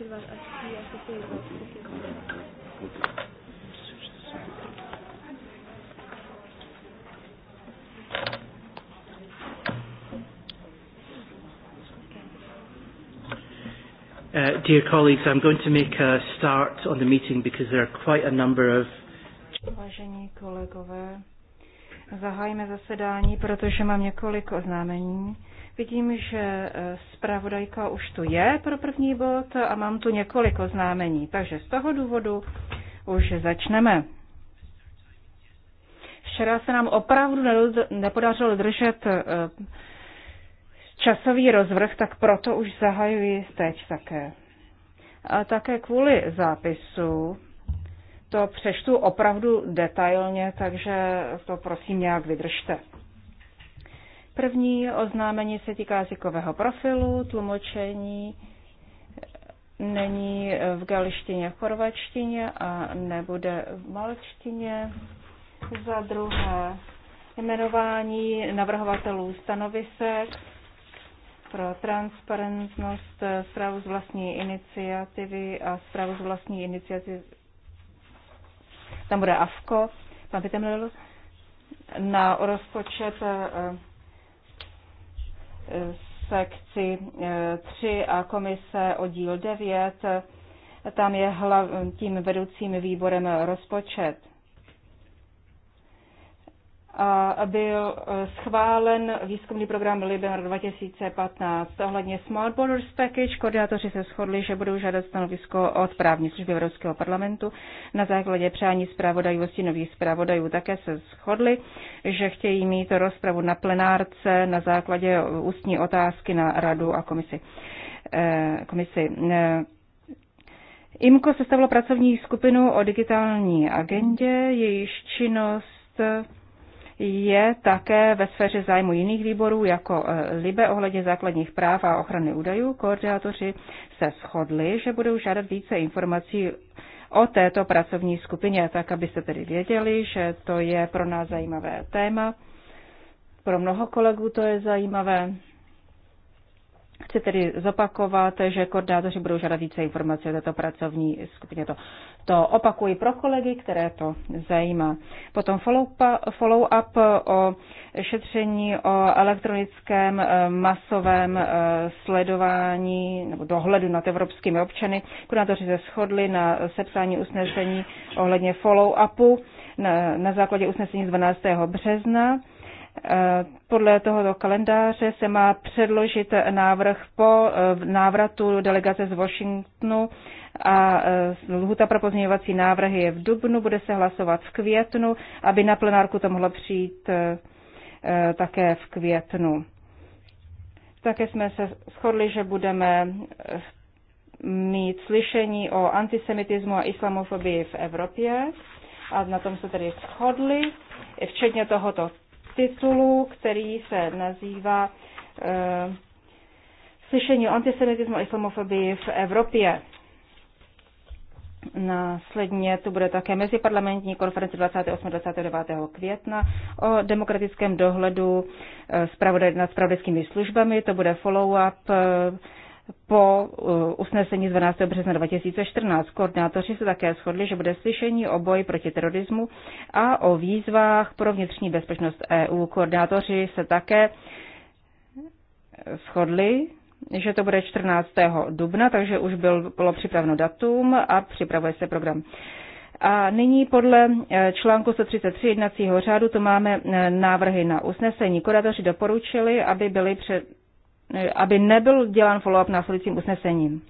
que ele vai assistir essa coisa. Uh, dear colleagues, I'm going to make a start on the meeting because there are quite a number of Vážení kolegové, Zahájíme zasedání, protože mám několik oznámení. Vidím, že e, zpravodajka už tu je pro první bod a mám tu několik oznámení. Takže z toho důvodu už začneme. Včera se nám opravdu nepodařilo držet e, časový rozvrh, tak proto už zahajuji teď také. A také kvůli zápisu to přečtu opravdu detailně, takže to prosím nějak vydržte. První oznámení se týká jazykového profilu, tlumočení není v galištině, v chorvačtině a nebude v malčtině. Za druhé, jmenování navrhovatelů stanovisek pro transparentnost eh, zprávu z vlastní iniciativy a zprávu z vlastní iniciativy tam bude AFKO, pan Pitemrel, na rozpočet eh, eh, sekci 3 eh, a komise o díl 9. Tam je hlav, tím vedoucím výborem rozpočet a byl schválen výzkumný program Liber 2015. Ohledně Small Borders Package koordinátoři se shodli, že budou žádat stanovisko od právní služby Evropského parlamentu na základě přání zpravodajů nových zpravodajů. Také se shodli, že chtějí mít rozpravu na plenárce na základě ústní otázky na radu a komisi. Eh, komisi. Eh, IMCO sestavilo pracovní skupinu o digitální agendě, jejíž činnost je také ve sféře zájmu jiných výborů, jako eh, LIBE ohledně základních práv a ochrany údajů. Koordinátoři se shodli, že budou žádat více informací o této pracovní skupině, tak abyste tedy věděli, že to je pro nás zajímavé téma. Pro mnoho kolegů to je zajímavé. Chci tedy zopakovat, že koordinátoři budou žádat více informací o této pracovní skupině. To, to opakuji pro kolegy, které to zajímá. Potom follow-up follow o šetření o elektronickém eh, masovém eh, sledování nebo dohledu nad evropskými občany. Koordinátoři se shodli na sepsání usnesení ohledně follow-upu na, na základě usnesení z 12. března podle tohoto kalendáře se má předložit návrh po eh, návratu delegace z Washingtonu a eh, lhuta pro pozměňovací návrhy je v dubnu, bude se hlasovat v květnu, aby na plenárku to mohlo přijít eh, také v květnu. Také jsme se shodli, že budeme mít slyšení o antisemitismu a islamofobii v Evropě a na tom se tedy shodli, včetně tohoto titulu, který se nazývá eh, Slyšení o antisemitismu a islamofobii v Evropě. Následně tu bude také meziparlamentní konference 28. a 29. května o demokratickém dohledu eh, nad spravodajskými službami. To bude follow-up eh, po eh, usnesení 12. března 2014. Koordinátoři se také shodli, že bude slyšení o boji proti terorismu a o výzvách pro vnitřní bezpečnost EU. Koordinátoři se také shodli, že to bude 14. dubna, takže už byl, bylo připraveno datum a připravuje se program. A nyní podle eh, článku 133 jednacího řádu to máme eh, návrhy na usnesení. Koordinátoři doporučili, aby byly před Eh, aby nebyl dělán follow-up následujícím usnesením.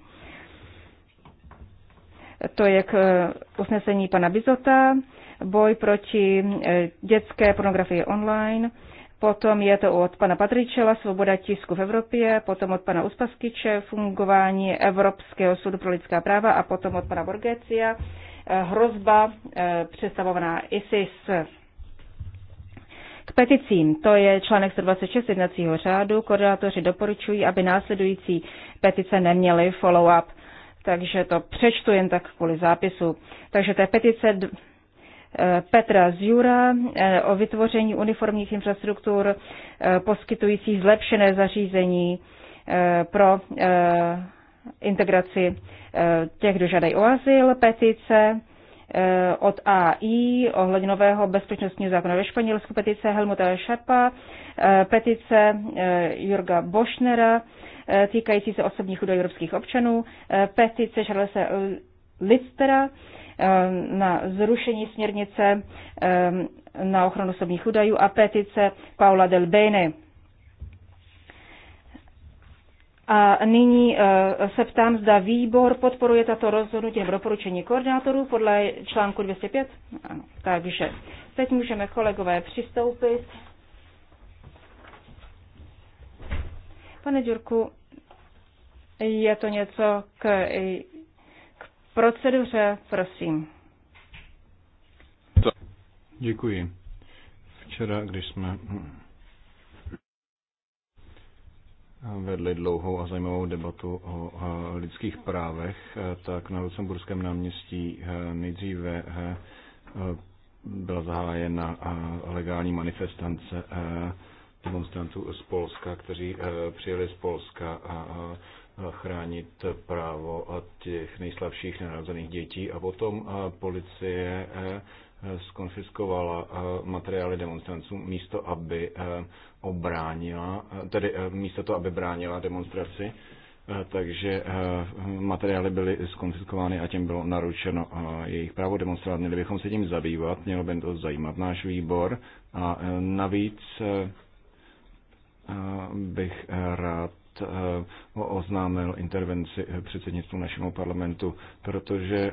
To je k eh, usnesení pana Bizota, boj proti eh, dětské pornografii online, potom je to od pana Patričela, svoboda tisku v Evropě, potom od pana Uspaskyče, fungování Evropského soudu pro lidská práva a potom od pana Borgecia, hrozba představovaná ISIS. K peticím, to je článek 126 jednacího řádu, koordinátoři doporučují, aby následující petice neměly follow-up, takže to přečtu jen tak kvůli zápisu. Takže to je petice eh, Petra Zjura eh, o vytvoření uniformních infrastruktur eh, poskytujících zlepšené zařízení pro integraci těch, kdo žádají o azyl, petice Eh, od AI ohledně nového bezpečnostního zákona ve Španělsku, petice Helmuta Šapa, eh, petice eh, Jurga Bošnera týkající se osobních údajů evropských občanů, petice Charlesa Listera na zrušení směrnice na ochranu osobních údajů a petice Paula Del Bene. A nyní e, se ptám, zda výbor podporuje tato rozhodnutí nebo doporučení koordinátorů podle článku 205. Ano, takže teď můžeme kolegové přistoupit. Pane Ďurku, je to něco k, k proceduře, prosím. Děkuji. Včera, když jsme vedli dlouhou a zajímavou debatu o lidských právech, eh, tak na Lucemburském náměstí eh, nejdříve eh, byla zahájena legální manifestance demonstrantů z Polska, kteří přijeli z Polska a chránit právo od těch nejslabších nenarozených dětí a potom policie skonfiskovala eh, materiály demonstrantů místo, aby eh, obránila, eh, tedy místo to, aby bránila demonstraci, takže materiály byly skonfiskovány a tím bylo naručeno jejich právo demonstrovat. Měli bychom se tím zabývat, mělo by to zajímat náš výbor a navíc bych rád oznámil intervenci předsednictvu našemu parlamentu, protože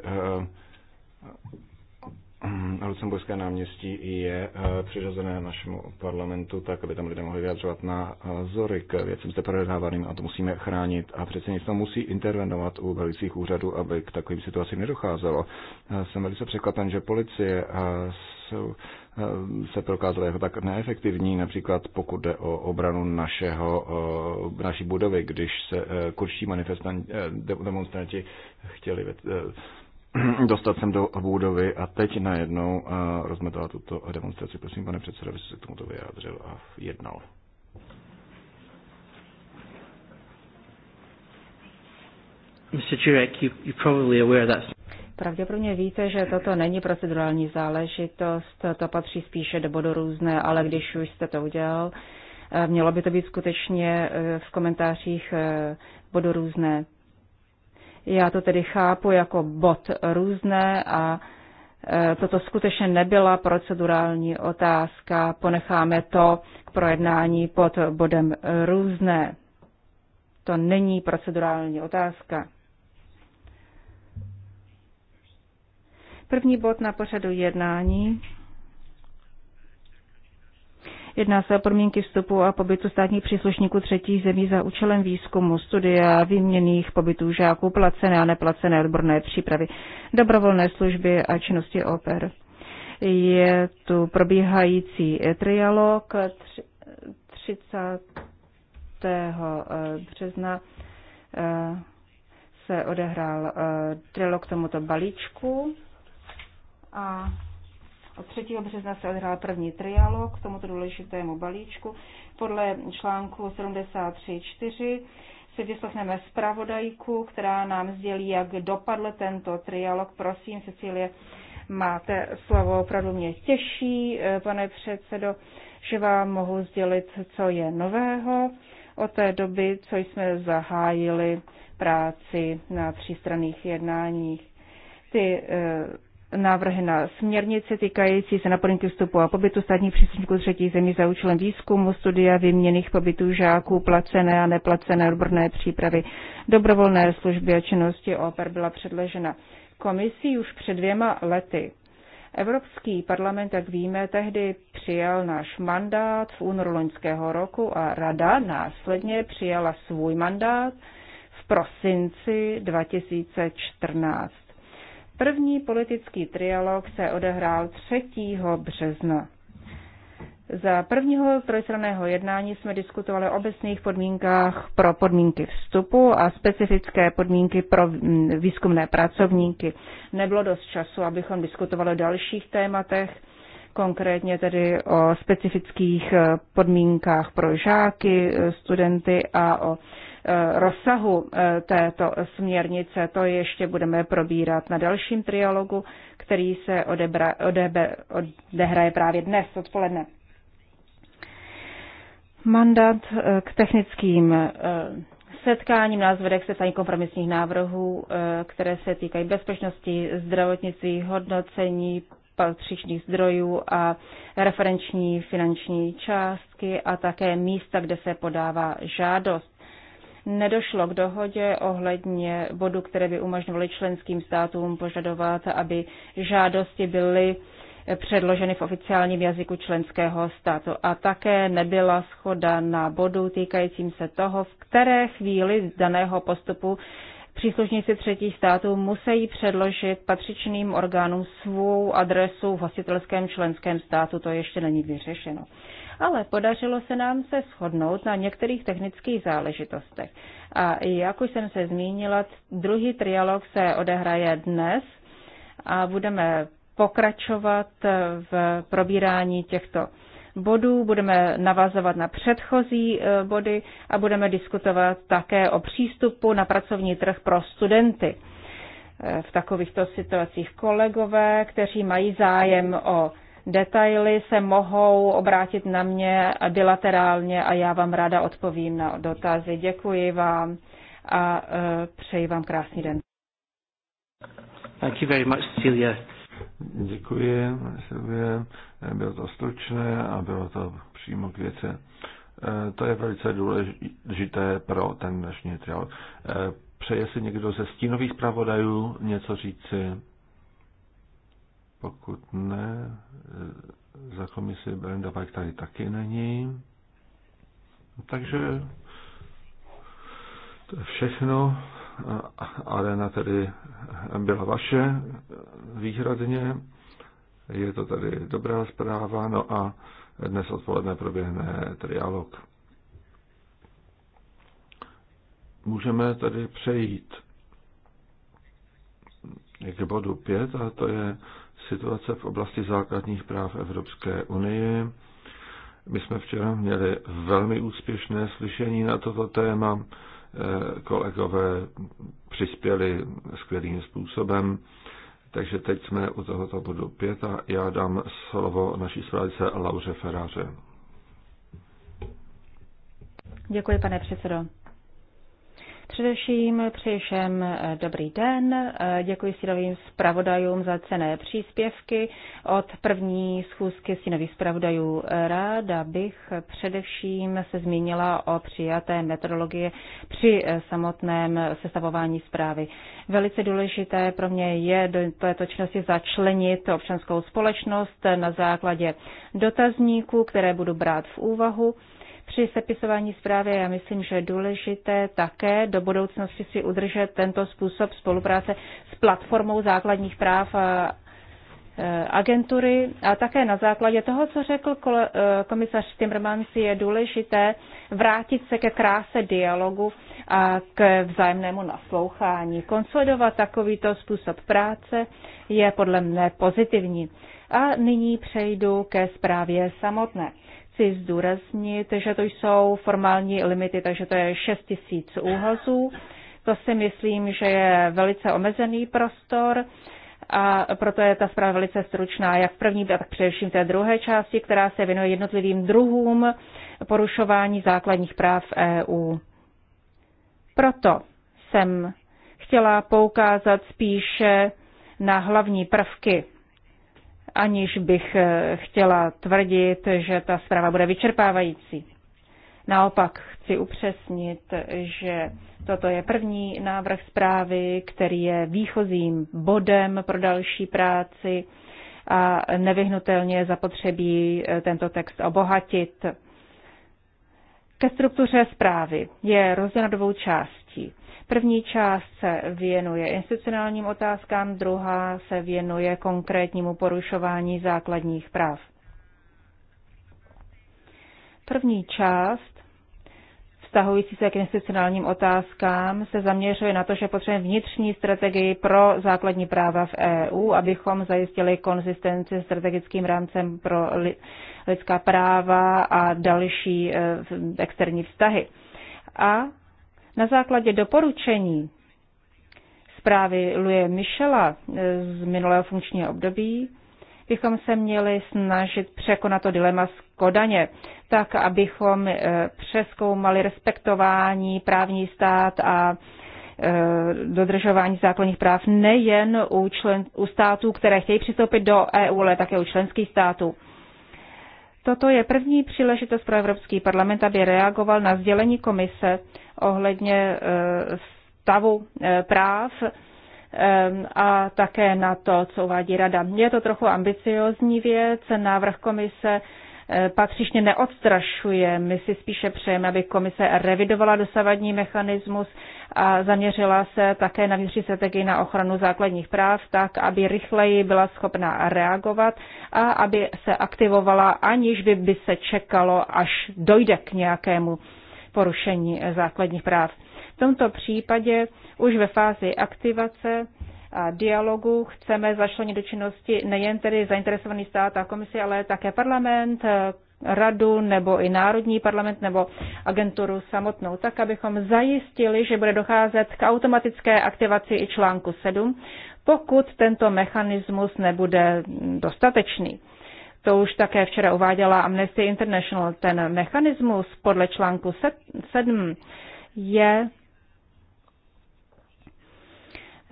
Mm, Lucemburské náměstí je eh, přiřazené našemu parlamentu tak, aby tam lidé mohli vyjadřovat názory k věcem zde projednávaným a to musíme chránit a něco musí intervenovat u velicích úřadů, aby k takovým situacím nedocházelo. Eh, jsem velice překvapen, že policie eh, se prokázala jako tak neefektivní, například pokud jde o obranu našeho, naší budovy, když se kurčtí manifestanti, demonstranti chtěli dostat sem do budovy a teď najednou eh, rozmetala tuto demonstraci. Prosím, pane předsedo, abyste se k tomuto vyjádřil a jednal. Mr. you, probably aware Pravděpodobně víte, že toto není procedurální záležitost, to patří spíše do bodu různé, ale když už jste to udělal, eh, mělo by to být skutečně eh, v komentářích bodu různé. Já to tedy chápu jako bod různé a e, toto skutečně nebyla procedurální otázka. Ponecháme to k projednání pod bodem různé. To není procedurální otázka. První bod na pořadu jednání Jedná se o podmínky vstupu a pobytu státních příslušníků třetích zemí za účelem výzkumu, studia, výměných pobytů žáků, placené a neplacené odborné přípravy, dobrovolné služby a činnosti oper. Je tu probíhající trialog 30. Eh, března eh, se odehrál eh, trilog tomuto balíčku a 3. března se odhrál první trialog k tomuto důležitému balíčku. Podle článku 73.4 si vyslechneme zpravodajku, která nám sdělí, jak dopadl tento trialog. Prosím, Cecilie, máte slovo. Opravdu mě těší, eh, pane předsedo, že vám mohu sdělit, co je nového od té doby, co jsme zahájili práci na třístranných jednáních. Ty eh, návrhy na směrnice týkající se naplnění vstupu a pobytu státních příslušníků třetí zemí za účelem výzkumu, studia, vyměných pobytů žáků, placené a neplacené odborné přípravy, dobrovolné služby a činnosti OPER byla předložena komisí už před dvěma lety. Evropský parlament, jak víme, tehdy přijal náš mandát v únoru loňského roku a rada následně přijala svůj mandát v prosinci 2014. První politický trialog se odehrál 3. března. Za prvního trojstranného jednání jsme diskutovali o obecných podmínkách pro podmínky vstupu a specifické podmínky pro mm, výzkumné pracovníky. Nebylo dost času, abychom diskutovali o dalších tématech, konkrétně tedy o specifických eh, podmínkách pro žáky, eh, studenty a o Eh, rozsahu eh, této směrnice. To ještě budeme probírat na dalším trialogu, který se odebra, odebe, odehraje právě dnes odpoledne. Mandát eh, k technickým setkáním vede k setání kompromisních návrhů, které se týkají bezpečnosti, zdravotnictví, hodnocení, patřičných zdrojů a referenční finanční částky a také místa, kde se podává žádost nedošlo k dohodě ohledně bodu, které by umožňovaly členským státům požadovat, aby žádosti byly předloženy v oficiálním jazyku členského státu. A také nebyla schoda na bodu týkajícím se toho, v které chvíli daného postupu příslušníci třetích států musí předložit patřičným orgánům svou adresu v hostitelském členském státu. To ještě není vyřešeno ale podařilo se nám se shodnout na některých technických záležitostech. A jak už jsem se zmínila, druhý trialog se odehraje dnes a budeme pokračovat v probírání těchto bodů, budeme navazovat na předchozí eh, body a budeme diskutovat také o přístupu na pracovní trh pro studenty. Eh, v takovýchto situacích kolegové, kteří mají zájem o Detaily se mohou obrátit na mě bilaterálně a já vám ráda odpovím na dotazy. Děkuji vám a e, přeji vám krásný den. Thank you very much, Cecilia. Děkuji, Silvie. Bylo to stručné a bylo to přímo k věci. E, to je velice důležité pro ten dnešní trial. E, přeje si někdo ze stínových zpravodajů něco říci? Pokud ne, e, za komisi Brenda Pike tady taky není. No, takže to je všechno. Arena tedy byla vaše e, výhradně. Je to tady dobrá zpráva. No a dnes odpoledne proběhne trialog. Můžeme tedy přejít k bodu 5 a to je situace v oblasti základních práv Evropské unie. My jsme včera měli velmi úspěšné slyšení na toto téma. Eh, kolegové přispěli skvělým způsobem. Takže teď jsme u tohoto bodu pět a já dám slovo naší zpravodajce Lauře Feráře. Děkuji, pane předsedo. Především přeji všem eh, dobrý den. Eh, děkuji sínovým zpravodajům za cené příspěvky. Od první schůzky sínových zpravodajů eh, ráda bych především se zmínila o přijaté metodologie při samotném sestavování zprávy. Velice důležité pro mě je do této činnosti začlenit občanskou společnost na základě dotazníků, které budu brát v úvahu. Při sepisování zprávy já myslím, že je důležité také do budoucnosti si udržet tento způsob spolupráce s platformou základních práv a eh, eh, agentury a také na základě toho, co řekl eh, komisař Timmermans, je důležité vrátit se ke kráse dialogu a k vzájemnému naslouchání. Konsolidovat takovýto způsob práce je podle mne pozitivní. A nyní přejdu ke zprávě samotné chci zdůraznit, že to jsou formální limity, takže to je 6 tisíc úhazů. To si myslím, že je velice omezený prostor a proto je ta zpráva velice stručná, jak v první, tak především té druhé části, která se věnuje jednotlivým druhům porušování základních práv EU. Proto jsem chtěla poukázat spíše na hlavní prvky aniž bych eh, chtěla tvrdit, že ta zpráva bude vyčerpávající. Naopak chci upřesnit, že toto je první návrh zprávy, který je výchozím bodem pro další práci a nevyhnutelně zapotřebí eh, tento text obohatit. Ke struktuře zprávy je rozdělena dvou částí. První část se věnuje institucionálním otázkám, druhá se věnuje konkrétnímu porušování základních práv. První část vztahující se k institucionálním otázkám, se zaměřuje na to, že potřebujeme vnitřní strategii pro základní práva v EU, abychom zajistili konzistenci s strategickým rámcem pro lidská práva a další eh, externí vztahy. A na základě doporučení zprávy Luje Michela eh, z minulého funkčního období bychom se měli snažit překonat to dilema z Kodaně, tak abychom eh, přeskoumali respektování právní stát a eh, dodržování základních práv nejen u, člen, u států, které chtějí přistoupit do EU, ale také u členských států. Toto je první příležitost pro Evropský parlament, aby reagoval na sdělení komise ohledně eh, stavu eh, práv eh, a také na to, co uvádí rada. Je to trochu ambiciozní věc, návrh komise patřičně neodstrašuje. My si spíše přejeme, aby komise revidovala dosavadní mechanismus a zaměřila se také na vnitřní strategii na ochranu základních práv tak, aby rychleji byla schopná reagovat a aby se aktivovala, aniž by, by se čekalo, až dojde k nějakému porušení eh, základních práv. V tomto případě už ve fázi aktivace a dialogu chceme začlenit do činnosti nejen tedy zainteresovaný stát a komisi, ale také parlament, eh, radu nebo i národní parlament nebo agenturu samotnou, tak abychom zajistili, že bude docházet k automatické aktivaci i článku 7, pokud tento mechanismus nebude dostatečný. To už také včera uváděla Amnesty International. Ten mechanismus podle článku 7 je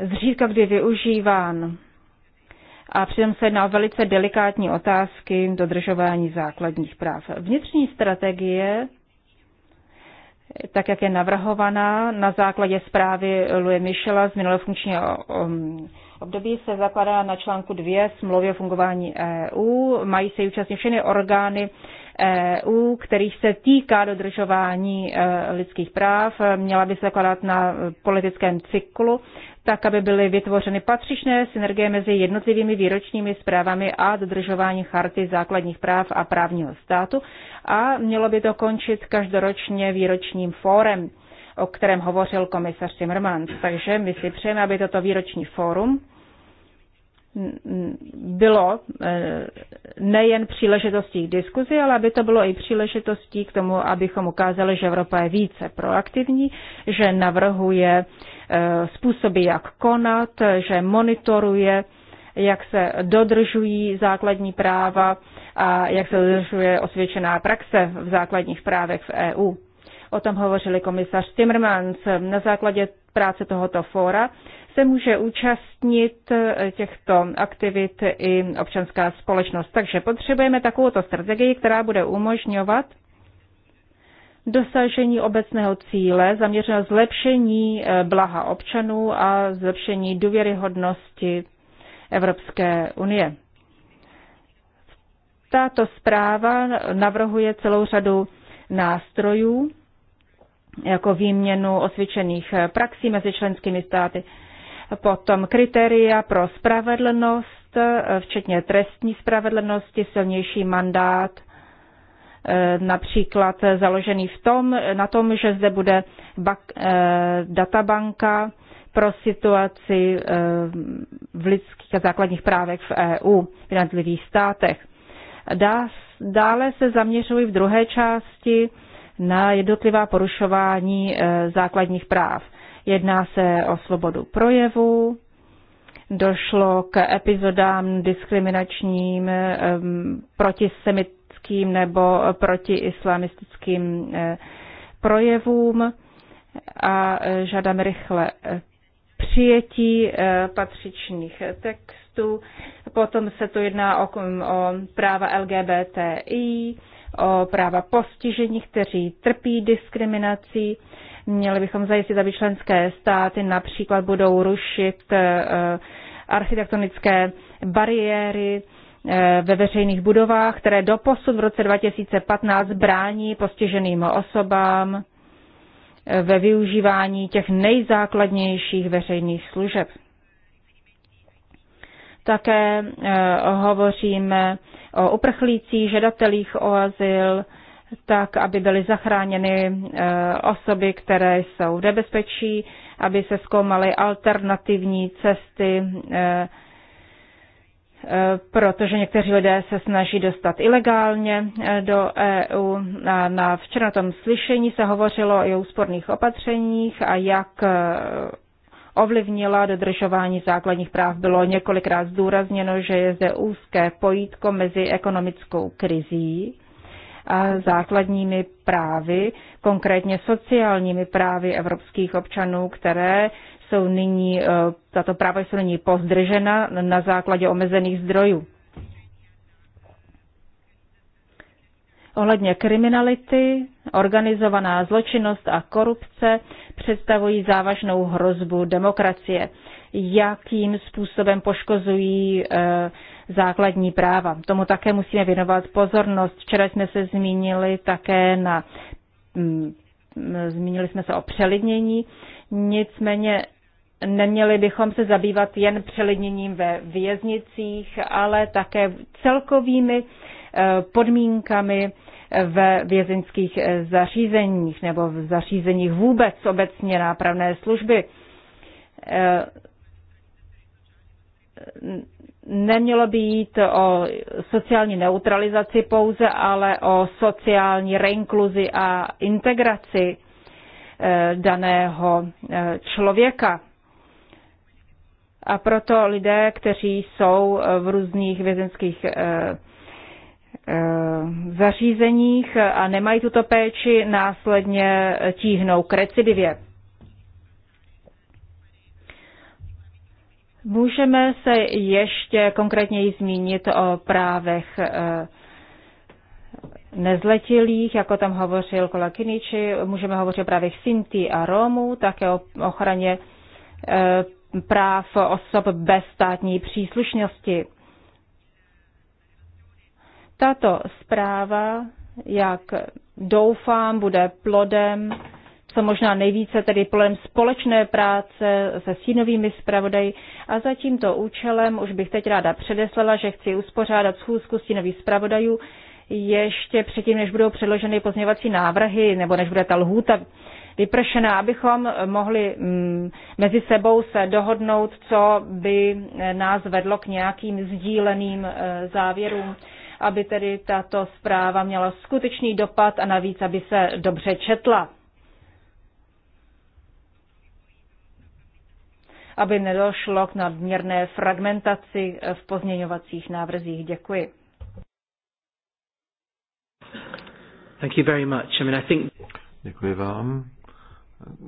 zřídka kdy využíván a přitom se jedná o velice delikátní otázky dodržování základních práv. Vnitřní strategie, tak jak je navrhovaná na základě zprávy Louis Michela z minulého funkčního um, období se zakládá na článku 2 smlouvy o fungování EU. Mají se účastnit všechny orgány EU, kterých se týká dodržování e, lidských práv. Měla by se zakládat na politickém cyklu, tak aby byly vytvořeny patřičné synergie mezi jednotlivými výročními zprávami a dodržování charty základních práv a právního státu a mělo by to končit každoročně výročním fórem o kterém hovořil komisař Timmermans. Takže my si přejeme, aby toto výroční fórum bylo eh, nejen příležitostí k diskuzi, ale aby to bylo i příležitostí k tomu, abychom ukázali, že Evropa je více proaktivní, že navrhuje eh, způsoby, jak konat, že monitoruje, jak se dodržují základní práva a jak se dodržuje osvědčená praxe v základních právech v EU o tom hovořili komisař Timmermans. Na základě práce tohoto fóra se může účastnit e, těchto aktivit i občanská společnost. Takže potřebujeme takovouto strategii, která bude umožňovat dosažení obecného cíle zaměřeného zlepšení e, blaha občanů a zlepšení důvěryhodnosti Evropské unie. Tato zpráva navrhuje celou řadu nástrojů, jako výměnu osvědčených praxí mezi členskými státy, potom kritéria pro spravedlnost, eh, včetně trestní spravedlnosti, silnější mandát, eh, například založený v tom, na tom, že zde bude bak, eh, databanka pro situaci v lidských a základních právech v EU v jednotlivých státech. Dále se zaměřují v druhé části na jednotlivá porušování eh, základních práv. Jedná se o svobodu projevu, došlo k epizodám diskriminačním, eh, protisemickým nebo protiislamistickým eh, projevům a žádám rychle přijetí patřičných textů. Potom se to jedná o, o práva LGBTI, o práva postižených, kteří trpí diskriminací. Měli bychom zajistit, aby členské státy například budou rušit eh, architektonické bariéry eh, ve veřejných budovách, které doposud v roce 2015 brání postiženým osobám eh, ve využívání těch nejzákladnějších veřejných služeb. Také eh, hovoříme eh, o uprchlících, žadatelích o azyl, tak, aby byly zachráněny eh, osoby, které jsou v nebezpečí, aby se zkoumaly alternativní cesty, protože někteří lidé se snaží dostat ilegálně do EU. Na, na včera na tom slyšení se hovořilo i o úsporných opatřeních a jak ovlivnila dodržování základních práv. Bylo několikrát zdůrazněno, že je zde úzké pojítko mezi ekonomickou krizí a základními právy, konkrétně sociálními právy evropských občanů, které jsou nyní, eh, tato práva jsou nyní pozdržena na základě omezených zdrojů. Ohledně kriminality Organizovaná zločinnost a korupce představují závažnou hrozbu demokracie. Jakým způsobem poškozují eh, základní práva? Tomu také musíme věnovat pozornost. Včera jsme se zmínili také na. Mm, mm, zmínili jsme se o přelidnění, nicméně neměli bychom se zabývat jen přelidněním ve věznicích, ale také celkovými eh, podmínkami ve vězeňských eh, zařízeních nebo v zařízeních vůbec obecně nápravné služby. Eh, nemělo by jít o sociální neutralizaci pouze, ale o sociální reinkluzi a integraci eh, daného člověka. A proto lidé, kteří jsou v různých vězenských Eh, zařízeních a nemají tuto péči, následně tíhnou k recidivě. Můžeme se ještě konkrétněji zmínit o právech eh, nezletilých, jako tam hovořil Kola Kiniči, můžeme hovořit o právech Sinti a Romů, také o ochraně eh, práv osob bez státní příslušnosti. Tato zpráva, jak doufám, bude plodem, co možná nejvíce tedy plodem společné práce se sínovými zpravodaji. A za tímto účelem už bych teď ráda předeslala, že chci uspořádat schůzku sínových zpravodajů ještě předtím, než budou předloženy pozměvací návrhy, nebo než bude ta lhůta vypršená, abychom mohli mm, mezi sebou se dohodnout, co by nás vedlo k nějakým sdíleným e, závěrům aby tedy tato zpráva měla skutečný dopad a navíc, aby se dobře četla. aby nedošlo k nadměrné fragmentaci v pozměňovacích návrzích. Děkuji. Thank you very much. I mean, I think... Děkuji vám.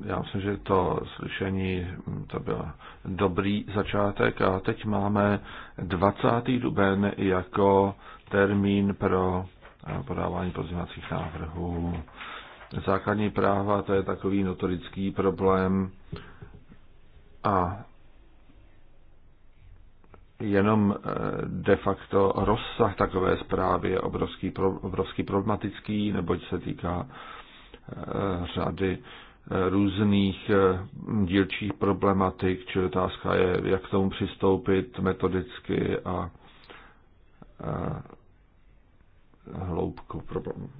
Já myslím, že to slyšení to byl dobrý začátek a teď máme 20. duben jako termín pro eh, podávání pozměňovacích návrhů. Základní práva, to je takový notorický problém a jenom eh, de facto rozsah takové zprávy je obrovský, obrovský problematický, neboť se týká eh, řady různých dílčích problematik, či otázka je, jak k tomu přistoupit metodicky a hloubku problému.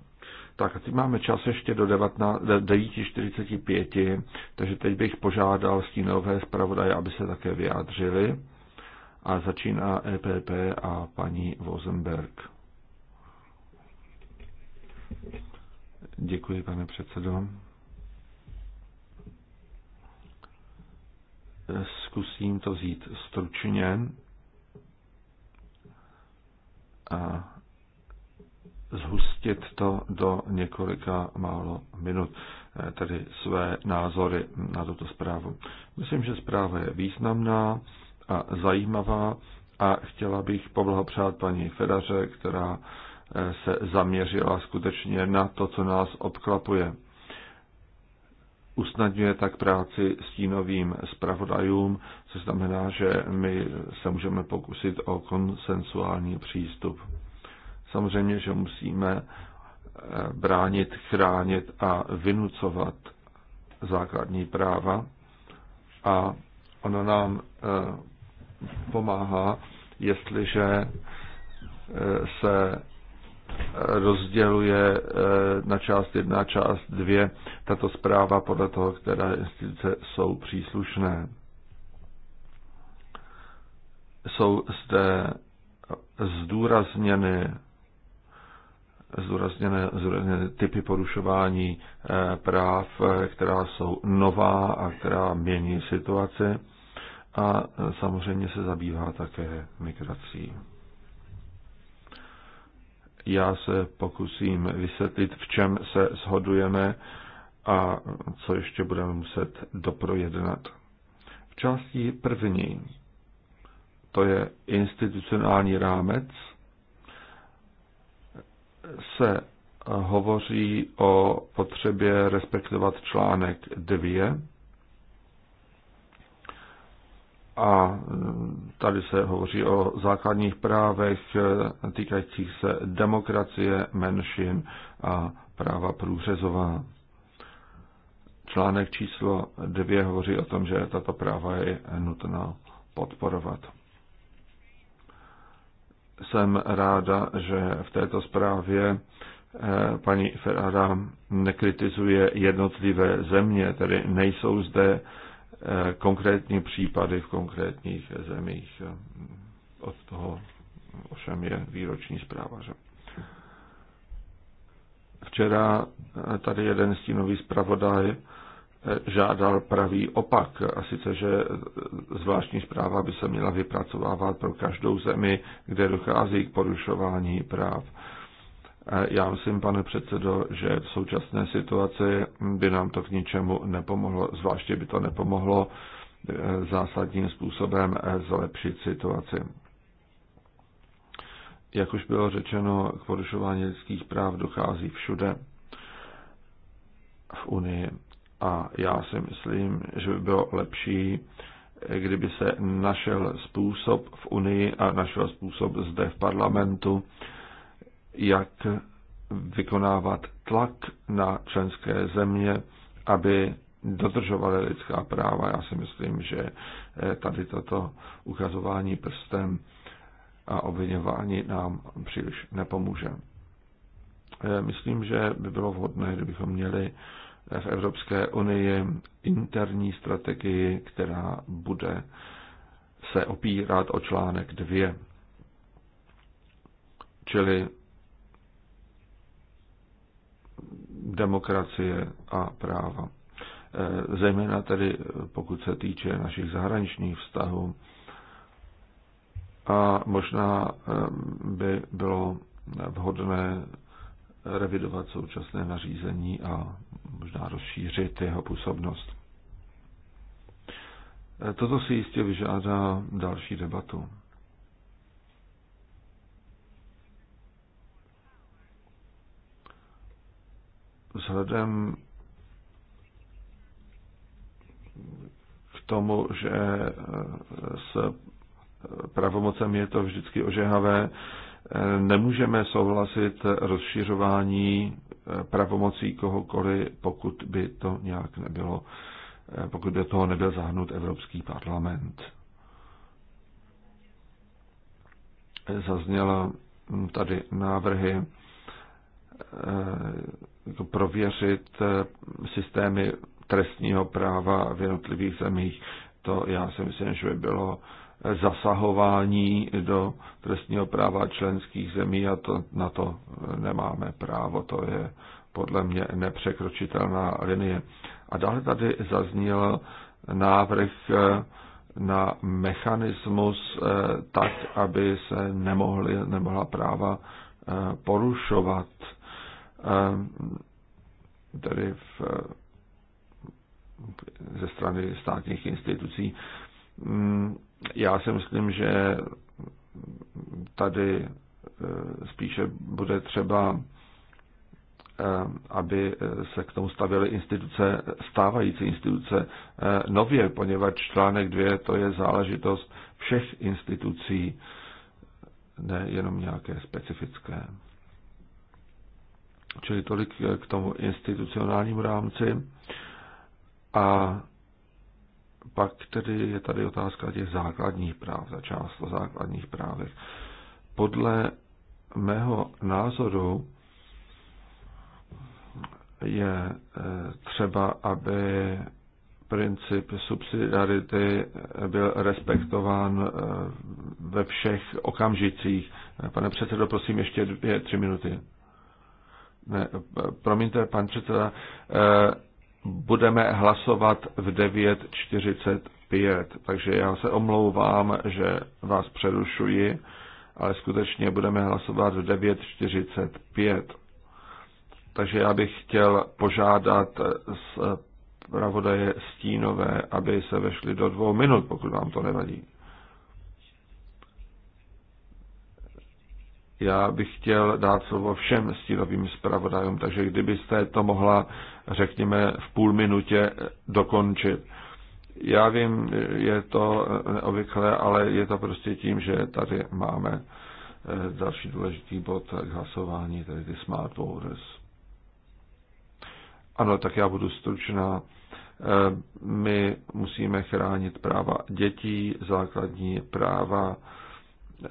Tak a teď máme čas ještě do 9.45, takže teď bych požádal stínové zpravodaje, aby se také vyjádřili. A začíná EPP a paní Vozenberg. Děkuji, pane předsedo. Zkusím to vzít stručně. A zhustit to do několika málo minut, eh, tedy své názory na tuto zprávu. Myslím, že zpráva je významná a zajímavá a chtěla bych poblahopřát paní Fedaře, která eh, se zaměřila skutečně na to, co nás obklapuje. Usnadňuje tak práci stínovým zpravodajům, což znamená, že my se můžeme pokusit o konsensuální přístup. Samozřejmě, že musíme eh, bránit, chránit a vynucovat základní práva a ono nám eh, pomáhá, jestliže eh, se rozděluje na část jedna, část dvě tato zpráva podle toho, které instituce jsou příslušné. Jsou zde zdůrazněny zúrazněné, zúrazněné typy porušování eh, práv, eh, která jsou nová a která mění situaci a eh, samozřejmě se zabývá také migrací. Já se pokusím vysvětlit, v čem se shodujeme a co ještě budeme muset doprojednat. V části první, to je institucionální rámec, se hovoří o potřebě respektovat článek 2 a e, tady se hovoří o základních právech e, týkajících se demokracie, menšin a práva průřezová. Článek číslo 2 hovoří o tom, že tato práva je nutno podporovat jsem ráda, že v této zprávě eh, paní Ferrara nekritizuje jednotlivé země, tedy nejsou zde eh, konkrétní případy v konkrétních zemích. Od toho ovšem je výroční zpráva. Že? Včera eh, tady jeden stínový zpravodaj žádal pravý opak, a sice, že zvláštní zpráva by se měla vypracovávat pro každou zemi, kde dochází k porušování práv. Já myslím, pane předsedo, že v současné situaci by nám to k ničemu nepomohlo, zvláště by to nepomohlo eh, zásadním způsobem eh, zlepšit situaci. Jak už bylo řečeno, k porušování lidských práv dochází všude v Unii. A já si myslím, že by bylo lepší, kdyby se našel způsob v Unii a našel způsob zde v parlamentu, jak vykonávat tlak na členské země, aby dodržovaly lidská práva. Já si myslím, že eh, tady toto ukazování prstem a obvinování nám příliš nepomůže. Eh, myslím, že by bylo vhodné, kdybychom měli v Evropské unii interní strategii, která bude se opírat o článek 2. Čili demokracie a práva. E, zejména tedy pokud se týče našich zahraničních vztahů. A možná e, by bylo vhodné revidovat současné nařízení a možná rozšířit jeho působnost. Toto si jistě vyžádá další debatu. Vzhledem k tomu, že s pravomocem je to vždycky ožehavé, nemůžeme souhlasit rozšiřování pravomocí kohokoliv, pokud by to nějak nebylo, eh, pokud by toho nebyl zahrnut Evropský parlament. Zazněla tady návrhy eh, jako prověřit eh, systémy trestního práva v jednotlivých zemích. To já si myslím, že by bylo zasahování do trestního práva členských zemí a to, na to nemáme právo. To je podle mě nepřekročitelná linie. A dále tady zazněl návrh eh, na mechanismus eh, tak, aby se nemohly, nemohla práva eh, porušovat tedy v, ze strany státních institucí mm, já si myslím, že tady eh, spíše bude třeba, eh, aby eh, se k tomu stavěly instituce, stávající instituce nově, poněvadž článek 2 to je záležitost všech institucí, ne jenom nějaké specifické. Čili tolik k tomu institucionálnímu rámci. A pak tedy je tady otázka těch základních práv, za část o základních právech. Podle mého názoru je eh, třeba, aby princip subsidiarity byl respektován eh, ve všech okamžicích. Pane předsedo, prosím ještě dvě, tři minuty. Ne, promiňte, pan předseda, eh, budeme hlasovat v 9.45. Takže já se omlouvám, že vás přerušuji, ale skutečně budeme hlasovat v 9.45. Takže já bych chtěl požádat z pravodaje stínové, aby se vešli do dvou minut, pokud vám to nevadí. Já bych chtěl dát slovo všem stínovým zpravodajům, takže kdybyste to mohla řekněme, v půl minutě dokončit. Já vím, je to neobvyklé, ale je to prostě tím, že tady máme eh, další důležitý bod k hlasování, tedy ty smart voters. Ano, tak já budu stručná. Eh, my musíme chránit práva dětí, základní práva eh,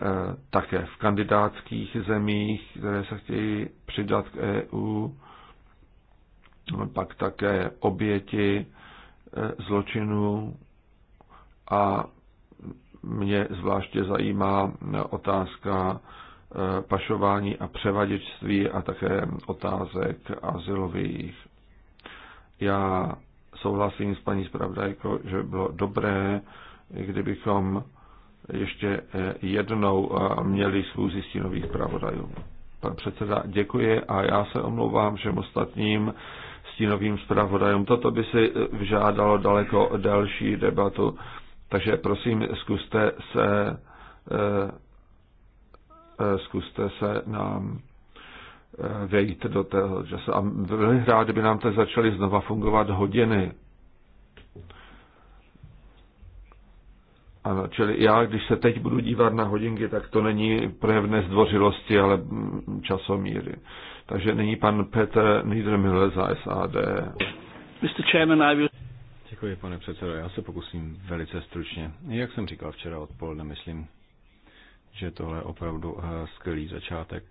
také v kandidátských zemích, které se chtějí přidat k EU pak také oběti eh, zločinů a mě zvláště zajímá eh, otázka eh, pašování a převaděčství a také otázek asilových. Já souhlasím s paní zpravodajkou, že bylo dobré, kdybychom ještě jednou měli schůzi stínových pravodajů. Pan předseda, děkuji a já se omlouvám všem ostatním stínovým zpravodajům. Toto by si eh, vžádalo daleko další debatu, takže prosím, zkuste se, eh, eh, zkuste se nám vejít do toho času. A velmi rád, kdyby nám to začaly znova fungovat hodiny. Ano, čili já, když se teď budu dívat na hodinky, tak to není projev nezdvořilosti, ale mm, časomíry. Takže nyní pan Petr Niedermüller za SAD. Mr. Chairman, I will... Děkuji, pane předsedo. Já se pokusím velice stručně. Jak jsem říkal včera odpoledne, myslím, že tohle je opravdu eh, skvělý začátek.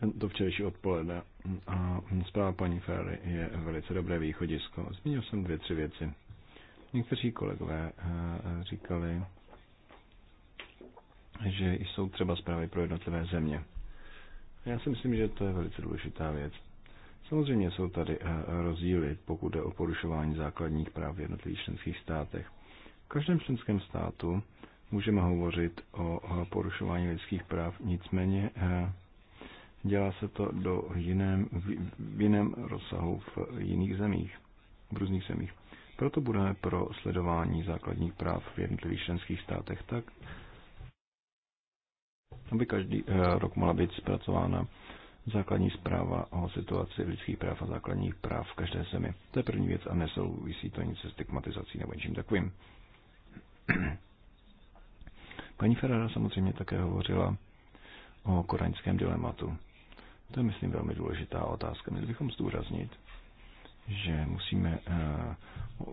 Tento včerejší odpoledne a hm, zpráva paní Ferry je velice dobré východisko. Zmínil jsem dvě, tři věci. Někteří kolegové eh, eh, říkali, že jsou třeba zprávy pro jednotlivé země. Já si myslím, že to je velice důležitá věc. Samozřejmě jsou tady eh, rozdíly, pokud jde o porušování základních práv v jednotlivých členských státech. V každém členském státu můžeme hovořit o porušování lidských práv, nicméně eh, dělá se to do jiném, v jiném rozsahu v jiných zemích, v různých zemích. Proto budeme pro sledování základních práv v jednotlivých členských státech tak, aby každý eh, rok mohla být zpracována základní zpráva o situaci lidských práv a základních práv v každé zemi. To je první věc a nesouvisí to nic se stigmatizací nebo něčím takovým. Paní Ferrara samozřejmě také hovořila o koraňském dilematu. To je, myslím, velmi důležitá otázka. Měli bychom zdůraznit, že musíme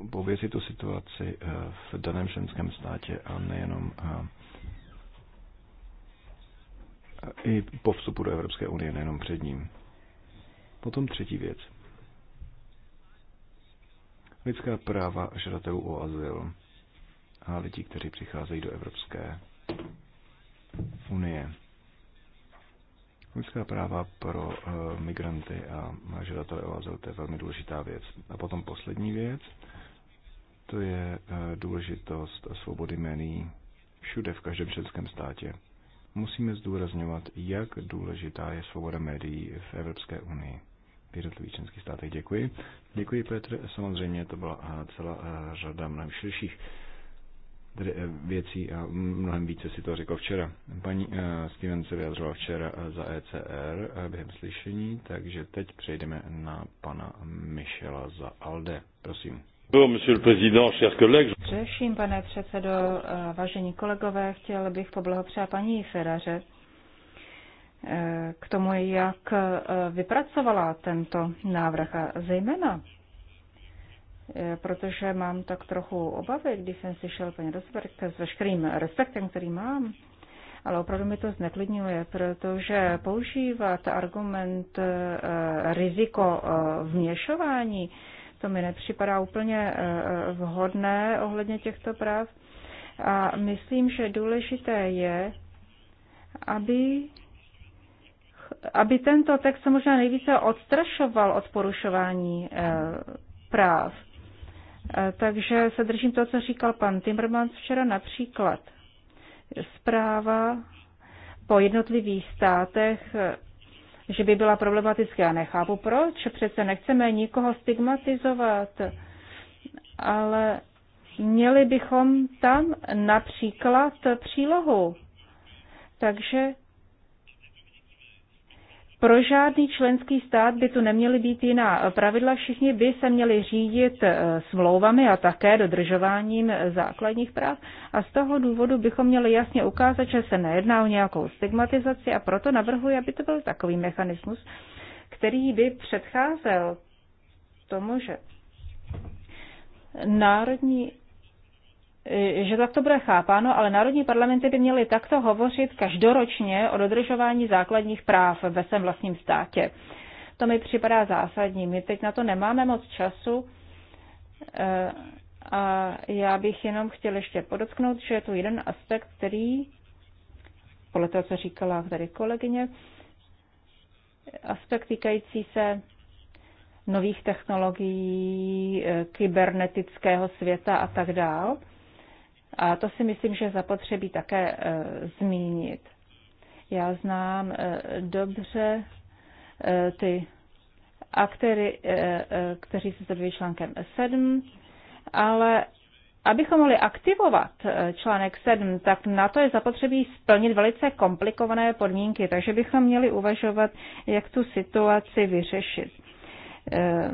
pověřit eh, tu situaci eh, v daném členském státě a nejenom i po vstupu do Evropské unie, nejenom před ním. Potom třetí věc. Lidská práva žadatelů o azyl a lidí, kteří přicházejí do Evropské unie. Lidská práva pro uh, migranty a žadatelé o azyl, to je velmi důležitá věc. A potom poslední věc, to je uh, důležitost svobody médií všude, v každém členském státě musíme zdůrazňovat, jak důležitá je svoboda médií v Evropské unii v jednotlivých členských státech. Děkuji. Děkuji, Petr. Samozřejmě to byla eh, celá eh, řada mnohem širších eh, věcí a mnohem více si to řekl včera. Paní Steven se vyjadřovala včera za ECR během slyšení, takže teď přejdeme na pana Michela za ALDE. Prosím. Především, pane předsedo, eh, vážení kolegové, chtěl bych poblahopřát paní Feraře eh, k tomu, jak eh, vypracovala tento návrh a zejména, protože mám tak trochu obavy, když jsem slyšel paní Rosberg s veškerým respektem, který mám, ale opravdu mi to zneklidňuje, protože používat argument riziko vměšování to mi nepřipadá úplně eh, eh, vhodné ohledně těchto práv. A myslím, že důležité je, aby aby tento text se možná nejvíce odstrašoval od porušování eh, práv. Takže se držím toho, co říkal pan Timmermans včera například. Zpráva po jednotlivých státech že by byla problematická. Nechápu proč, přece nechceme nikoho stigmatizovat, ale měli bychom tam například přílohu. Takže pro žádný členský stát by tu neměly být jiná pravidla, všichni by se měli řídit eh, smlouvami a také dodržováním eh, základních práv a z toho důvodu bychom měli jasně ukázat, že se nejedná o nějakou stigmatizaci a proto navrhuji, aby to byl takový mechanismus, který by předcházel tomu, že národní Eh, že tak to bude chápáno, ale národní parlamenty by měly takto hovořit každoročně o dodržování základních práv ve svém vlastním státě. To mi připadá zásadní. My teď na to nemáme moc času eh, a já bych jenom chtěl ještě podotknout, že je tu jeden aspekt, který, podle toho, co říkala tady kolegyně, aspekt týkající se nových technologií, eh, kybernetického světa a tak dále a to si myslím, že zapotřebí také e, zmínit. Já znám e, dobře e, ty aktéry, e, e, kteří se zabývají článkem 7, ale abychom mohli aktivovat e, článek 7, tak na to je zapotřebí splnit velice komplikované podmínky, takže bychom měli uvažovat, jak tu situaci vyřešit. E,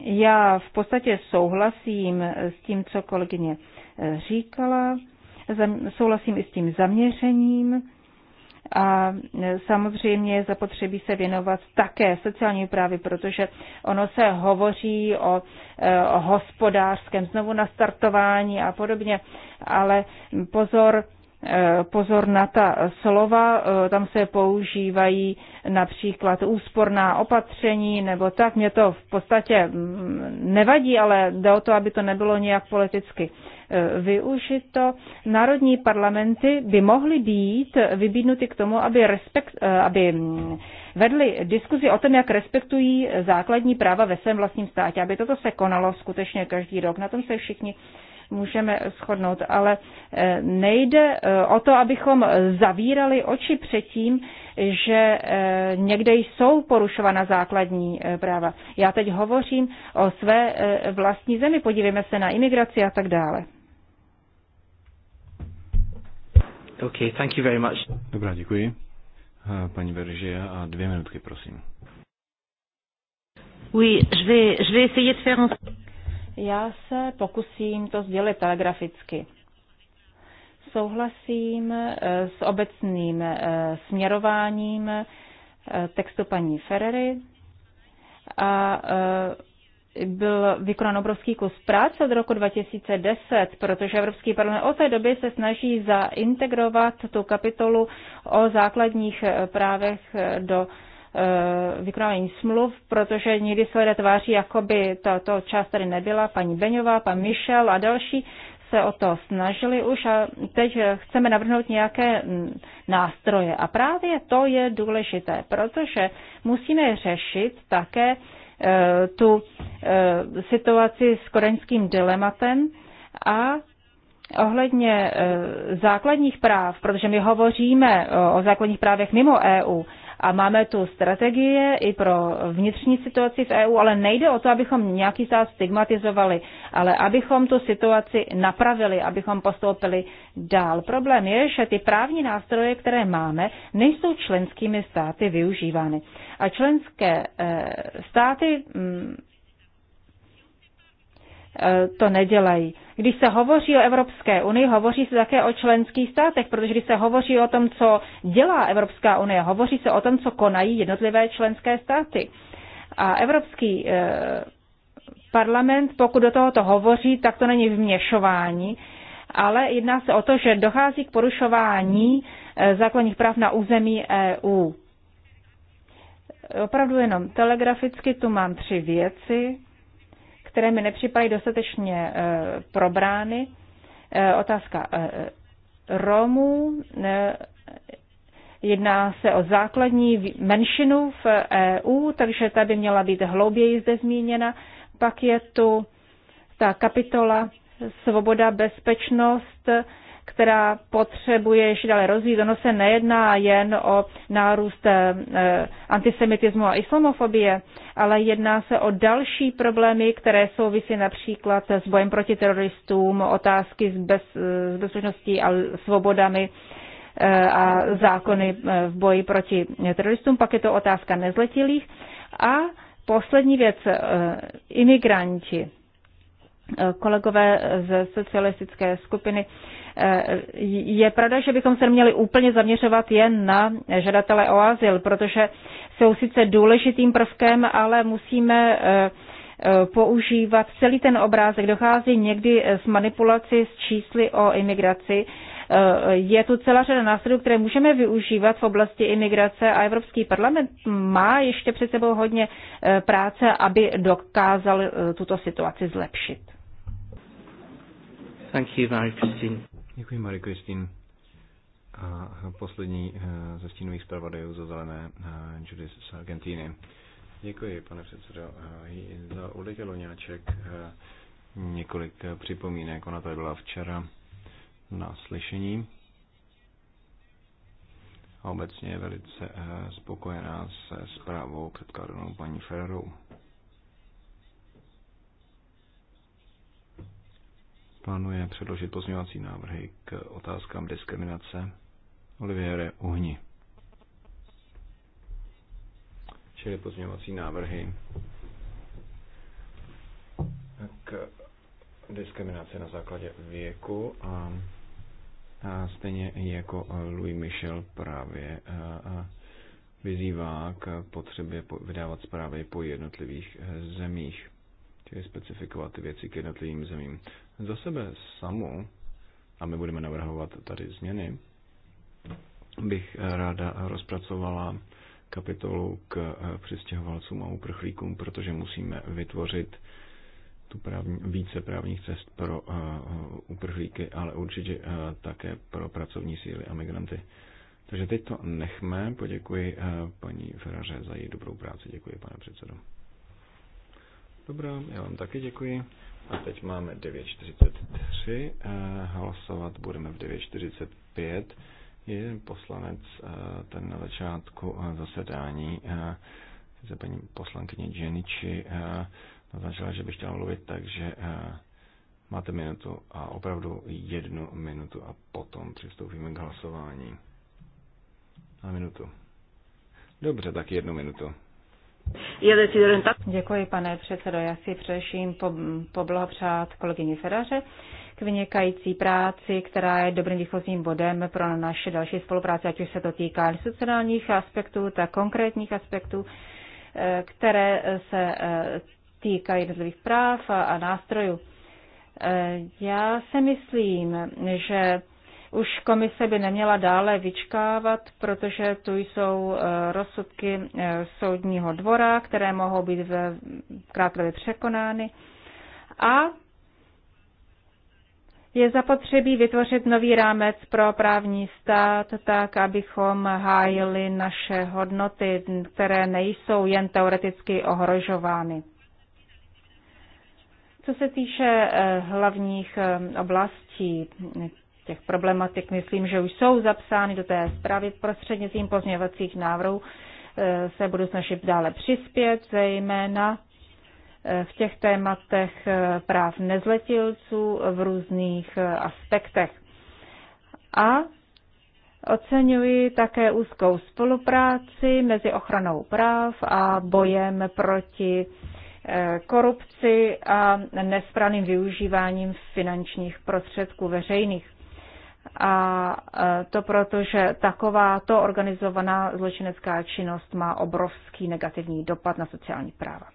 já v podstatě souhlasím s tím, co kolegyně říkala. Souhlasím i s tím zaměřením a samozřejmě zapotřebí se věnovat také sociální právě, protože ono se hovoří o, e, o hospodářském znovu nastartování a podobně, ale pozor, Eh, pozor na ta slova, eh, tam se používají například úsporná opatření nebo tak. Mě to v podstatě mm, nevadí, ale jde o to, aby to nebylo nějak politicky eh, využito. Národní parlamenty by mohly být vybídnuty k tomu, aby, respekt, aby mm, vedli diskuzi o tom, jak respektují základní práva ve svém vlastním státě, aby toto se konalo skutečně každý rok. Na tom se všichni můžeme shodnout, ale eh, nejde eh, o to, abychom zavírali oči před tím, že eh, někde jsou porušována základní práva. Já teď hovořím o své vlastní zemi, podívejme se na imigraci a tak dále. Okay, thank you very much. Dobrá, děkuji. Paní Verže a dvě minutky, prosím. Oui, je vais, je vais essayer de faire un... Já se pokusím to sdělit telegraficky. Souhlasím eh, s obecným eh, směrováním eh, textu paní Ferrery a byl vykonán obrovský kus práce od roku 2010, protože Evropský parlament od té doby se snaží zaintegrovat tu kapitolu o základních právech do Eh, vykonávání smluv, protože někdy se lidé tváří, jako by to to část tady nebyla. Paní Beňová, pan Michel a další se o to snažili už a teď chceme navrhnout nějaké mm, nástroje. A právě to je důležité, protože musíme řešit také eh, tu eh, situaci s koreňským dilematem a ohledně základních práv, protože my hovoříme o základních právech mimo EU, a máme tu strategie i pro vnitřní situaci v EU, ale nejde o to, abychom nějaký stát stigmatizovali, ale abychom tu situaci napravili, abychom postoupili dál. Problém je, že ty právní nástroje, které máme, nejsou členskými státy využívány. A členské eh, státy mm, eh, to nedělají. Když se hovoří o Evropské unii, hovoří se také o členských státech, protože když se hovoří o tom, co dělá Evropská unie, hovoří se o tom, co konají jednotlivé členské státy. A Evropský eh, parlament, pokud do tohoto hovoří, tak to není vměšování, ale jedná se o to, že dochází k porušování eh, základních práv na území EU. Opravdu jenom telegraficky tu mám tři věci které mi nepřipadají dostatečně eh, probrány. Eh, otázka eh, Romů. Jedná se o základní menšinu v EU, takže ta by měla být hlouběji zde zmíněna. Pak je tu ta kapitola svoboda, bezpečnost, která potřebuje ještě dále rozvíjet. Ono se nejedná jen o nárůst eh, antisemitismu a islamofobie, ale jedná se o další problémy, které souvisí například s bojem proti teroristům, otázky s, bez, eh, s bezpečností a svobodami eh, a zákony v boji proti teroristům. Pak je to otázka nezletilých. A poslední věc, imigranti. Eh, kolegové ze socialistické skupiny. Eh, je pravda, že bychom se měli úplně zaměřovat jen na žadatele o azyl, protože jsou sice důležitým prvkem, ale musíme eh, používat celý ten obrázek. Dochází někdy s manipulaci s čísly o imigraci. Je tu celá řada nástrojů, které můžeme využívat v oblasti imigrace a Evropský parlament má ještě před sebou hodně práce, aby dokázal tuto situaci zlepšit. Thank you, Mary Christine. Děkuji, Mary Christine. A poslední eh, ze stínových zpravodajů za zelené eh, Judith z Argentiny. Děkuji, pane předsedo. Eh, za Ulrike Loňáček několik připomínek. Ona tady byla včera na slyšení a obecně je velice spokojená se zprávou předkladanou paní Ferrou. plánuje předložit pozměňovací návrhy k otázkám diskriminace Oliviere Uhni. Čili pozměňovací návrhy k diskriminaci na základě věku a, a stejně jako Louis Michel právě a, a vyzývá k potřebě vydávat zprávy po jednotlivých e, zemích chtěli specifikovat ty věci k jednotlivým zemím. Za sebe samu, a my budeme navrhovat tady změny, bych ráda rozpracovala kapitolu k eh, přistěhovalcům a uprchlíkům, protože musíme vytvořit tu právní, více právních cest pro uh, uprchlíky, ale určitě uh, také pro pracovní síly a migranty. Takže teď to nechme. Poděkuji uh, paní Feraře za její dobrou práci. Děkuji, pane předsedo. Dobrá, já vám taky děkuji. A teď máme 9.43, eh, hlasovat budeme v 9.45. Jeden poslanec eh, ten na začátku eh, zasedání, se paní poslankyně Dženiči, naznačila, že by chtěla mluvit, takže máte minutu a opravdu jednu minutu a potom přistoupíme k hlasování. Na minutu. Dobře, tak jednu minutu. Děkuji, pane předsedo. Já si především poblahopřát kolegyni Feraře k vynikající práci, která je dobrým výchozím bodem pro naše další spolupráci, ať už se to týká institucionálních aspektů, tak konkrétních aspektů, eh, které se eh, týkají jednotlivých práv a nástrojů. Eh, já se myslím, že už komise by neměla dále vyčkávat, protože tu jsou eh, rozsudky eh, soudního dvora, které mohou být v krátkodobě překonány. A je zapotřebí vytvořit nový rámec pro právní stát, tak abychom hájili naše hodnoty, které nejsou jen teoreticky ohrožovány. Co se týče eh, hlavních oblastí, těch problematik, myslím, že už jsou zapsány do té zprávy prostřednictvím pozměňovacích návrhů, eh, se budu snažit dále přispět, zejména eh, v těch tématech eh, práv nezletilců v různých aspektech. A oceňuji také úzkou spolupráci mezi ochranou práv a bojem proti korupci a nespraným využíváním finančních prostředků veřejných. A e, to proto, že takováto organizovaná zločinecká činnost má obrovský negativní dopad na sociální práva.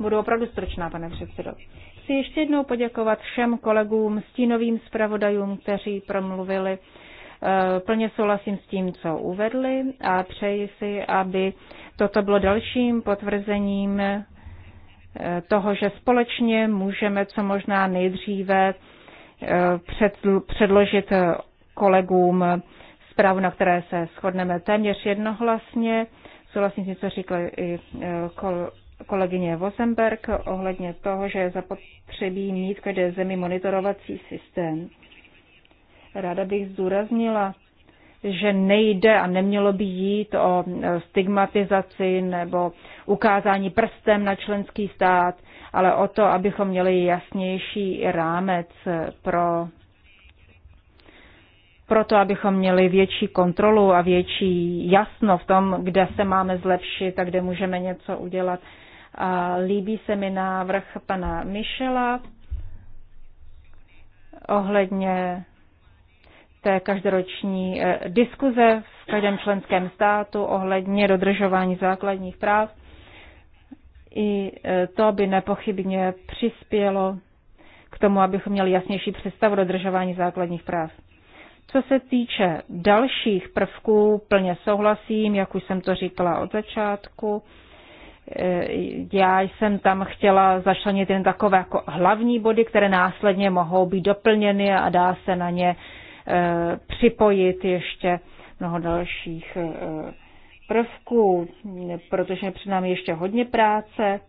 Budu opravdu stručná, pane předsedo. Chci ještě jednou poděkovat všem kolegům, stínovým zpravodajům, kteří promluvili Eh, plně souhlasím s tím, co uvedli a přeji si, aby toto bylo dalším potvrzením eh, toho, že společně můžeme co možná nejdříve eh, předložit kolegům zprávu, na které se shodneme téměř jednohlasně. Souhlasím s tím, co říkala i kolegyně Vosenberg ohledně toho, že je zapotřebí mít každé zemi monitorovací systém. Ráda bych zdůraznila, že nejde a nemělo by jít o e, stigmatizaci nebo ukázání prstem na členský stát, ale o to, abychom měli jasnější rámec pro pro to abychom měli větší kontrolu a větší jasno v tom, kde se máme zlepšit a kde můžeme něco udělat. A líbí se mi návrh pana Michela ohledně té každoroční eh, diskuze v každém členském státu ohledně dodržování základních práv. I eh, to by nepochybně přispělo k tomu, abychom měli jasnější představu dodržování základních práv. Co se týče dalších prvků, plně souhlasím, jak už jsem to říkala od začátku. Eh, já jsem tam chtěla začlenit jen takové jako hlavní body, které následně mohou být doplněny a dá se na ně připojit ještě mnoho dalších eh, prvků, protože před námi ještě hodně práce.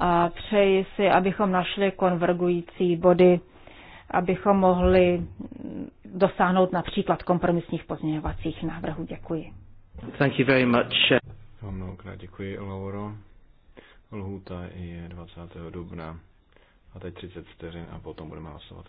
A přeji si, abychom našli konvergující body, abychom mohli dosáhnout například kompromisních pozměňovacích návrhů. Děkuji. Thank you very much. Vám mnohokrát děkuji, Lauro. Lhůta je 20. dubna. A teď 34 a potom budeme hlasovat.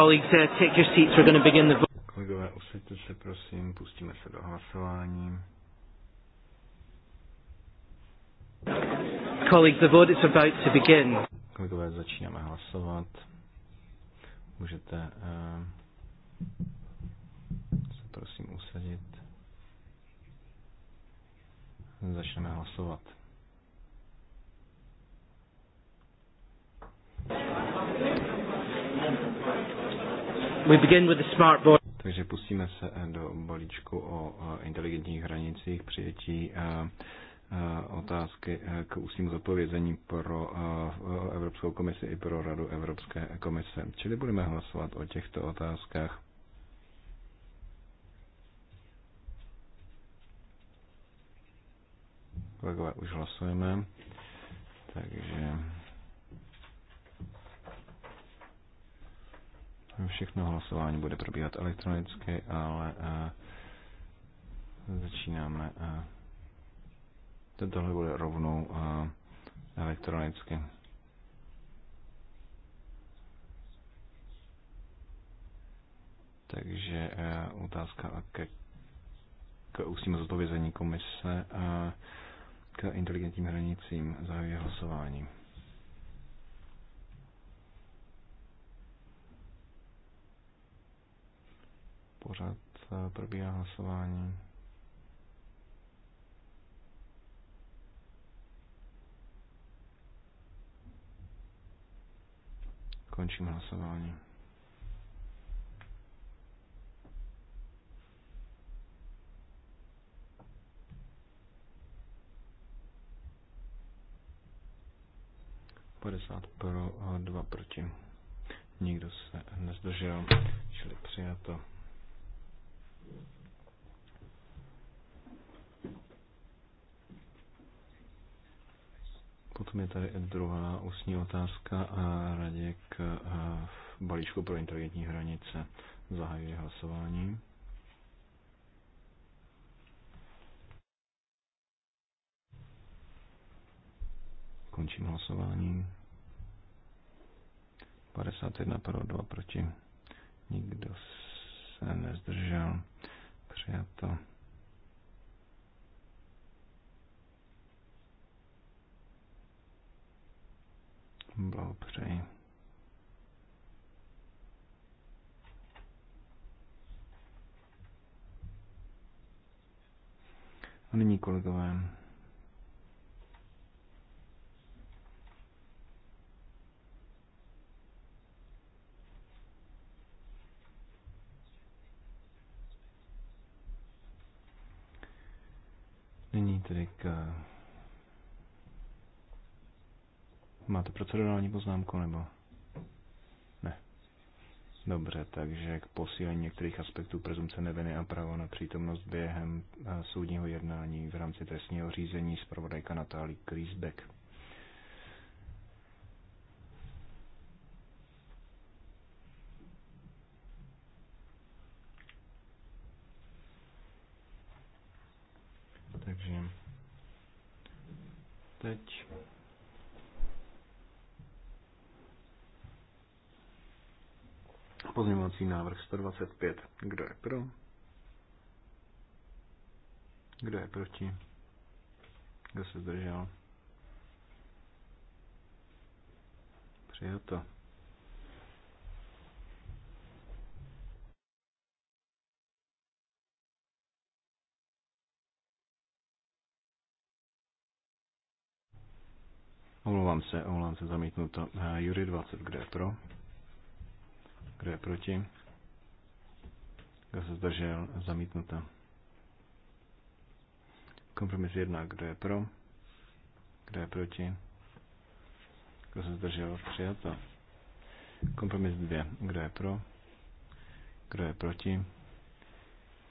Colleagues, uh, take your seats. We're going to begin the vote. Kolegové, usaďte se, prosím, pustíme se do hlasování. Colleagues, the vote is about to begin. Kolegové, začínáme hlasovat. Můžete uh, se prosím usadit. Začneme hlasovat. We begin with the smart board. Takže pustíme se eh, do balíčku o eh, inteligentních hranicích přijetí eh, otázky k ústnímu zodpovězení pro Evropskou komisi i pro Radu Evropské komise. Čili budeme hlasovat o těchto otázkách. Kolegové, už hlasujeme. Takže Všechno hlasování bude probíhat elektronicky, ale eh, začínáme. Eh, Tohle bude rovnou eh, elektronicky. Takže uh, otázka ke, k ústním zodpovězení komise uh, k inteligentním hranicím zahajuje hlasování. Pořád eh, probíhá hlasování. Končím hlasování. pro a dva proti. Nikdo se nezdržel, čili přijato. Potom je tady druhá ústní otázka a eh, radě k eh, balíčku pro inteligentní hranice. zahajuje hlasování. Končím hlasování. 51 pro, 2 proti. Nikdo se nezdržel. Přijato. Blahopřeji. A nyní kolegové. Nyní tedy k Máte procedurální poznámku nebo? Ne. Dobře, takže k posílení některých aspektů prezumce neviny a právo na přítomnost během eh, soudního jednání v rámci trestního řízení provodajka Natálí Kriesbeck. Takže teď Pozměňovací návrh 125. Kdo je pro? Kdo je proti? Kdo se zdržel? Přijato. Omlouvám se, omlouvám se, zamítnuto. Eh, Jury 20, kde je pro? Kdo je proti? Kdo se zdržel? Zamítnuta. Kompromis 1. Kdo je pro? Kdo je proti? Kdo se zdržel? Přijato. Kompromis 2. Kdo je pro? Kdo je proti?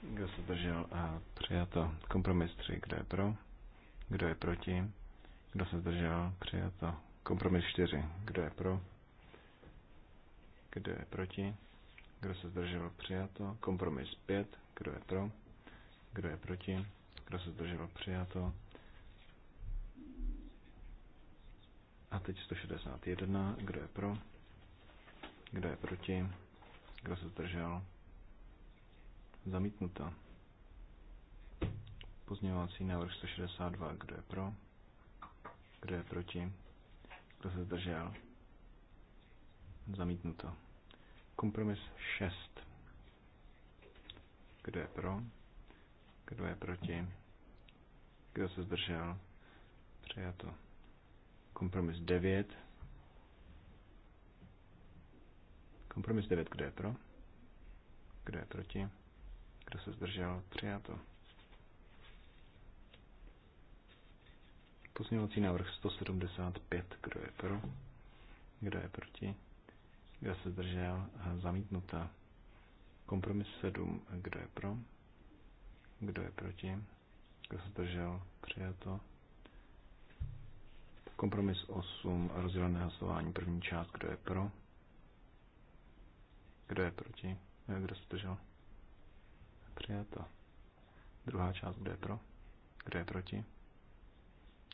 Kdo se zdržel? A přijato. Kompromis 3. Kdo je pro? Kdo je proti? Kdo se zdržel? Přijato. Kompromis 4. Kdo je pro? Kdo je proti? Kdo se zdržel? Přijato. Kompromis 5. Kdo je pro? Kdo je proti? Kdo se zdržel? Přijato. A teď 161. Kdo je pro? Kdo je proti? Kdo se zdržel? Zamítnuto. Pozměňovací návrh 162. Kdo je pro? Kdo je proti? Kdo se zdržel? zamítnuto. Kompromis 6. Kdo je pro? Kdo je proti? Kdo se zdržel? Přijato. Kompromis 9. Kompromis 9. Kdo je pro? Kdo je proti? Kdo se zdržel? Přijato. Pozměňovací návrh 175. Kdo je pro? Kdo je proti? Kdo se zdržel? Zamítnuta. Kompromis 7. Kdo je pro? Kdo je proti? Kdo se zdržel? Přijato. Kompromis 8. Rozdělené hlasování. První část. Kdo je pro? Kdo je proti? Eh, kdo se zdržel? Přijato. Druhá část. Kdo je pro? Kdo je proti?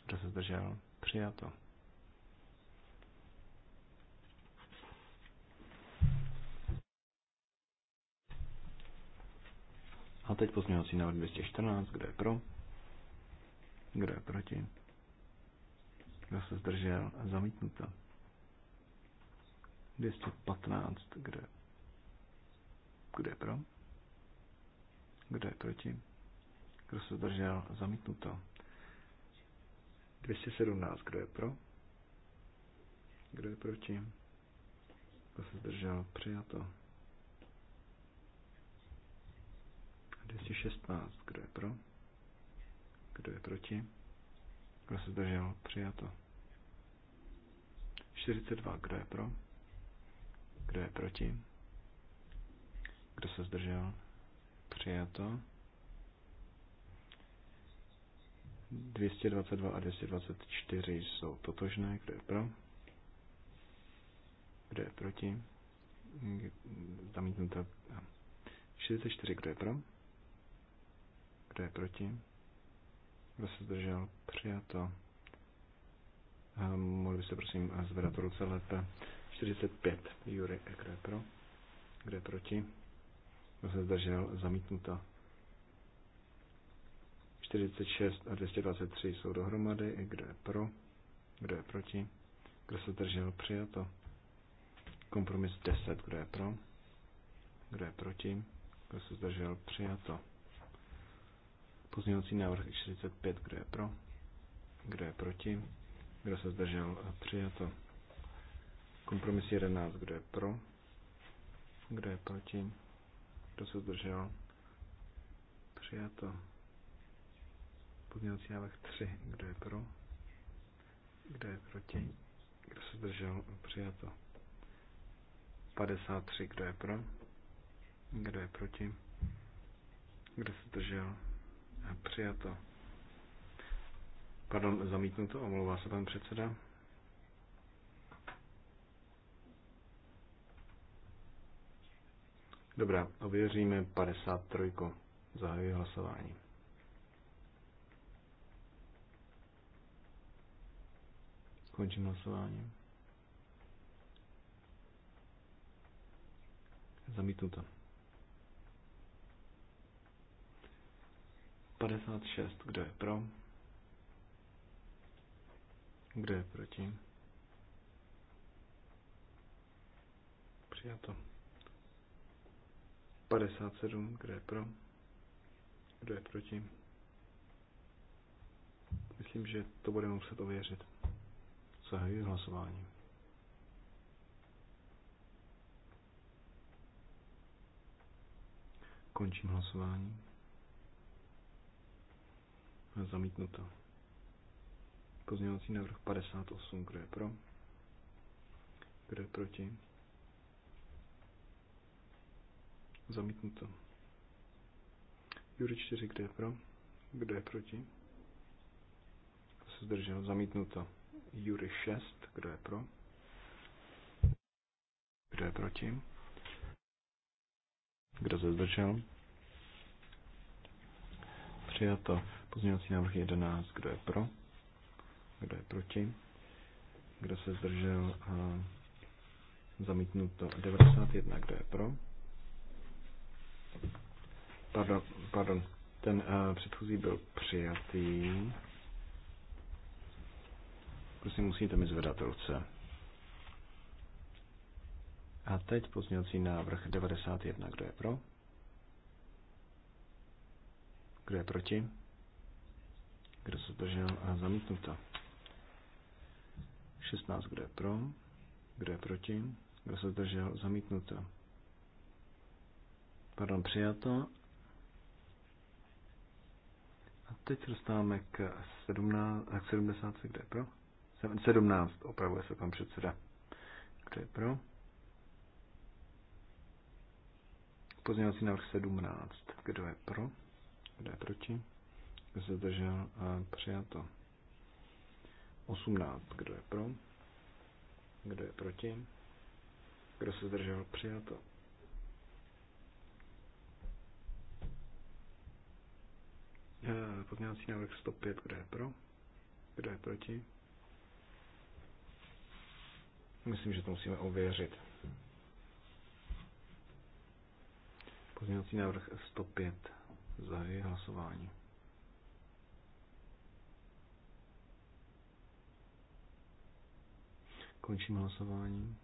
Kdo se zdržel? Přijato. A teď pozměňovací návrh 214, kdo je pro? Kdo je proti? Kdo se zdržel? Zamítnuto. 215, kdo je, kdo je pro? Kdo je proti? Kdo se zdržel? Zamítnuto. 217, kdo je pro? Kdo je proti? Kdo se zdržel? Přijato. 216. Kdo je pro? Kdo je proti? Kdo se zdržel? Přijato. 42. Kdo je pro? Kdo je proti? Kdo se zdržel? Přijato. 222 a 224 jsou totožné. Kdo je pro? Kdo je proti? Zamítnuto. 44. Kdo je pro? Kdo je proti? Kdo se zdržel? Přijato. Mohli byste prosím zvedat ruce lépe. 45. Jury, kdo je pro? Kdo je proti? Kdo se zdržel? Zamítnuto. 46 a 223 jsou dohromady. Kdo je pro? Kdo je proti? Kdo se zdržel? Přijato. Kompromis 10. Kdo je pro? Kdo je proti? Kdo se zdržel? Přijato. Pozměňovací návrh 45, kdo je pro? Kdo je proti? Kdo se zdržel? Přijato. Kompromis 11, kdo je pro? Kdo je proti? Kdo se zdržel? Přijato. Pozměňovací návrh 3, kdo je pro? Kdo je proti? Kdo se zdržel? Přijato. 53, kdo je pro? Kdo je proti? Kdo se zdržel? Přijato. Pardon, to, omlouvá se pan předseda. Dobrá, ověříme 53. Zahajuji hlasování. Končím hlasování. Zamítnuto. 56. Kdo je pro? Kdo je proti? Přijato. 57. Kdo je pro? Kdo je proti? Myslím, že to budeme muset ověřit. Zahajuji hlasování. Končím hlasování. Zamítnuto. Pozměňovací návrh 58, kdo je pro? Kdo je proti? Zamítnuto. Jury 4, kdo je pro? Kdo je proti? Kdo se zdržel? Zamítnuto. Jury 6, kdo je pro? Kdo je proti? Kdo se zdržel? Přijato. Pozměňovací návrh 11. Kdo je pro? Kdo je proti? Kdo se zdržel? A zamítnuto 91. Kdo je pro? Pardon, pardon. Ten uh, předchozí byl přijatý. Prosím, musíte mi zvedat ruce. A teď pozměňovací návrh 91. Kdo je pro? Kdo je proti? kde se a Zamítnuto. 16. Kdo je pro? Kdo je proti? Kdo se zdržel? Zamítnuto. Pardon, přijato. A teď se dostáváme k, 17, k 70. kde je pro? 17. Opravuje se pan předseda. Kde je pro? Pozměňovací návrh 17. Kdo je pro? Kdo je proti? se zdržel a přijato. 18. Kdo je pro? Kdo je proti? Kdo se zdržel? Přijato. E, pozměňovací návrh 105. Kdo je pro? Kdo je proti? Myslím, že to musíme ověřit. Pozměňovací návrh 105. Zahajuji hlasování. Končím hlasování.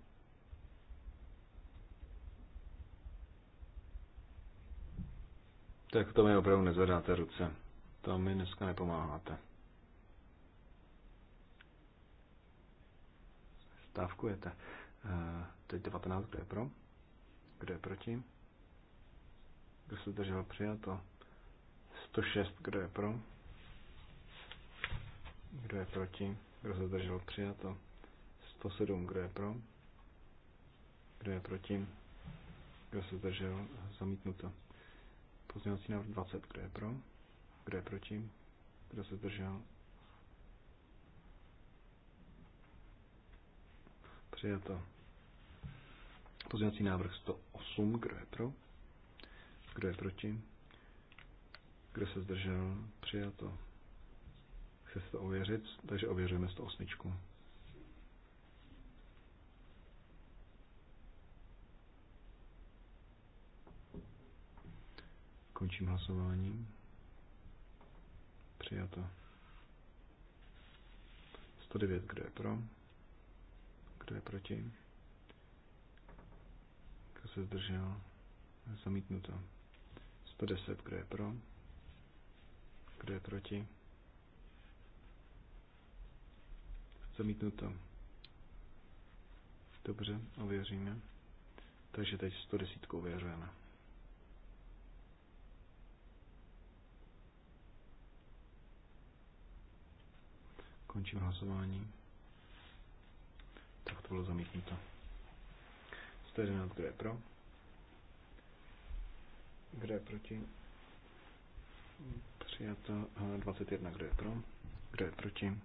Tak to mi opravdu nezvedáte ruce. To mi dneska nepomáháte. Stávkujete. Eh, teď 19, kdo je pro? Kdo je proti? Kdo se držel přijato? 106, kdo je pro? Kdo je proti? Kdo se držel přijato? 107, kdo je pro? Kdo je proti? Kdo se zdržel? Zamítnuto. Pozměňovací návrh 20, kdo je pro? Kdo je proti? Kdo se zdržel? Přijato. Pozměňovací návrh 108, kdo je pro? Kdo je proti? Kdo se zdržel? Přijato. Chce se to ověřit, takže ověřujeme 108. Končím hlasování. Přijato. 109, kdo je pro? Kdo je proti? Kdo se zdržel? Zamítnuto. 110, kdo je pro? Kdo je proti? Zamítnuto. Dobře, ověříme. Takže teď 110 ověřujeme. Končím hlasování. Tak to bylo zamítnuto. 111, kdo je pro? Kdo je proti? Přijato 21, eh, kdo je pro? Kdo je proti?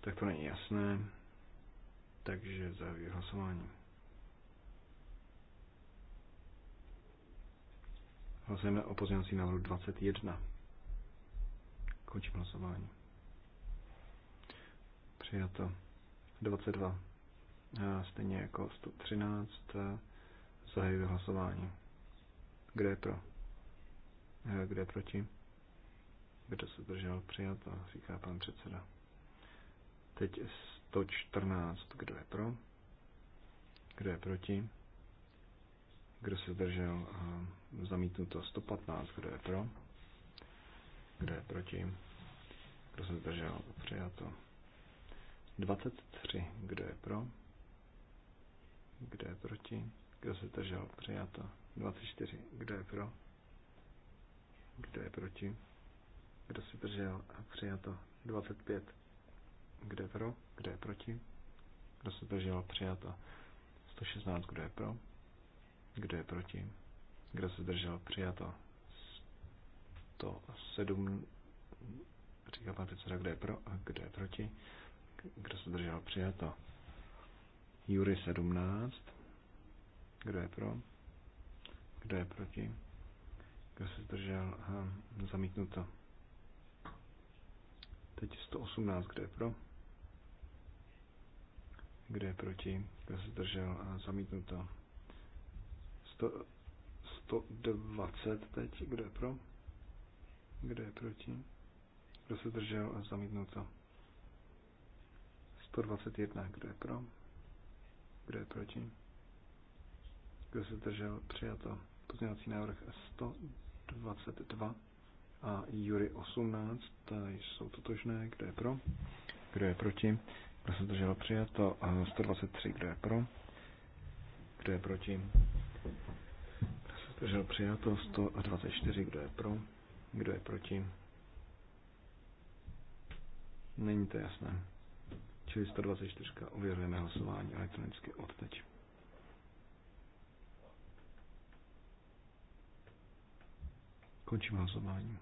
Tak to není jasné, takže zahajuji hlasování. Hlasujeme o pozměňovací návrhu 21. Končím hlasování. Přijato 22. Eh, stejně jako 113. Eh, zahajuji hlasování. Eh, kdo je pro? Kdo je proti? Kdo se držel přijato, říká pan předseda. Teď 114. Kdo je pro? Kdo je proti? Kdo se držel Zamítnuto 115. Kdo je pro? Kdo je proti? Kdo se zdržel? Přijato. 23. Kdo je pro? Kdo je proti? Kdo se zdržel? Přijato. 24. Kdo je pro? Kdo je proti? Kdo se zdržel? Přijato. 25. Kdo je pro? Kdo je proti? Kdo se zdržel? Přijato. 116. Kdo je pro? Kdo je proti? Kdo se zdržel? Přijato. 107, říkal pan předseda, kde je pro a kde je proti. Kdo se držel přijato? Jury 17. Kdo je pro? Kdo je proti? Kdo se zdržel? Aha, zamítnuto. Teď 118, kdo je pro? Kdo je proti? Kdo se zdržel? A zamítnuto. 100, 120 teď, kdo je pro? Kdo je proti? Kdo se držel a to? 121. Kdo je pro? Kdo je proti? Kdo se držel? Přijato. Pozměňovací návrh 122 a Jury 18 jsou totožné. Kdo je pro? Kdo je proti? Kdo se držel? Přijato. A 123. Kdo je pro? Kdo je proti? Kdo se držel? Přijato. 124. Kdo je pro? Kdo je proti? Není to jasné. Čili 124. Ověřujeme hlasování elektronicky od teď. Končím hlasování.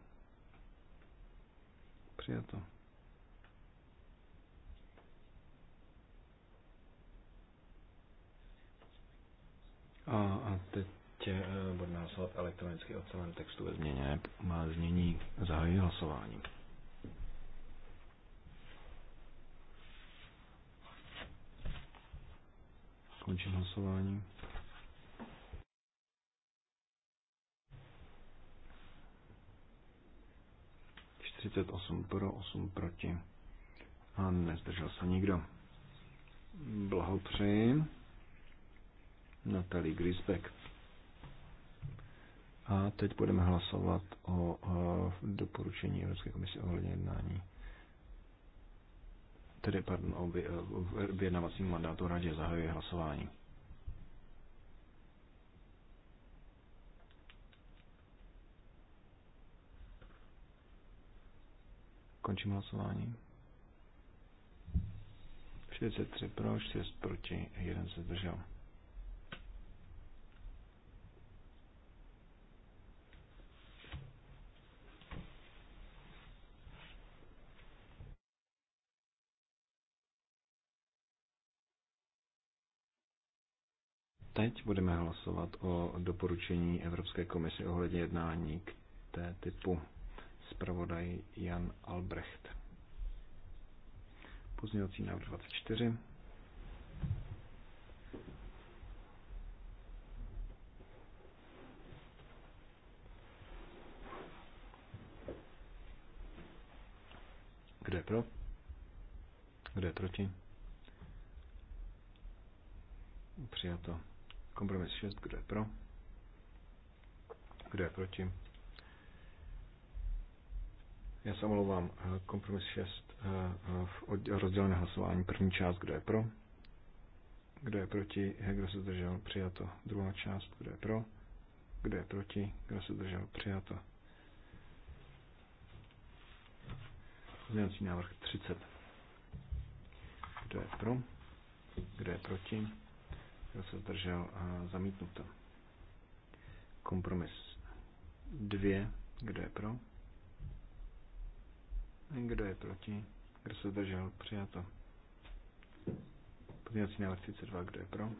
Přijato. A, a teď ještě eh, budeme hlasovat elektronicky o celém textu ve změně. Má změní zahájí hlasování. Skončím hlasování. pro, 8 proti. A nezdržel se nikdo. Blahopřeji. Natalie Grisbeck. A teď budeme hlasovat o, o doporučení Evropské komise ohledně jednání. Tedy, pardon, o vyjednavacím mandátu radě zahajuje hlasování. Končím hlasování. 43 pro, 6 proti, 1 se zdržel. teď budeme hlasovat o doporučení Evropské komise ohledně jednání k té typu. Spravodaj Jan Albrecht. Pozměňovací návrh 24. Kdo je pro? Kdo je proti? Přijato. Kompromis 6, kdo je pro? Kdo je proti? Já se omlouvám, eh, kompromis 6 eh, eh, v rozdělené hlasování. První část, kdo je pro? Kdo je proti? Kdo se zdržel? Přijato. Druhá část, kdo je pro? Kdo je proti? Kdo se zdržel? Přijato. Pozměňovací návrh 30. Kdo je pro? Kdo je proti? kdo se zdržel a zamítnuto. Kompromis 2, kdo je pro, kdo je proti, kdo se zdržel, přijato. Pozměňovací návrh 32, kdo je pro,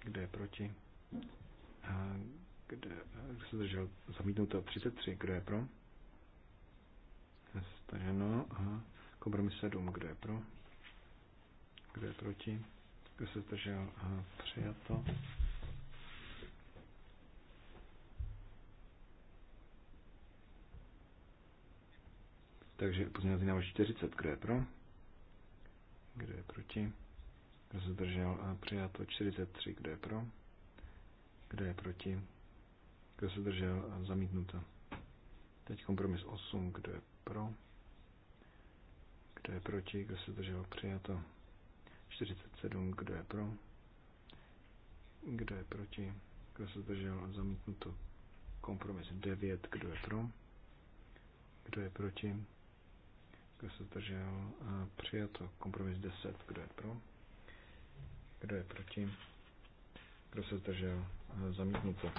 kdo je proti, a kdo, kdo se zdržel, zamítnuto 33, kdo je pro, staženo a kompromis 7, kdo je pro, kdo je proti, kdo se zdržel? Přijato. Takže pozměňovací návrh 40, kdo je pro? Kdo je proti? Kdo se zdržel? A přijato 43, kdo je pro? Kdo je proti? Kdo se zdržel? A zamítnuto. Teď kompromis 8, kdo je pro? Kdo je proti? Kdo se zdržel? Přijato. 47, kdo je pro, kdo je proti, kdo se zdržel, zamítnuto. Kompromis 9, kdo je pro, kdo je proti, kdo se zdržel, a přijato. Kompromis 10, kdo je pro, kdo je proti, kdo se zdržel, zamítnuto.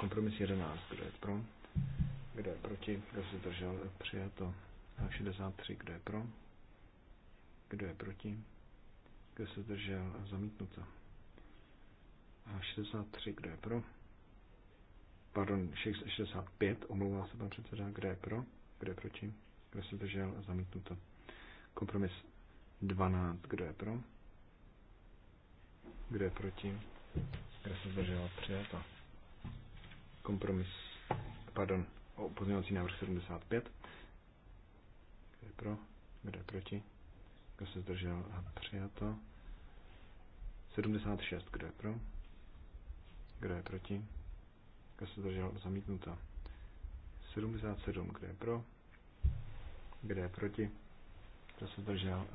Kompromis 11, kdo je pro, kdo je proti, kdo se zdržel, přijato. 63, kdo je pro, kdo je proti? Kdo se zdržel? Zamítnuto. A 63, kdo je pro? Pardon, 65, omlouvá se pan předseda. Kdo je pro? Kdo je proti? Kdo se zdržel? Zamítnuto. Kompromis 12, kdo je pro? Kdo je proti? Kdo se zdržel? Přijato. Kompromis, pardon, pozměňovací návrh 75. Kdo je pro? Kdo je proti? Kdo se zdržel? Přijato. 76. Kdo je pro? Kdo je proti? Kdo se zdržel? Zamítnuto. 77. Kdo je pro? Kdo je proti? Kdo se zdržel?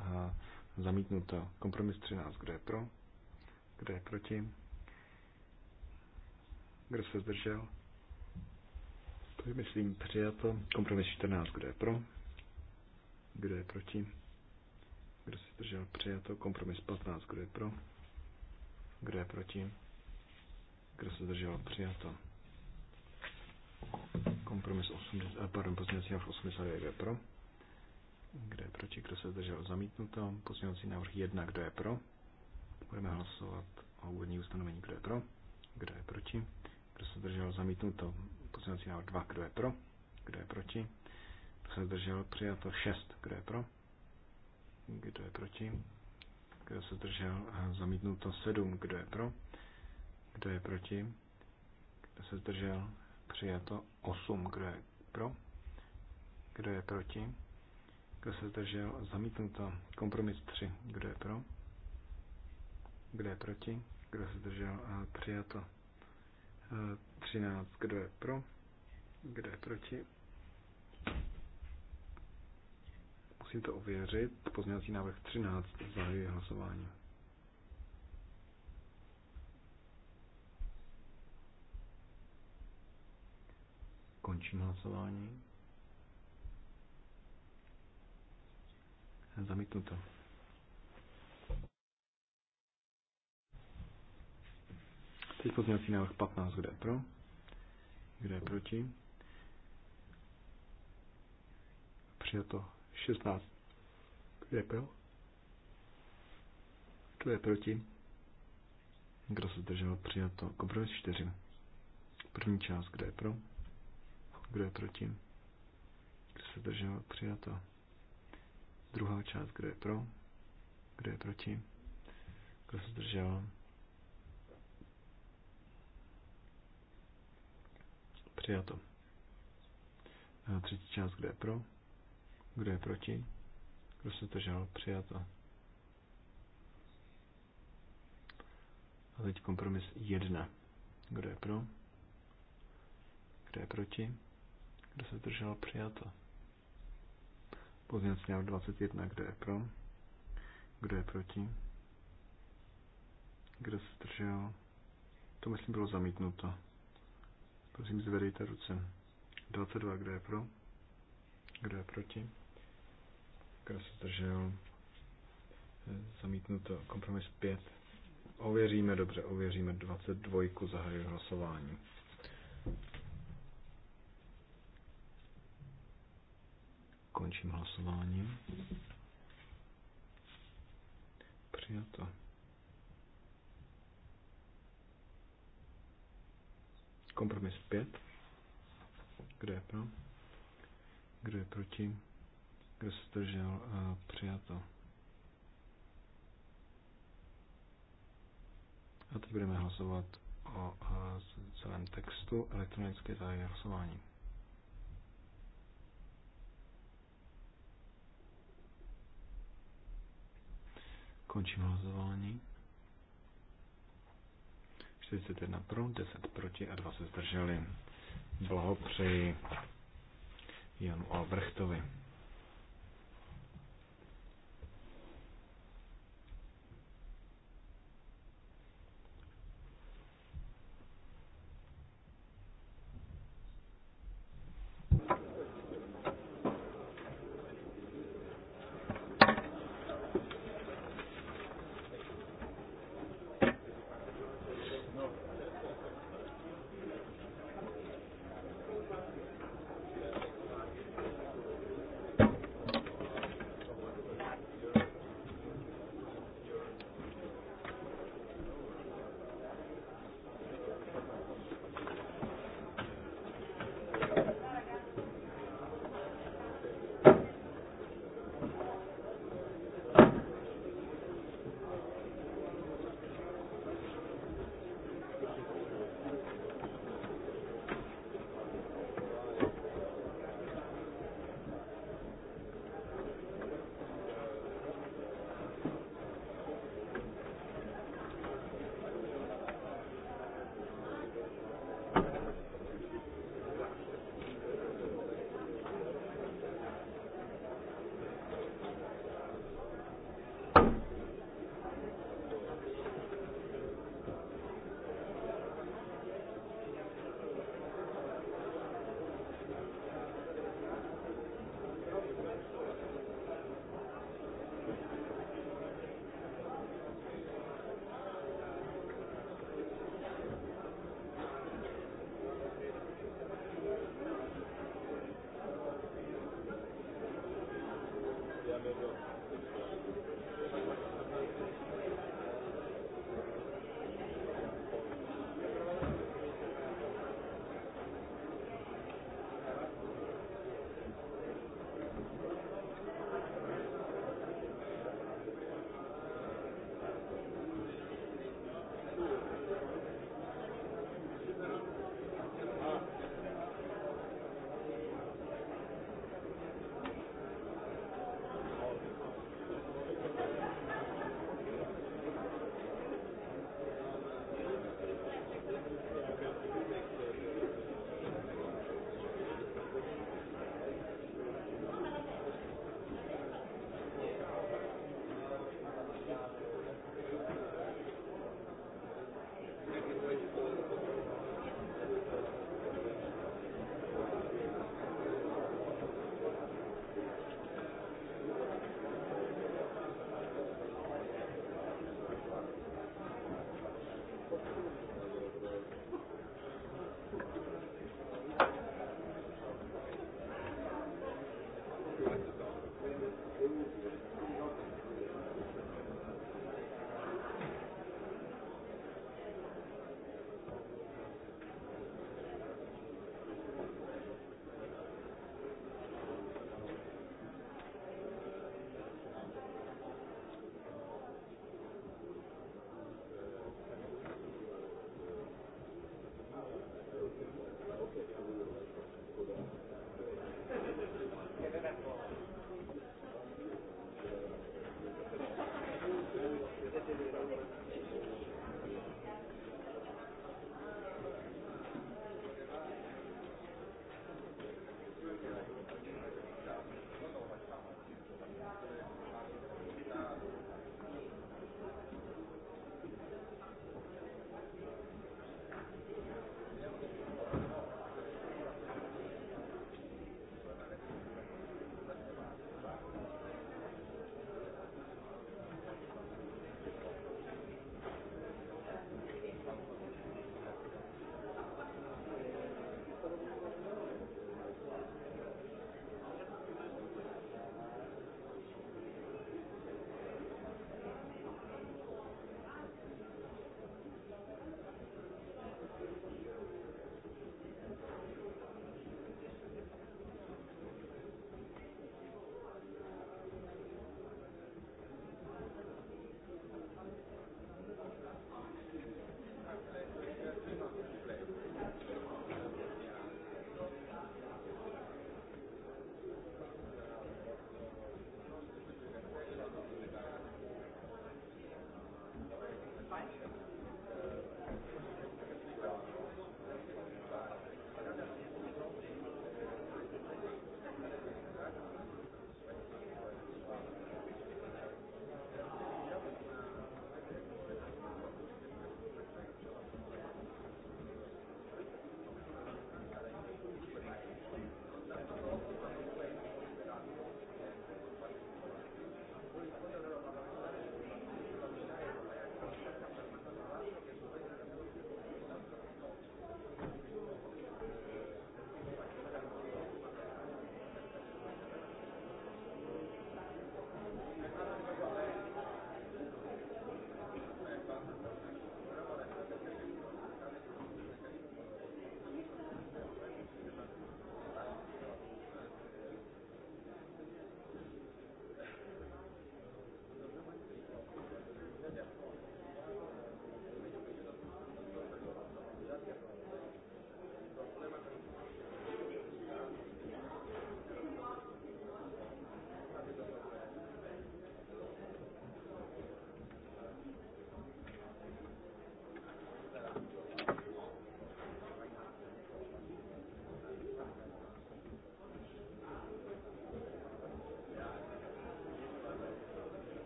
Zamítnuto. Kompromis 13. Kdo je pro? Kdo je proti? Kdo se zdržel? To je, myslím, přijato. Kompromis 14. Kdo je pro? Kdo je proti? Kdo se zdržel? Přijato. Kompromis 15. Kdo je pro? Kdo je proti? Kdo se zdržel? Přijato. Kompromis 80, eh, pardon, pozměnací návrh 82, Kdo je pro? Kdo je proti? Kdo se zdržel? Zamítnuto. pozměnací návrh 1. Kdo je pro? Budeme hlasovat o úvodní ustanovení. Kdo je pro? Kdo je proti? Kdo se zdržel? Zamítnuto. pozměnací návrh 2. Kdo je pro? Kdo je proti? Kdo se zdržel? Přijato 6. Kdo je pro? Kdo je proti? Kdo se zdržel? to 7. Kdo je pro? Kdo je proti? Kdo se zdržel? Přijato 8. Kdo je pro? Kdo je proti? Kdo se zdržel? Zamítnuto. Kompromis 3. Kdo je pro? Kdo je proti? Kdo se zdržel? Přijato 13. Kdo je pro? Kdo je proti? Musím to ověřit. Pozměňovací návrh 13. Zahajuji hlasování. Končím hlasování. Zamítnuto. Teď pozměňovací návrh 15. Kdo je pro? Kdo je proti? Přijato 16. Kdo je pro? Kdo je proti? Kdo se zdržel? Přijato. Kompromis 4. První část. Kdo je pro? Kdo je proti? Kdo se zdržel? Přijato. Druhá část. Kdo je pro? Kdo je proti? Kdo se zdržel? Přijato. A třetí část. Kdo je pro? Kdo je proti? Kdo se držel? Přijato. A teď kompromis jedna, Kdo je pro? Kdo je proti? Kdo se držel? Přijato. Pozměnací návrh 21. Kdo je pro? Kdo je proti? Kdo se držel? To myslím bylo zamítnuto. Prosím, zvedejte ruce. 22. Kdo je pro? Kdo je proti? kdo se zdržel, zamítnuto kompromis 5. Ověříme, dobře, ověříme 22, zahajuji hlasování. Končím hlasování. Přijato. Kompromis 5. Kdo je pro? Kdo je proti? Kdo se a Přijato. A teď budeme hlasovat o eh, celém textu elektronické zahájení hlasování. Končím hlasování. 41 pro, 10 proti a 2 se zdrželi. Blahopřeji Janu Albrechtovi.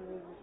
euh,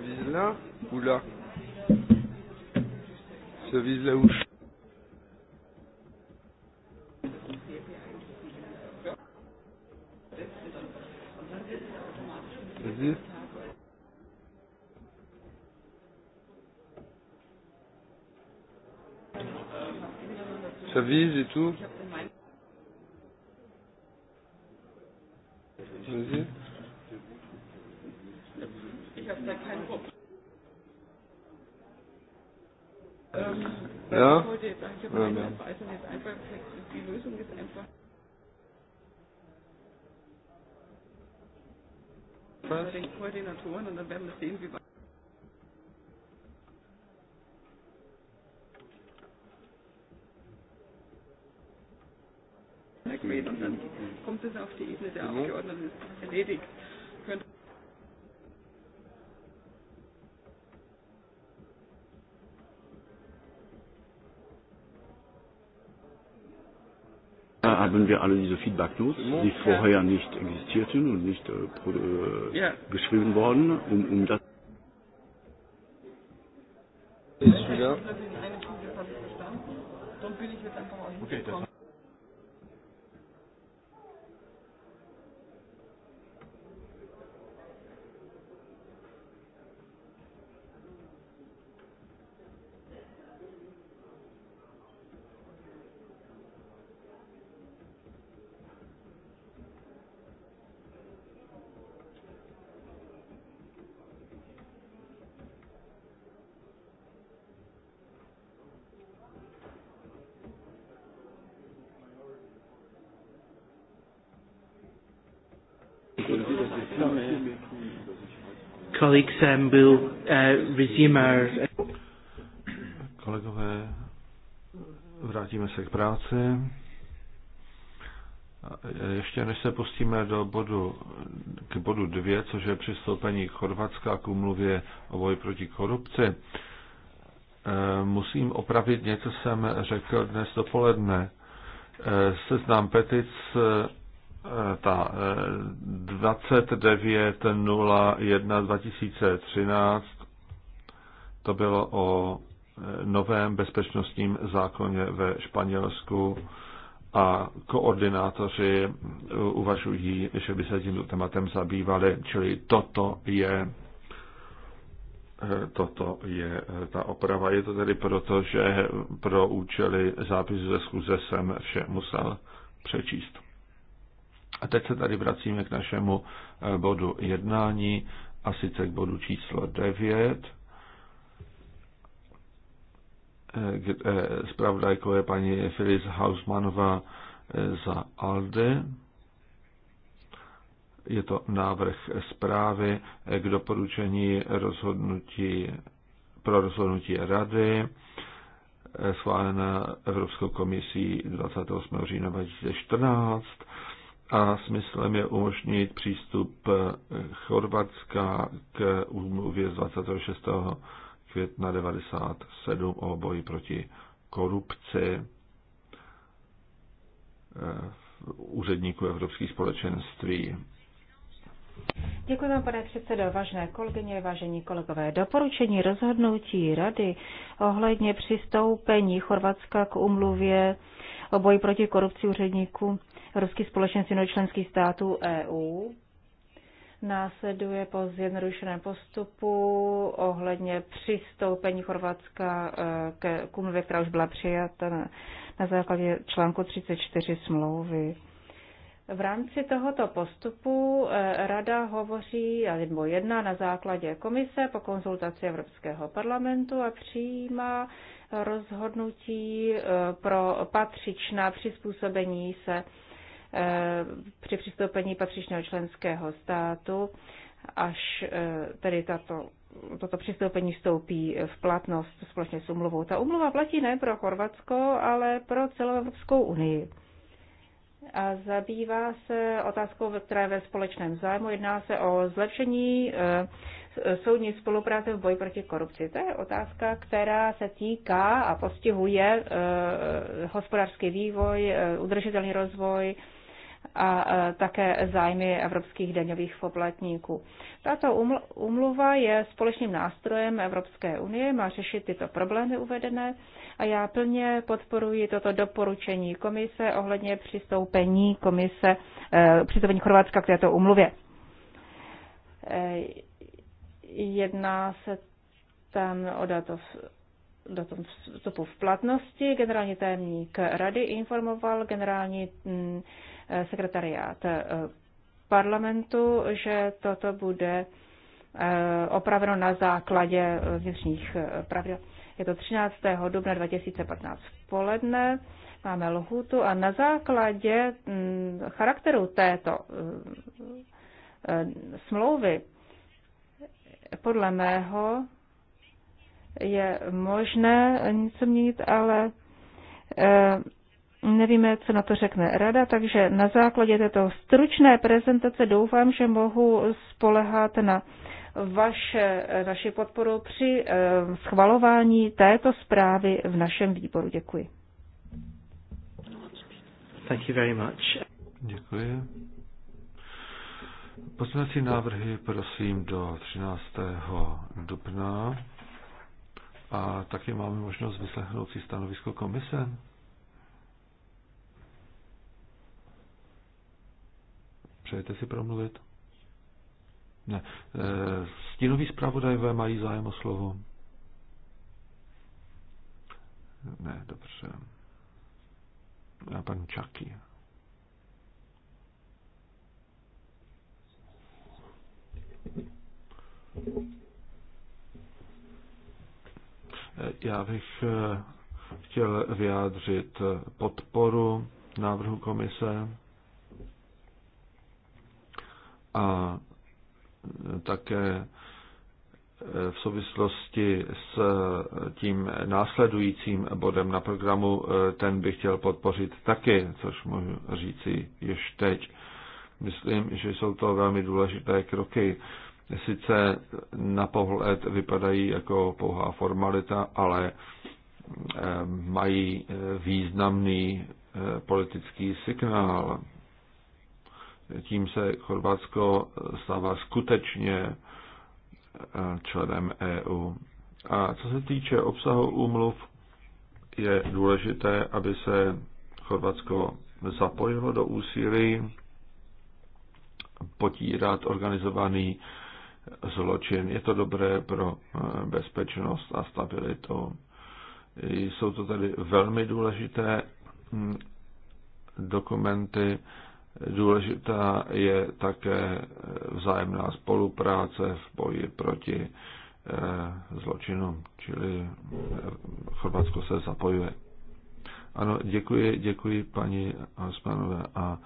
vise là ou là Ça vise là où je... Vas-y. Ça vise et tout Koordinatoren und dann werden wir sehen, wie weit. Und dann kommt es auf die Ebene der mhm. Abgeordneten erledigt. haben wir alle diese Feedback-Notes, die vorher nicht existierten und nicht äh, äh, yeah. geschrieben worden, um, um das. Ist wieder. Okay, das Colleagues, um, we'll uh, resume our... Kolegové, vrátíme se k práci. Ještě než se pustíme do bodu, k bodu dvě, což je přistoupení Chorvatska k umluvě o boji proti korupci, eh, musím opravit něco, co jsem řekl dnes dopoledne. Eh, seznam petic Eh, ta 29.01.2013, eh, to bylo o eh, novém bezpečnostním zákoně ve Španělsku a koordinátoři uvažují, že by se tímto tématem zabývali, čili toto je toto je ta oprava. Je to tedy proto, že pro účely zápisu ze schůze jsem vše musel přečíst. A teď se tady vracíme k našemu eh, bodu jednání, a sice k bodu číslo 9, eh, eh, zpravodajkou je paní Filiz Hausmanová za ALDE. Je to návrh zprávy k doporučení rozhodnutí pro rozhodnutí Rady schválená Evropskou komisí 28. října 2014 a smyslem je umožnit přístup eh, Chorvatska k úmluvě z 26. května 1997 o boji proti korupci eh, úředníků Evropských společenství. Děkuji vám, pane předsedo, vážené kolegyně, vážení kolegové. Doporučení rozhodnutí Rady ohledně přistoupení Chorvatska k umluvě o boji proti korupci úředníků Evropský společenství do členských států EU. Následuje po zjednodušeném postupu ohledně přistoupení Chorvatska eh, k kumluvě, která už byla přijata na základě článku 34 smlouvy. V rámci tohoto postupu eh, Rada hovoří nebo jedná na základě komise po konzultaci Evropského parlamentu a přijímá rozhodnutí eh, pro patřičná přizpůsobení se Eh, při přistoupení patřičného členského státu, až eh, tedy tato, toto přistoupení vstoupí v platnost společně s umluvou. Ta umluva platí ne pro Chorvatsko, ale pro celou Evropskou unii. A zabývá se otázkou, která je ve společném zájmu. Jedná se o zlepšení eh, soudní spolupráce v boji proti korupci. To je otázka, která se týká a postihuje hospodářský vývoj, udržitelný rozvoj, a také zájmy evropských daňových poplatníků. Tato umluva je společným nástrojem Evropské unie, má řešit tyto problémy uvedené a já plně podporuji toto doporučení komise ohledně přistoupení komise, e, přistoupení Chorvatska k této umluvě. E, jedná se tam o datov datum vstupu v platnosti. Generální tajemník rady informoval generální mm, eh, sekretariát eh, parlamentu, že toto bude eh, opraveno na základě vnitřních pravidel. Je to 13. dubna 2015 v poledne, máme lhutu a na základě mm, charakteru této smlouvy podle mého je možné něco měnit, ale eh, nevíme, co na to řekne rada, takže na základě této stručné prezentace doufám, že mohu spolehat na vaše, naši podporu při eh, schvalování této zprávy v našem výboru. Děkuji. Thank you very much. Děkuji. Pozměňovací návrhy prosím do 13. dubna a taky máme možnost vyslechnout si stanovisko komise. Přejete si promluvit? Ne. E, stínoví zpravodajové mají zájem o slovo. Ne, dobře. A pan Čaky. Thank you. Já bych eh, chtěl vyjádřit podporu návrhu komise a eh, také eh, v souvislosti s tím následujícím bodem na programu, ten bych chtěl podpořit taky, což můžu říci již teď. Myslím, že jsou to velmi důležité kroky sice na pohled vypadají jako pouhá formalita, ale eh, mají eh, významný eh, politický signál. Tím se Chorvatsko stává skutečně členem EU. A co se týče obsahu úmluv, je důležité, aby se Chorvatsko zapojilo do úsilí potírat organizovaný zločin. Je to dobré pro eh, bezpečnost a stabilitu. Jsou to tady velmi důležité hm, dokumenty. Důležitá je také eh, vzájemná spolupráce v boji proti eh, zločinům, čili Chorvatsko se zapojuje. Ano, děkuji, děkuji paní Osmanové a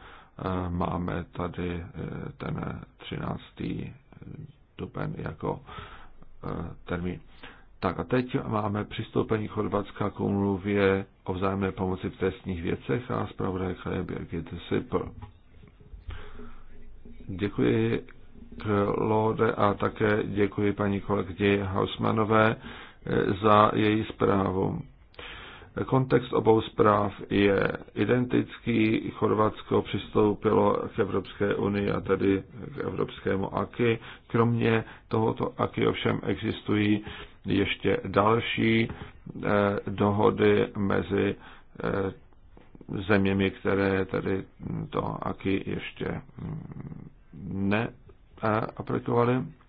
máme tady ten 13 duben jako eh, termín. Tak a teď máme přistoupení Chorvatska k umluvě o vzájemné pomoci v trestních věcech a zpravodajka je Birgit Sipl. Děkuji k Lode a také děkuji paní kolegyně Hausmanové eh, za její zprávu. Kontext obou zpráv je identický. Chorvatsko přistoupilo k Evropské unii a tedy k Evropskému AKI. Kromě tohoto AKI ovšem existují ještě další eh, dohody mezi eh, zeměmi, které tedy to AKI ještě mm, neaplikovaly. Eh,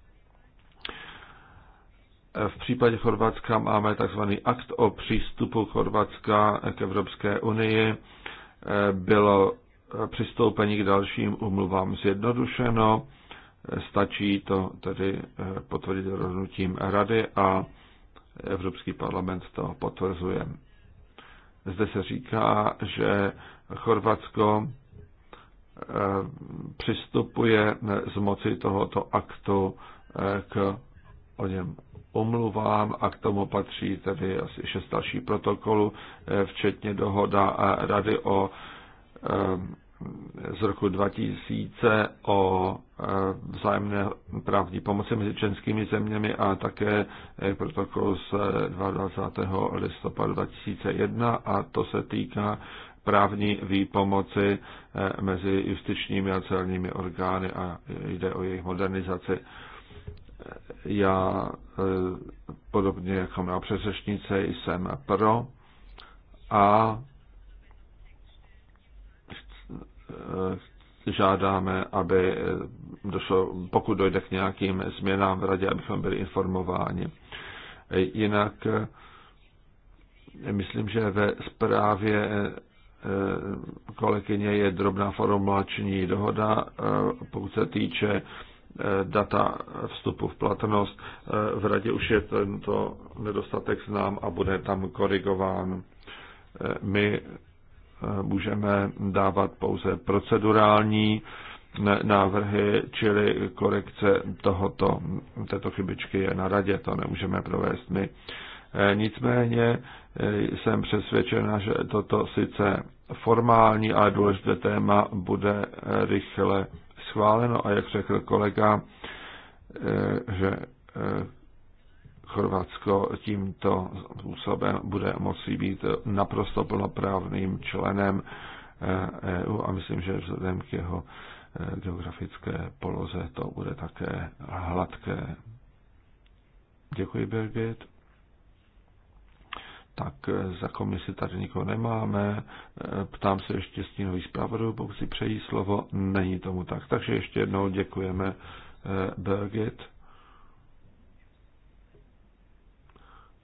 v případě Chorvatska máme tzv. akt o přístupu Chorvatska k Evropské unii. Bylo přistoupení k dalším umluvám zjednodušeno. Stačí to tedy eh, potvrdit rozhodnutím Rady a Evropský parlament to potvrzuje. Zde se říká, že Chorvatsko eh, přistupuje z moci tohoto aktu eh, k o něm omluvám a k tomu patří tedy asi šest další protokolů, eh, včetně dohoda Rady o eh, z roku 2000 o eh, vzájemné právní pomoci mezi českými zeměmi a také protokol z 22. listopadu 2001 a to se týká právní výpomoci mezi justičními a celními orgány a jde o jejich modernizaci. Já eh, podobně jako má předřečnice jsem pro a eh, žádáme, aby eh, došlo, pokud dojde k nějakým změnám v radě, abychom byli informováni. Jinak myslím, že ve zprávě kolegyně je drobná formulační dohoda, pokud se týče Eh, data vstupu v platnost. Eh, v radě už je tento nedostatek znám a bude tam korigován. Eh, my můžeme dávat pouze procedurální návrhy, čili korekce tohoto, této chybičky je na radě, to nemůžeme provést my. Nicméně jsem přesvědčena, že toto sice formální, ale důležité téma bude rychle schváleno a jak řekl kolega, eh, že eh, Chorvatsko tímto způsobem bude moci být naprosto plnoprávným členem EU eh, e a myslím, že vzhledem k jeho geografické poloze to bude také hladké. Děkuji, Birgit tak eh, za komisi tady nikoho nemáme. Eh, ptám se ještě stínový zpravodu, pokud si přejí slovo. Není tomu tak. Takže ještě jednou děkujeme eh, Birgit.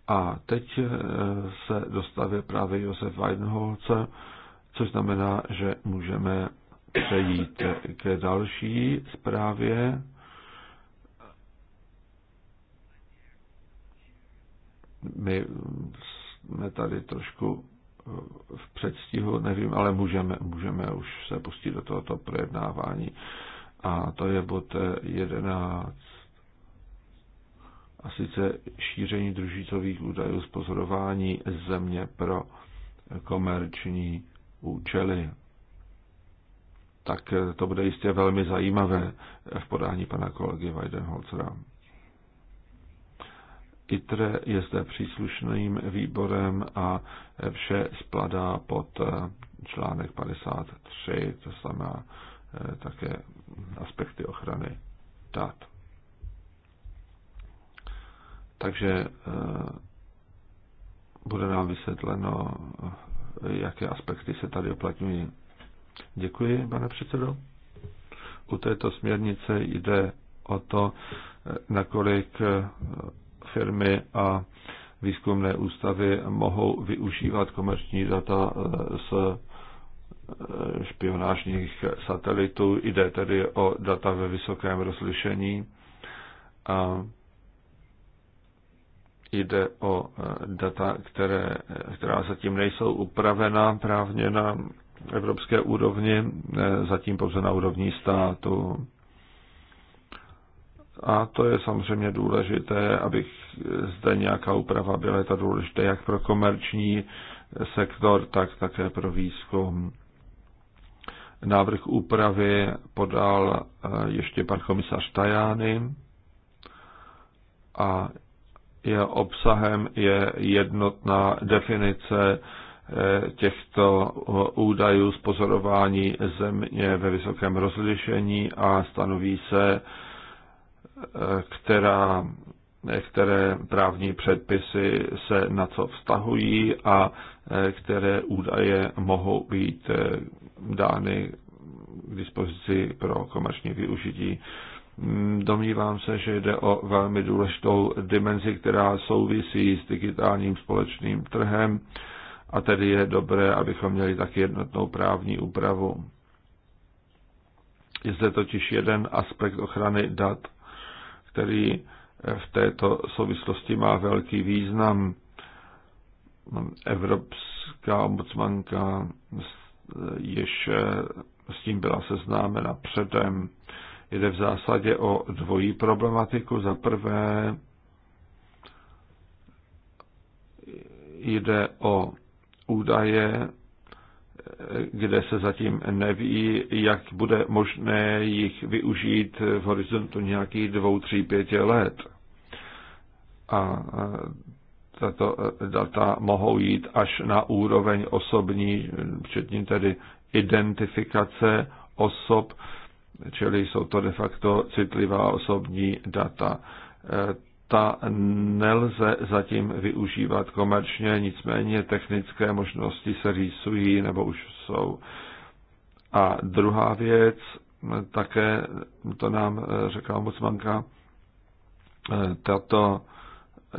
A teď se dostavil právě Josef Weidenholce, což znamená, že můžeme přejít k další zprávě. My jsme tady trošku eh, v předstihu, nevím, ale můžeme, můžeme už se pustit do tohoto projednávání. A to je bod 11. Eh, A sice šíření družicových údajů z pozorování země pro komerční účely. Tak eh, to bude jistě velmi zajímavé v podání pana kolegy Weidenholzera. ITRE je zde příslušným výborem a vše spadá pod eh, článek 53, to znamená eh, také aspekty ochrany dat. Takže eh, bude nám vysvětleno, jaké aspekty se tady uplatňují. Děkuji, pane předsedo. U této směrnice jde o to, nakolik firmy a výzkumné ústavy mohou využívat komerční data eh, z eh, špionážních satelitů. Jde tedy o data ve vysokém rozlišení. A jde o eh, data, které, která zatím nejsou upravená právně na evropské úrovni, zatím pouze na úrovni státu. A to je samozřejmě důležité, abych zde nějaká úprava byla, je to důležité jak pro komerční sektor, tak také pro výzkum. Návrh úpravy podal eh, ještě pan komisař Tajány a je obsahem je jednotná definice eh, těchto eh, údajů z pozorování země ve vysokém rozlišení a stanoví se která, které právní předpisy se na co vztahují a e, které údaje mohou být e, dány k dispozici pro komerční využití. Mm, domnívám se, že jde o velmi důležitou dimenzi, která souvisí s digitálním společným trhem a tedy je dobré, abychom měli tak jednotnou právní úpravu. Je zde totiž jeden aspekt ochrany dat, který v této souvislosti má velký význam. Evropská ombudsmanka již s tím byla seznámena předem. Jde v zásadě o dvojí problematiku. Za prvé jde o údaje kde se zatím neví, jak bude možné jich využít v horizontu nějakých dvou, tří, pěti let. A tato data mohou jít až na úroveň osobní, včetně tedy identifikace osob, čili jsou to de facto citlivá osobní data ta nelze zatím využívat komerčně, nicméně technické možnosti se rýsují nebo už jsou. A druhá věc, také to nám eh, řekla ombudsmanka, eh, tato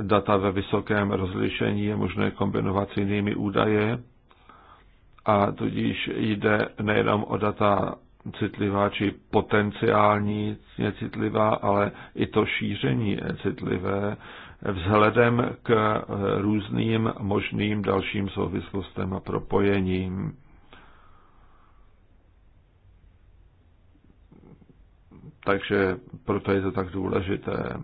data ve vysokém rozlišení je možné kombinovat s jinými údaje a tudíž jde nejenom o data citlivá či potenciální je citlivá, ale i to šíření je citlivé vzhledem k různým možným dalším souvislostem a propojením. Takže proto je to tak důležité.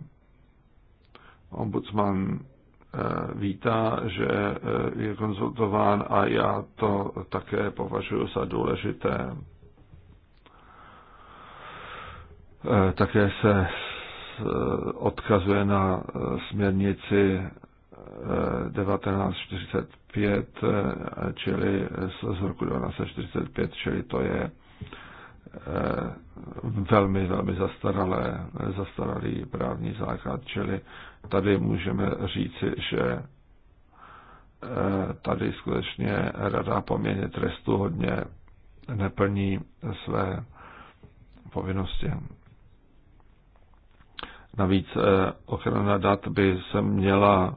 Ombudsman eh, vítá, že eh, je konzultován a já to také považuji za důležité. Eh, také se eh, odkazuje na eh, směrnici 1945, čili z roku 1945, čili to je velmi, velmi zastaralé, zastaralý právní základ, čili tady můžeme říci, že tady skutečně rada poměrně trestu hodně neplní své povinnosti. Navíc eh, ochrana dat by se měla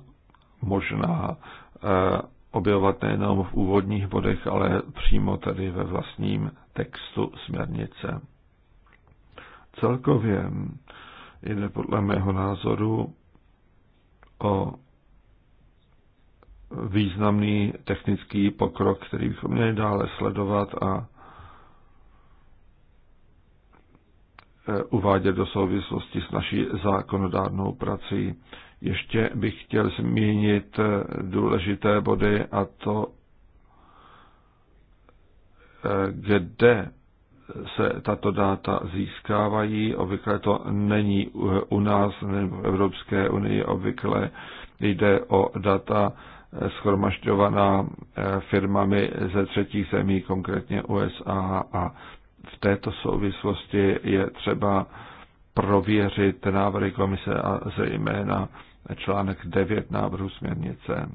možná eh, objevovat nejenom v úvodních bodech, ale přímo tedy ve vlastním textu směrnice. Celkově jde podle mého názoru o významný technický pokrok, který bychom měli dále sledovat a Eh, uvádět do souvislosti s naší zákonodárnou prací. Ještě bych chtěl zmínit eh, důležité body a to, eh, kde se tato data získávají. Obvykle to není u nás nebo v Evropské unii, obvykle jde o data schromažďovaná firmami ze třetích zemí, konkrétně USA a v této souvislosti je třeba prověřit návrhy komise a zejména článek 9 návrhu směrnice.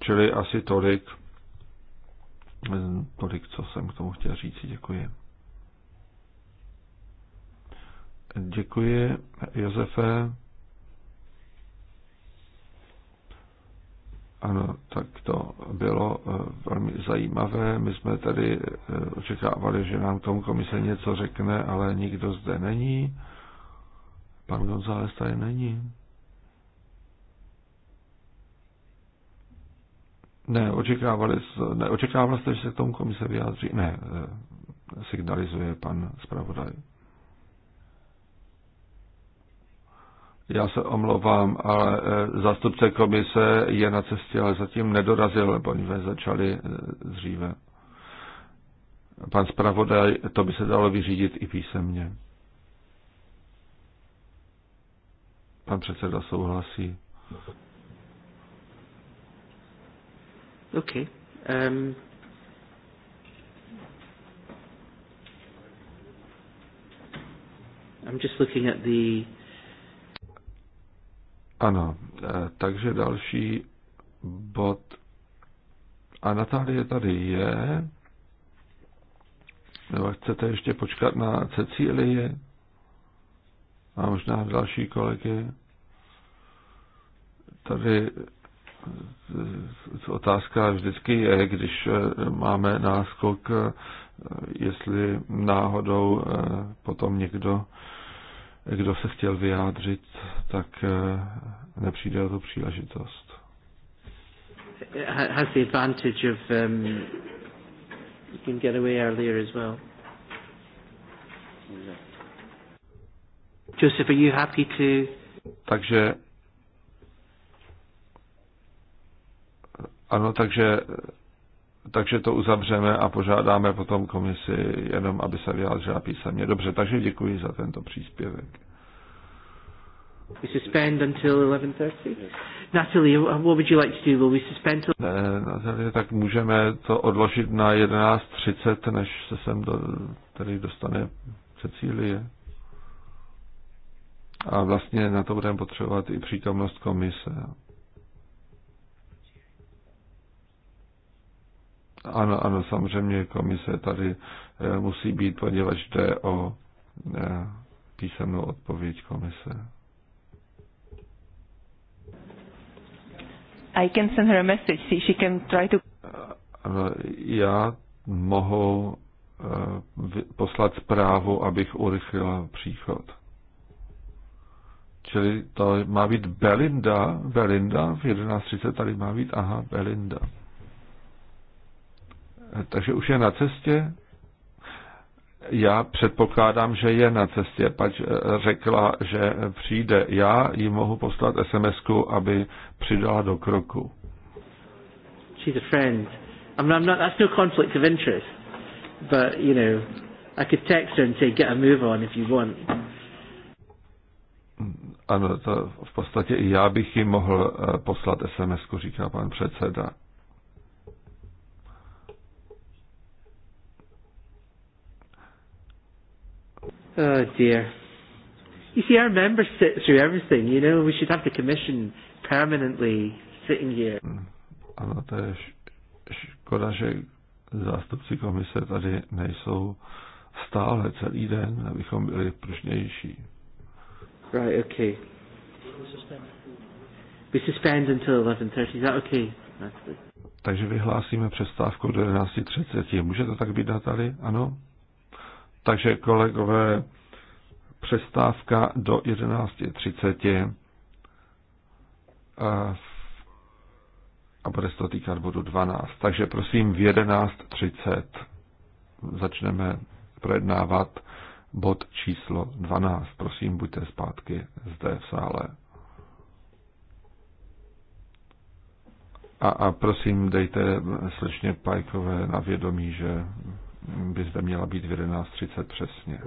Čili asi tolik, tolik, co jsem k tomu chtěl říct. Děkuji. Děkuji, Josefe. Ano, tak to bylo eh, velmi zajímavé. My jsme tady eh, očekávali, že nám k tomu komise něco řekne, ale nikdo zde není. Pan González tady není. Ne, očekávali, ne, očekávali jste, že se k tomu komise vyjádří? Ne, eh, signalizuje pan zpravodaj. Já se omlouvám, ale e, zástupce komise je na cestě, ale zatím nedorazil, nebo oni začali e, dříve. Pan zpravodaj, to by se dalo vyřídit i písemně. Pan předseda souhlasí. OK. Um... I'm just looking at the ano, eh, takže další bod. A Natálie tady je. Nebo chcete ještě počkat na Cecílii? A možná další kolegy? Tady eh, otázka vždycky je, když eh, máme náskok, jestli náhodou potom někdo kdo se chtěl vyjádřit, tak eh, nepřijde o to příležitost. Has the advantage of um, you can get away earlier as well. Joseph, are you happy to? Takže ano, takže takže to uzavřeme a požádáme potom komisi jenom, aby se vyjádřila písemně. Dobře, takže děkuji za tento příspěvek. Ne, Natalie, tak můžeme to odložit na 11.30, než se sem do, tady dostane Cecílie. A vlastně na to budeme potřebovat i přítomnost komise. Ano, ano, samozřejmě komise tady eh, musí být, poněvadž jde o eh, písemnou odpověď komise. I can send her a message, see she can try to... Já mohu eh, poslat zprávu, abych urychlila příchod. Čili to má být Belinda, Belinda v 11.30 tady má být, aha, Belinda. Takže už je na cestě? Já předpokládám, že je na cestě, pač eh, řekla, že přijde. Já jí mohu poslat sms aby přidala do kroku. She's a friend. I'm not, I'm not, that's no conflict of interest. But, you know, I could text her and say, get a move on if you want. Ano, to v podstatě i já bych jim mohl eh, poslat sms říká pan předseda. Oh dear. You see, our members sit through everything. You know, we should have the commission permanently sitting here. Hmm. Ano, to je škoda, že zástupci komise tady nejsou stále celý den, abychom byli pružnější. Right, okay. We suspend until 11.30, is that okay? Takže vyhlásíme přestávku do 11.30. Může to tak být, Natali? Ano? Takže kolegové, přestávka do 11.30 a, a bude se to týkat bodu 12. Takže prosím v 11.30 začneme projednávat bod číslo 12. Prosím, buďte zpátky zde v sále. A, a prosím, dejte slečně Pajkové na vědomí, že by zde měla být v 11.30 přesně.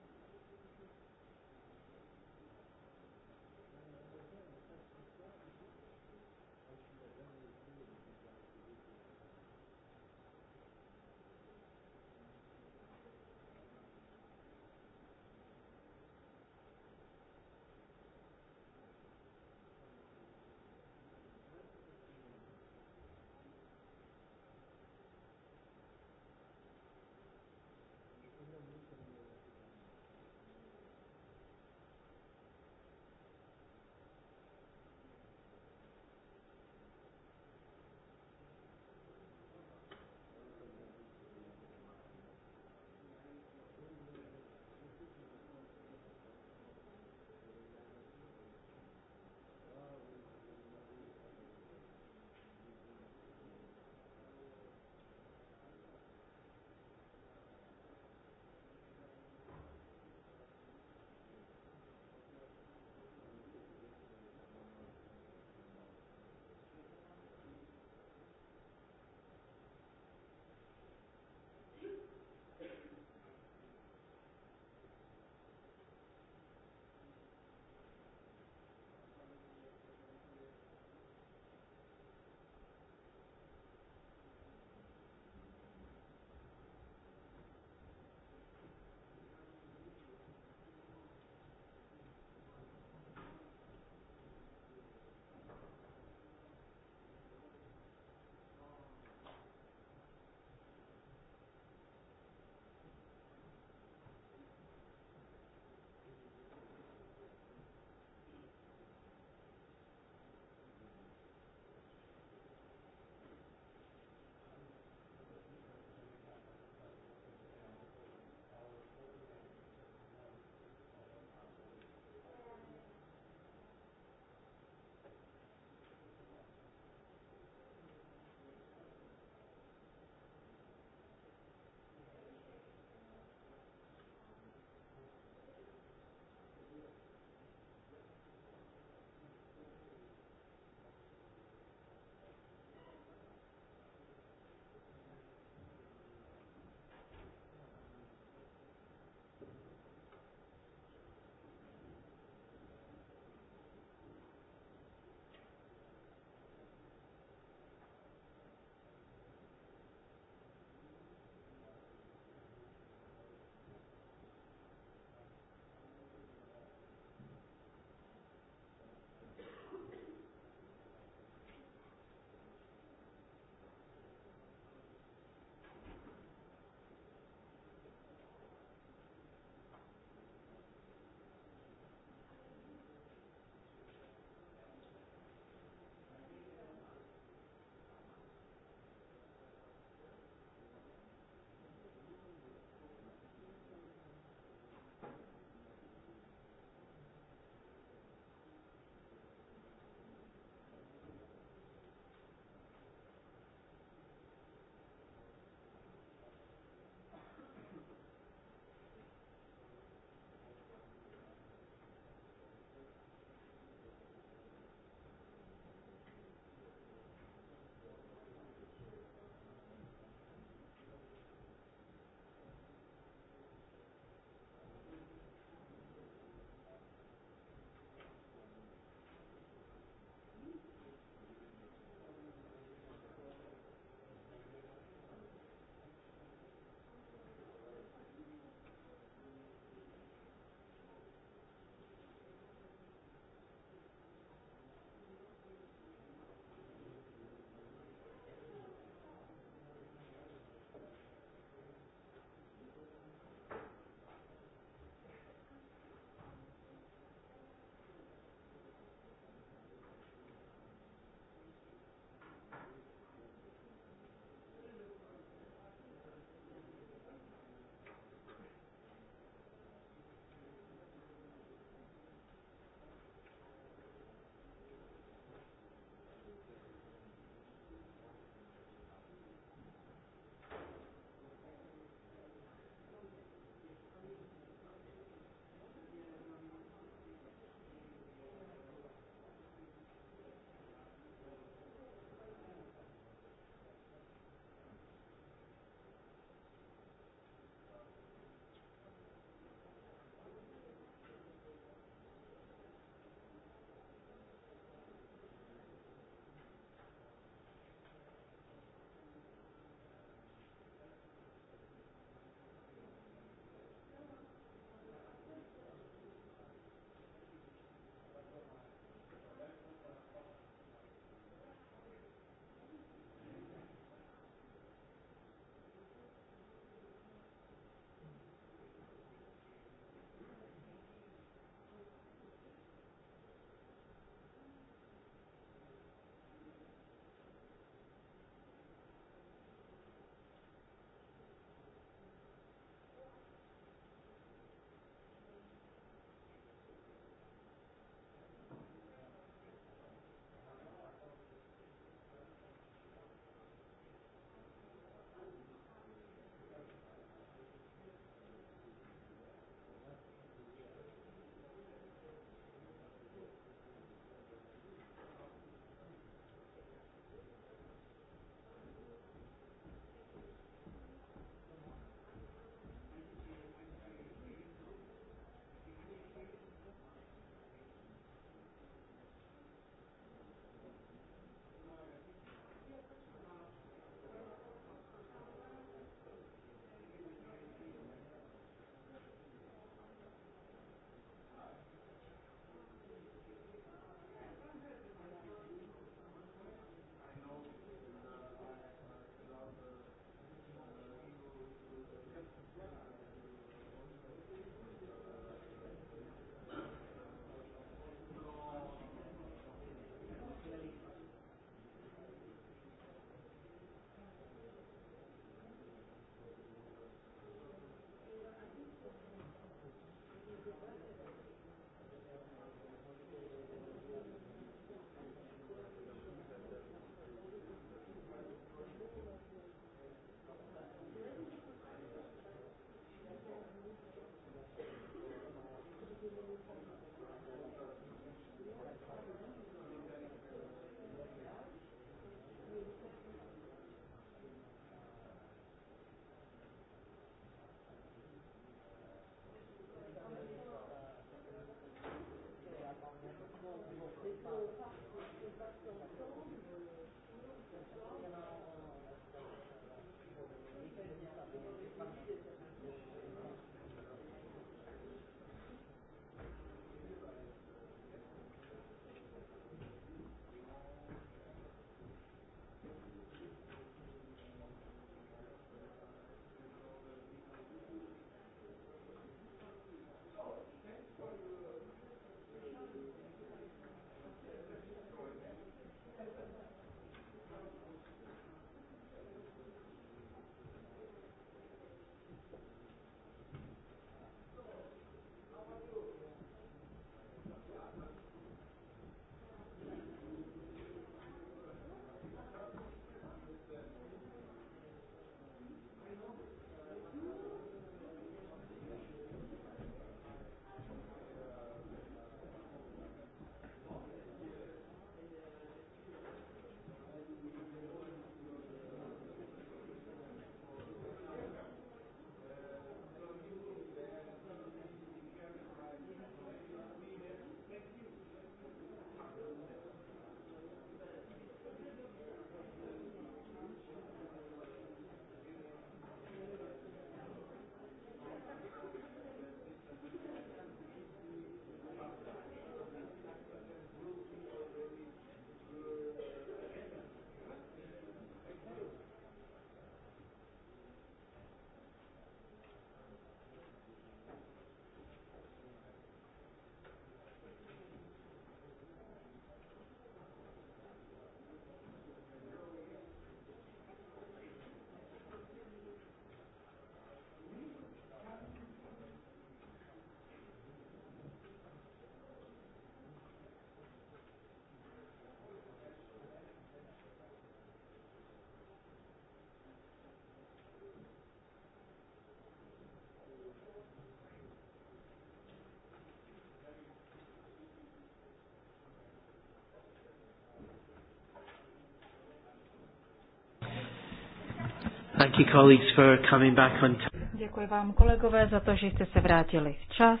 Thank you, colleagues, for coming back on time. Děkuji vám, kolegové, za to, že jste se vrátili včas.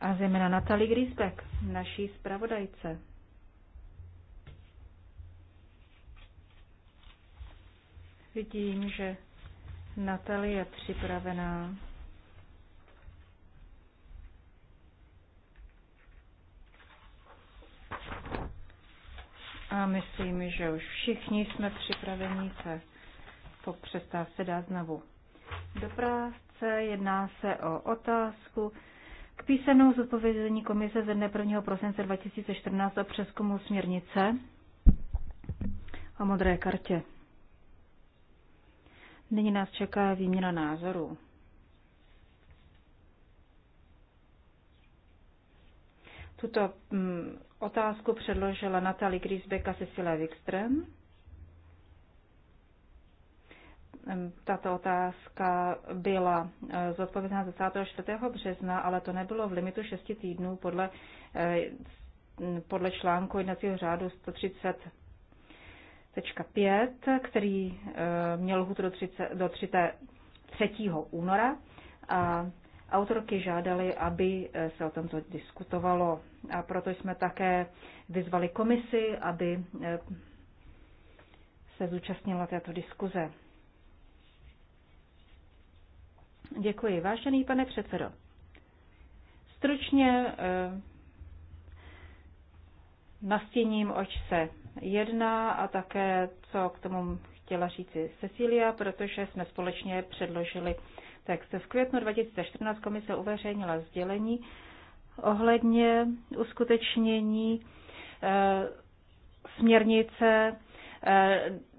A zejména Natalie Grisbeck, naší zpravodajce. Vidím, že Natalie je připravená. Myslím, že už všichni jsme připraveni se po přestávce dát znovu do práce. Jedná se o otázku k písemnou zodpovězení komise ze dne 1. prosince 2014 o přeskumu směrnice o modré kartě. Nyní nás čeká výměna názorů. Tuto mm, Otázku předložila Natalie Grisbeck a Cecilia Wikström. Tato otázka byla eh, zodpovězena 24. března, ale to nebylo v limitu 6 týdnů podle, eh, podle článku jednacího řádu 5, který eh, měl lhutu do, 30, do 3. února. A Autorky žádali, aby eh, se o tomto diskutovalo a proto jsme také vyzvali komisi, aby eh, se zúčastnila této diskuze. Děkuji. Vážený pane předsedo, stručně eh, nastíním, oč se jedná a také, co k tomu chtěla říci Cecília, protože jsme společně předložili text. V květnu 2014 komise uveřejnila sdělení ohledně uskutečnění eh, směrnice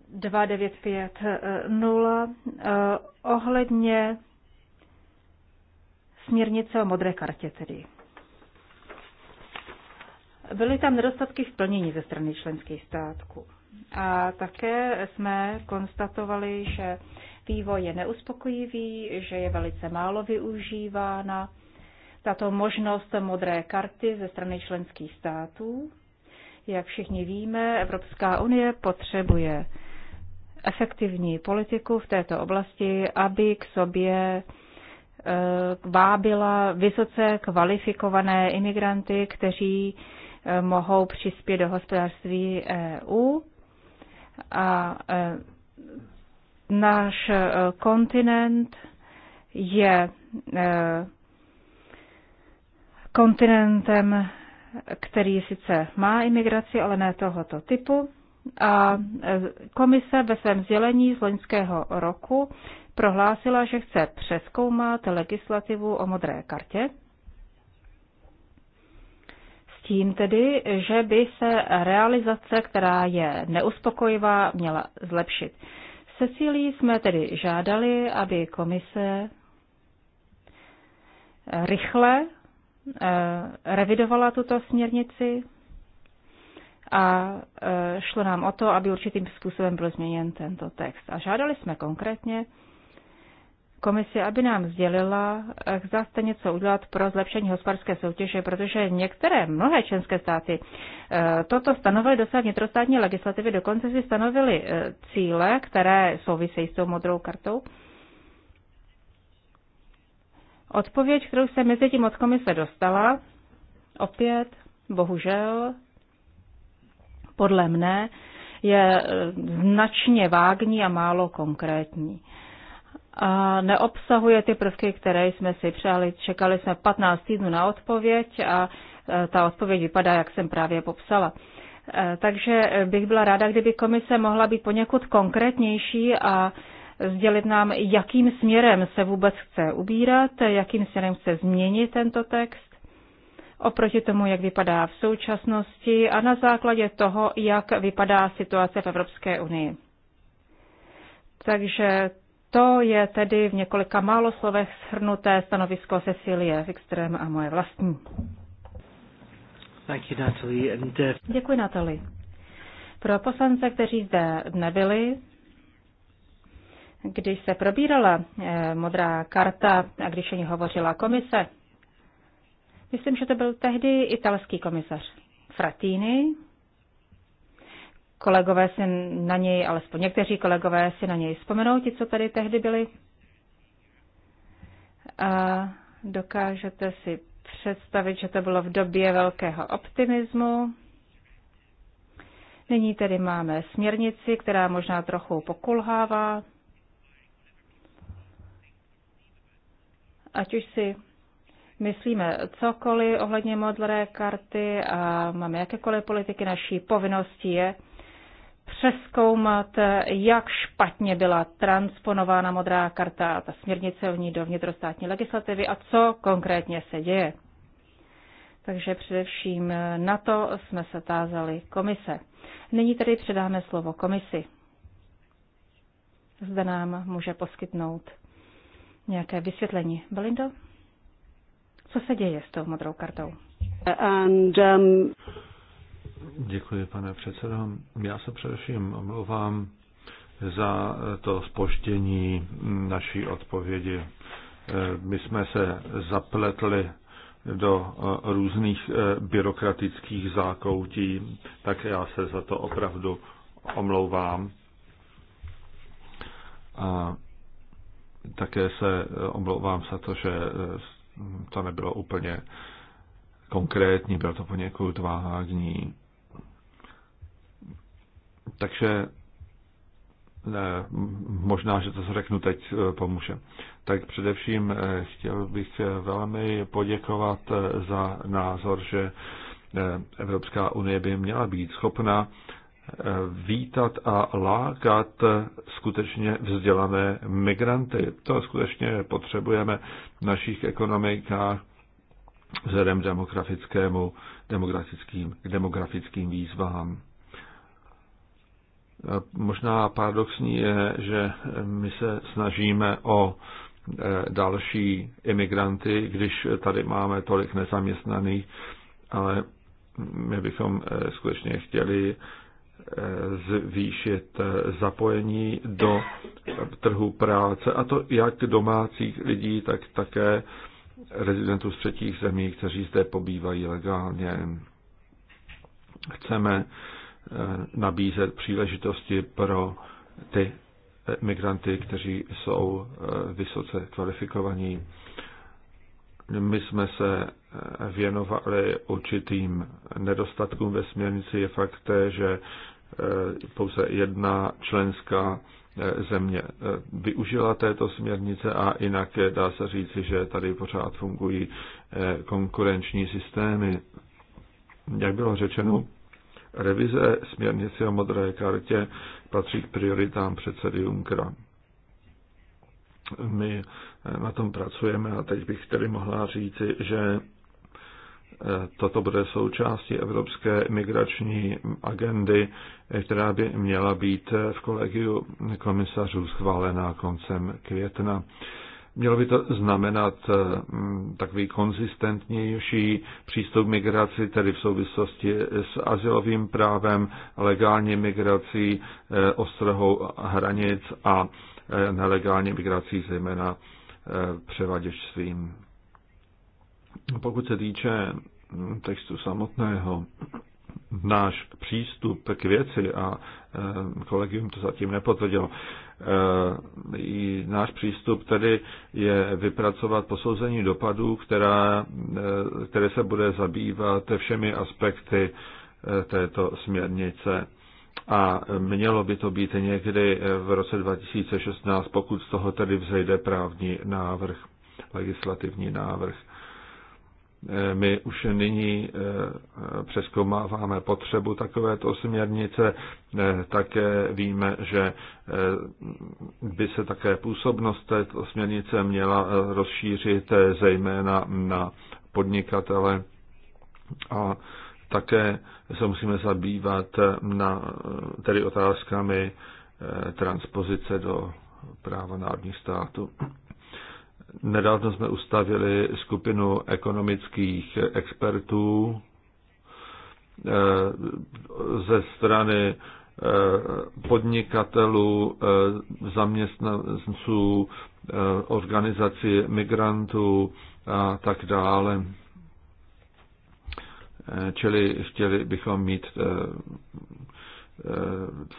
2950 eh, eh, ohledně směrnice o modré kartě tedy. Byly tam nedostatky v plnění ze strany členských států. A také jsme konstatovali, že vývoj je neuspokojivý, že je velice málo využívána tato možnost modré karty ze strany členských států. Jak všichni víme, Evropská unie potřebuje efektivní politiku v této oblasti, aby k sobě eh, vábila vysoce kvalifikované imigranty, kteří eh, mohou přispět do hospodářství EU. A eh, Náš eh, kontinent je eh, kontinentem, který sice má imigraci, ale ne tohoto typu. A eh, komise ve svém sdělení z loňského roku prohlásila, že chce přeskoumat legislativu o modré kartě. S tím tedy, že by se realizace, která je neuspokojivá, měla zlepšit. Cecílii jsme tedy žádali, aby komise eh, rychle eh, revidovala tuto směrnici a eh, šlo nám o to, aby určitým způsobem byl změněn tento text. A žádali jsme konkrétně, komisi, aby nám sdělila, eh, zda jste něco udělat pro zlepšení hospodářské soutěže, protože některé, mnohé členské státy eh, toto stanovily do své vnitrostátní legislativy, dokonce si stanovili eh, cíle, které souvisejí s tou modrou kartou. Odpověď, kterou jsem mezi tím od komise dostala, opět, bohužel, podle mne, je značně vágní a málo konkrétní a neobsahuje ty prvky, které jsme si přáli. Čekali jsme 15 týdnů na odpověď a e, ta odpověď vypadá, jak jsem právě popsala. E, takže bych byla ráda, kdyby komise mohla být poněkud konkrétnější a sdělit nám, jakým směrem se vůbec chce ubírat, jakým směrem chce změnit tento text oproti tomu, jak vypadá v současnosti a na základě toho, jak vypadá situace v Evropské unii. Takže to je tedy v několika málo slovech shrnuté stanovisko Cecilie Wikström a moje vlastní. Thank you, Natalie. And, uh... Děkuji, Natalie. Pro poslance, kteří zde nebyli, když se probírala eh, modrá karta a když o ní hovořila komise, myslím, že to byl tehdy italský komisař Fratini, Kolegové si na něj, alespoň někteří kolegové si na něj vzpomenou, ti, co tady tehdy byli. A dokážete si představit, že to bylo v době velkého optimismu. Nyní tedy máme směrnici, která možná trochu pokulhává. Ať už si myslíme cokoliv ohledně modré karty a máme jakékoliv politiky, naší povinností je přeskoumat, jak špatně byla transponována modrá karta, ta směrnice o ní do vnitrostátní legislativy a co konkrétně se děje. Takže především na to jsme se tázali komise. Nyní tedy předáme slovo komisi. Zde nám může poskytnout nějaké vysvětlení. Belindo, co se děje s tou modrou kartou? And, um... Děkuji, pane předsedo. Já se především omlouvám za to spoštění naší odpovědi. My jsme se zapletli do různých byrokratických zákoutí, tak já se za to opravdu omlouvám. A také se omlouvám za to, že to nebylo úplně konkrétní, bylo to poněkud vágní. Takže ne, eh, možná, že to řeknu teď eh, pomůže. Tak především eh, chtěl bych velmi poděkovat za názor, že Evropská unie by měla být schopna vítat a lákat skutečně vzdělané migranty. To skutečně potřebujeme v našich ekonomikách vzhledem demografickému, demografickým, demografickým výzvám. Možná paradoxní je, že my se snažíme o e, další imigranty, když tady máme tolik nezaměstnaných, ale my bychom e, skutečně chtěli e, zvýšit zapojení do trhu práce, a to jak domácích lidí, tak také rezidentů z třetích zemí, kteří zde pobývají legálně. Chceme Eh, nabízet příležitosti pro ty migranty, kteří jsou eh, vysoce kvalifikovaní. My jsme se eh, věnovali určitým nedostatkům ve směrnici. Je fakt, že pouze jedna členská země využila této směrnice a jinak dá se říci, že tady pořád fungují konkurenční systémy. Jak bylo řečeno, Revize směrnice o modré kartě patří k prioritám předsedy Junckera. My eh, na tom pracujeme a teď bych tedy mohla říci, že eh, toto bude součástí evropské migrační agendy, eh, která by měla být v kolegiu komisařů schválená koncem května. Mělo by to znamenat eh, mm, takový konzistentnější přístup migraci, tedy v souvislosti s asilovým právem, legální migrací, eh, ostrahou hranic a eh, nelegální migrací, zejména převaděčstvím. Pokud se týče mm, textu samotného, náš přístup k věci a eh, kolegium to zatím nepotvrdilo. Eh, náš přístup tedy je vypracovat posouzení dopadů, která, eh, které se bude zabývat všemi aspekty této směrnice. A mělo by to být někdy v roce 2016, pokud z toho tedy vzejde právní návrh, legislativní návrh. Eh, my už nyní eh, přeskoumáváme potřebu takovéto směrnice. Eh, také víme, že by se také působnost této směrnice měla rozšířit zejména na podnikatele a také se musíme zabývat na, tedy otázkami transpozice do práva národních států. Nedávno jsme ustavili skupinu ekonomických expertů eh, ze strany eh, podnikatelů, eh, zaměstnanců, organizací migrantů a tak dále. Čili chtěli bychom mít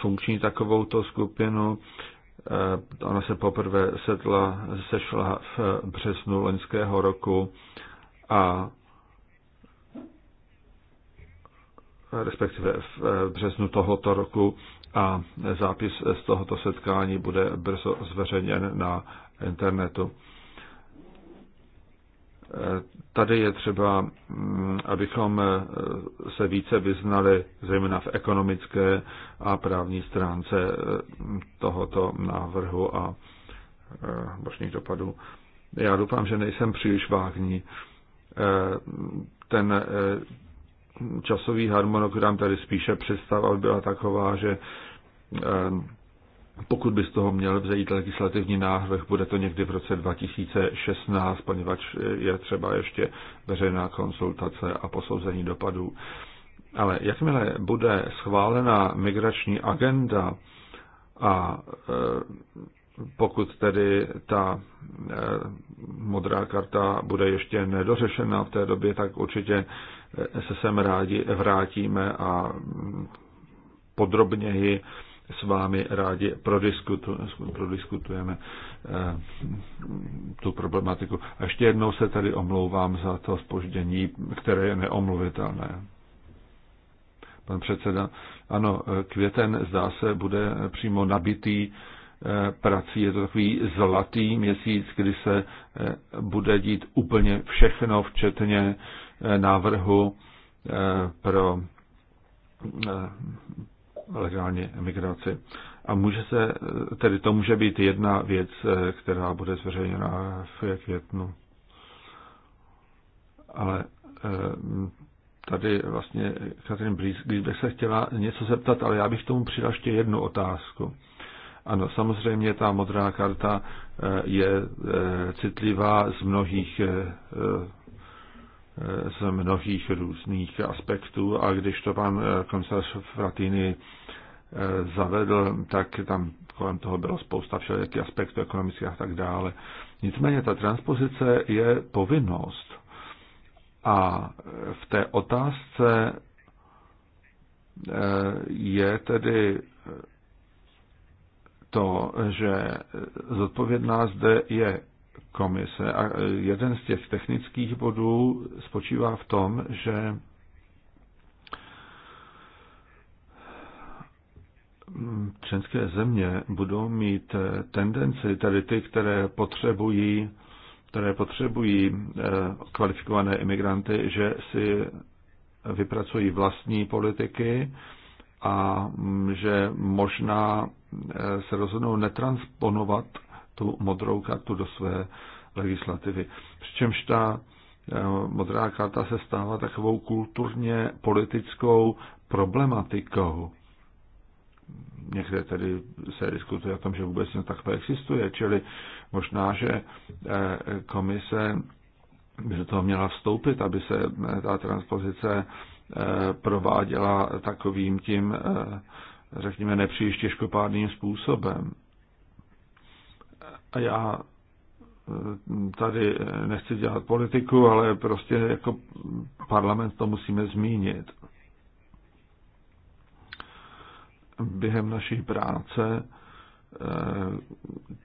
funkční takovouto skupinu. Eh, ona se poprvé setla, sešla v březnu loňského roku a respektive v eh, březnu tohoto roku a zápis z tohoto setkání bude brzo zveřejněn na internetu. Tady je třeba, mm, abychom e, se více vyznali, zejména v ekonomické a právní stránce e, tohoto návrhu a e, možných dopadů. Já doufám, že nejsem příliš vágní. Ten časový harmonogram tady spíše představa byla taková, že pokud by z toho měl vzejít legislativní návrh, bude to někdy v roce 2016, poněvadž je třeba ještě veřejná konsultace a posouzení dopadů. Ale jakmile bude schválena migrační agenda a e, pokud tedy ta e, modrá karta bude ještě nedořešena v té době, tak určitě e, se sem rádi vrátíme a podrobněji s vámi rádi prodiskutujeme eh, tu problematiku. A ještě jednou se tady omlouvám za to spoždění, které je neomluvitelné. Pan předseda, ano, eh, květen zdá se bude přímo nabitý eh, prací. Je to takový zlatý měsíc, kdy se bude dít úplně všechno, včetně návrhu pro legální migraci. A může se, tedy to může být jedna věc, eh, která bude zveřejněna v květnu. Ale eh, tady vlastně Katrin kdybych se chtěla něco zeptat, ale já bych tomu přidal ještě jednu otázku. Ano, samozřejmě ta modrá karta eh, je citlivá z mnohých z mnohých různých aspektů a když to pan komisař Fratini Eh, zavedl, tak tam kolem toho bylo spousta všelijakých aspektů ekonomických a tak dále. Nicméně ta transpozice je povinnost. A v té otázce eh, je tedy to, že zodpovědná zde je komise. A jeden z těch technických bodů spočívá v tom, že členské země budou mít tendenci, tedy ty, které potřebují, které potřebují eh, kvalifikované imigranty, že si vypracují vlastní politiky a mm, že možná eh, se rozhodnou netransponovat tu modrou kartu do své legislativy. Přičemž ta eh, modrá karta se stává takovou kulturně politickou problematikou Někde tedy se diskutuje o tom, že vůbec něco takové existuje, čili možná, že eh, komise by do toho měla vstoupit, aby se eh, ta transpozice eh, prováděla takovým tím, řekněme, nepříliš těžkopádným způsobem. A já tady nechci dělat politiku, ale prostě jako parlament to musíme zmínit během naší práce eh,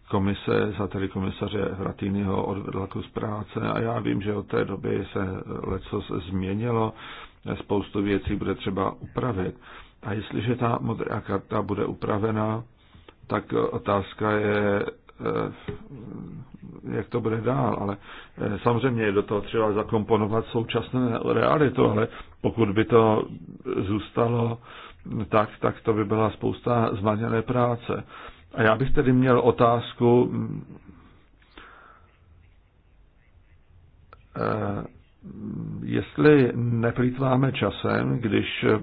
komise, za tedy komisaře Hratýnyho odvedla kus práce a já vím, že od té doby se leco změnilo, spoustu věcí bude třeba upravit. A jestliže ta modrá karta bude upravena, tak otázka je, eh, jak to bude dál, ale eh, samozřejmě je do toho třeba zakomponovat současné realitu, ale pokud by to zůstalo tak, tak to by byla spousta zmaněné práce. A já bych tedy měl otázku, eh, jestli neplýtváme časem, když eh,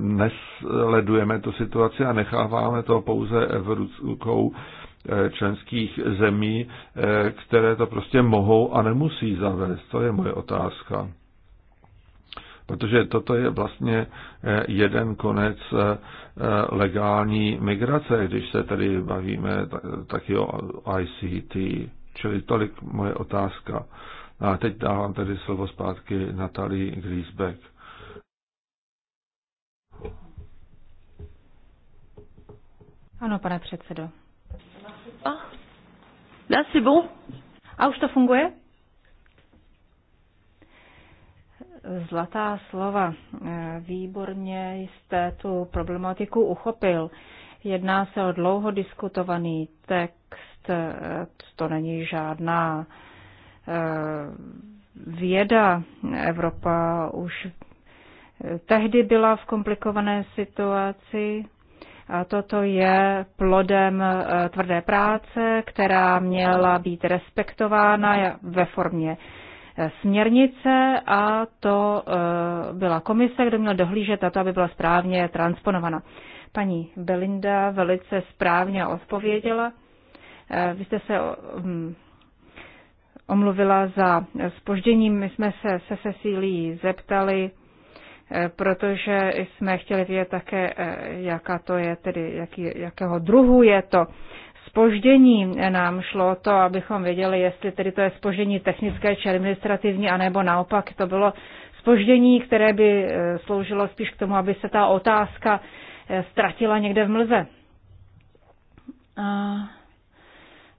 nesledujeme tu situaci a necháváme to pouze v rukou eh, členských zemí, které to prostě mohou a nemusí zavést. To je moje otázka protože toto je vlastně eh, jeden konec eh, eh, legální migrace, když se tady bavíme taky o ICT. Čili tolik moje otázka. A teď dávám tedy slovo zpátky Natalii Griesbeck. Ano, pane předsedo. A, ah, bon. A už to funguje? zlatá slova. E, výborně jste tu problematiku uchopil. Jedná se o dlouho diskutovaný text, e, to není žádná e, věda. Evropa už tehdy byla v komplikované situaci. A toto je plodem tvrdé práce, která měla být respektována ve formě směrnice a to eh, byla komise, kdo měl dohlížet na to, aby byla správně transponována. Paní Belinda velice správně odpověděla. Eh, vy jste se hm, omluvila za spoždění. My jsme se se Cecílí zeptali, eh, protože jsme chtěli vědět také, jaká to je, tedy jaký, jakého druhu je to spoždění nám šlo o to, abychom věděli, jestli tedy to je spoždění technické či administrativní, anebo naopak to bylo spoždění, které by eh, sloužilo spíš k tomu, aby se ta otázka eh, ztratila někde v mlze. A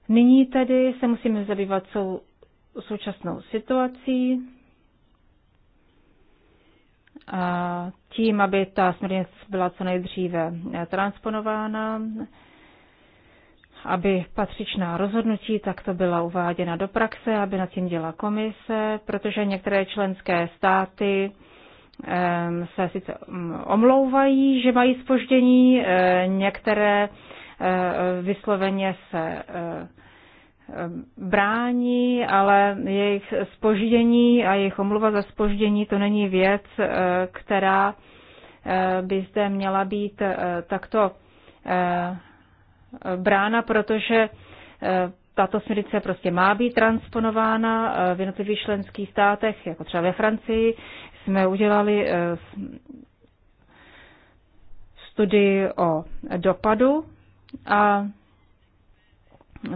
nyní tedy se musíme zabývat sou, současnou situací a tím, aby ta směrnice byla co nejdříve eh, transponována aby patřičná rozhodnutí takto byla uváděna do praxe, aby nad tím dělala komise, protože některé členské státy se sice omlouvají, že mají spoždění, e, některé e, vysloveně se e, brání, ale jejich spoždění a jejich omluva za spoždění to není věc, která by zde měla být takto brána, protože eh, tato směrnice prostě má být transponována eh, v jednotlivých členských státech, jako třeba ve Francii. Jsme udělali eh, studii o dopadu a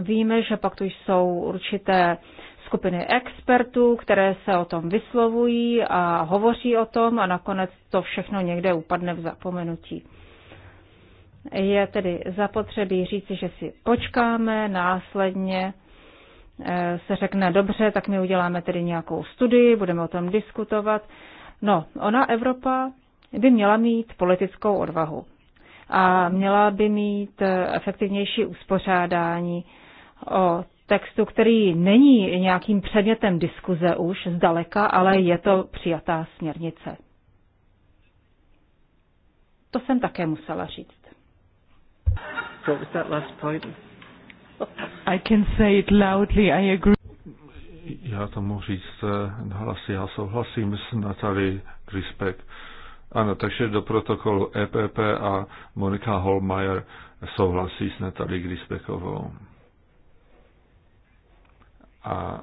víme, že pak tu jsou určité skupiny expertů, které se o tom vyslovují a hovoří o tom a nakonec to všechno někde upadne v zapomenutí. Je tedy zapotřebí říci, že si počkáme, následně eh, se řekne dobře, tak my uděláme tedy nějakou studii, budeme o tom diskutovat. No, ona Evropa by měla mít politickou odvahu a měla by mít eh, efektivnější uspořádání o textu, který není nějakým předmětem diskuze už zdaleka, ale je to přijatá směrnice. To jsem také musela říct. What was that last point? I can say it loudly, I agree. Já to mohu říct eh, hlasy, já souhlasím s Natalie Grispek. Ano, takže do protokolu EPP a Monika Holmeyer souhlasí s Natalie Grispekovou. A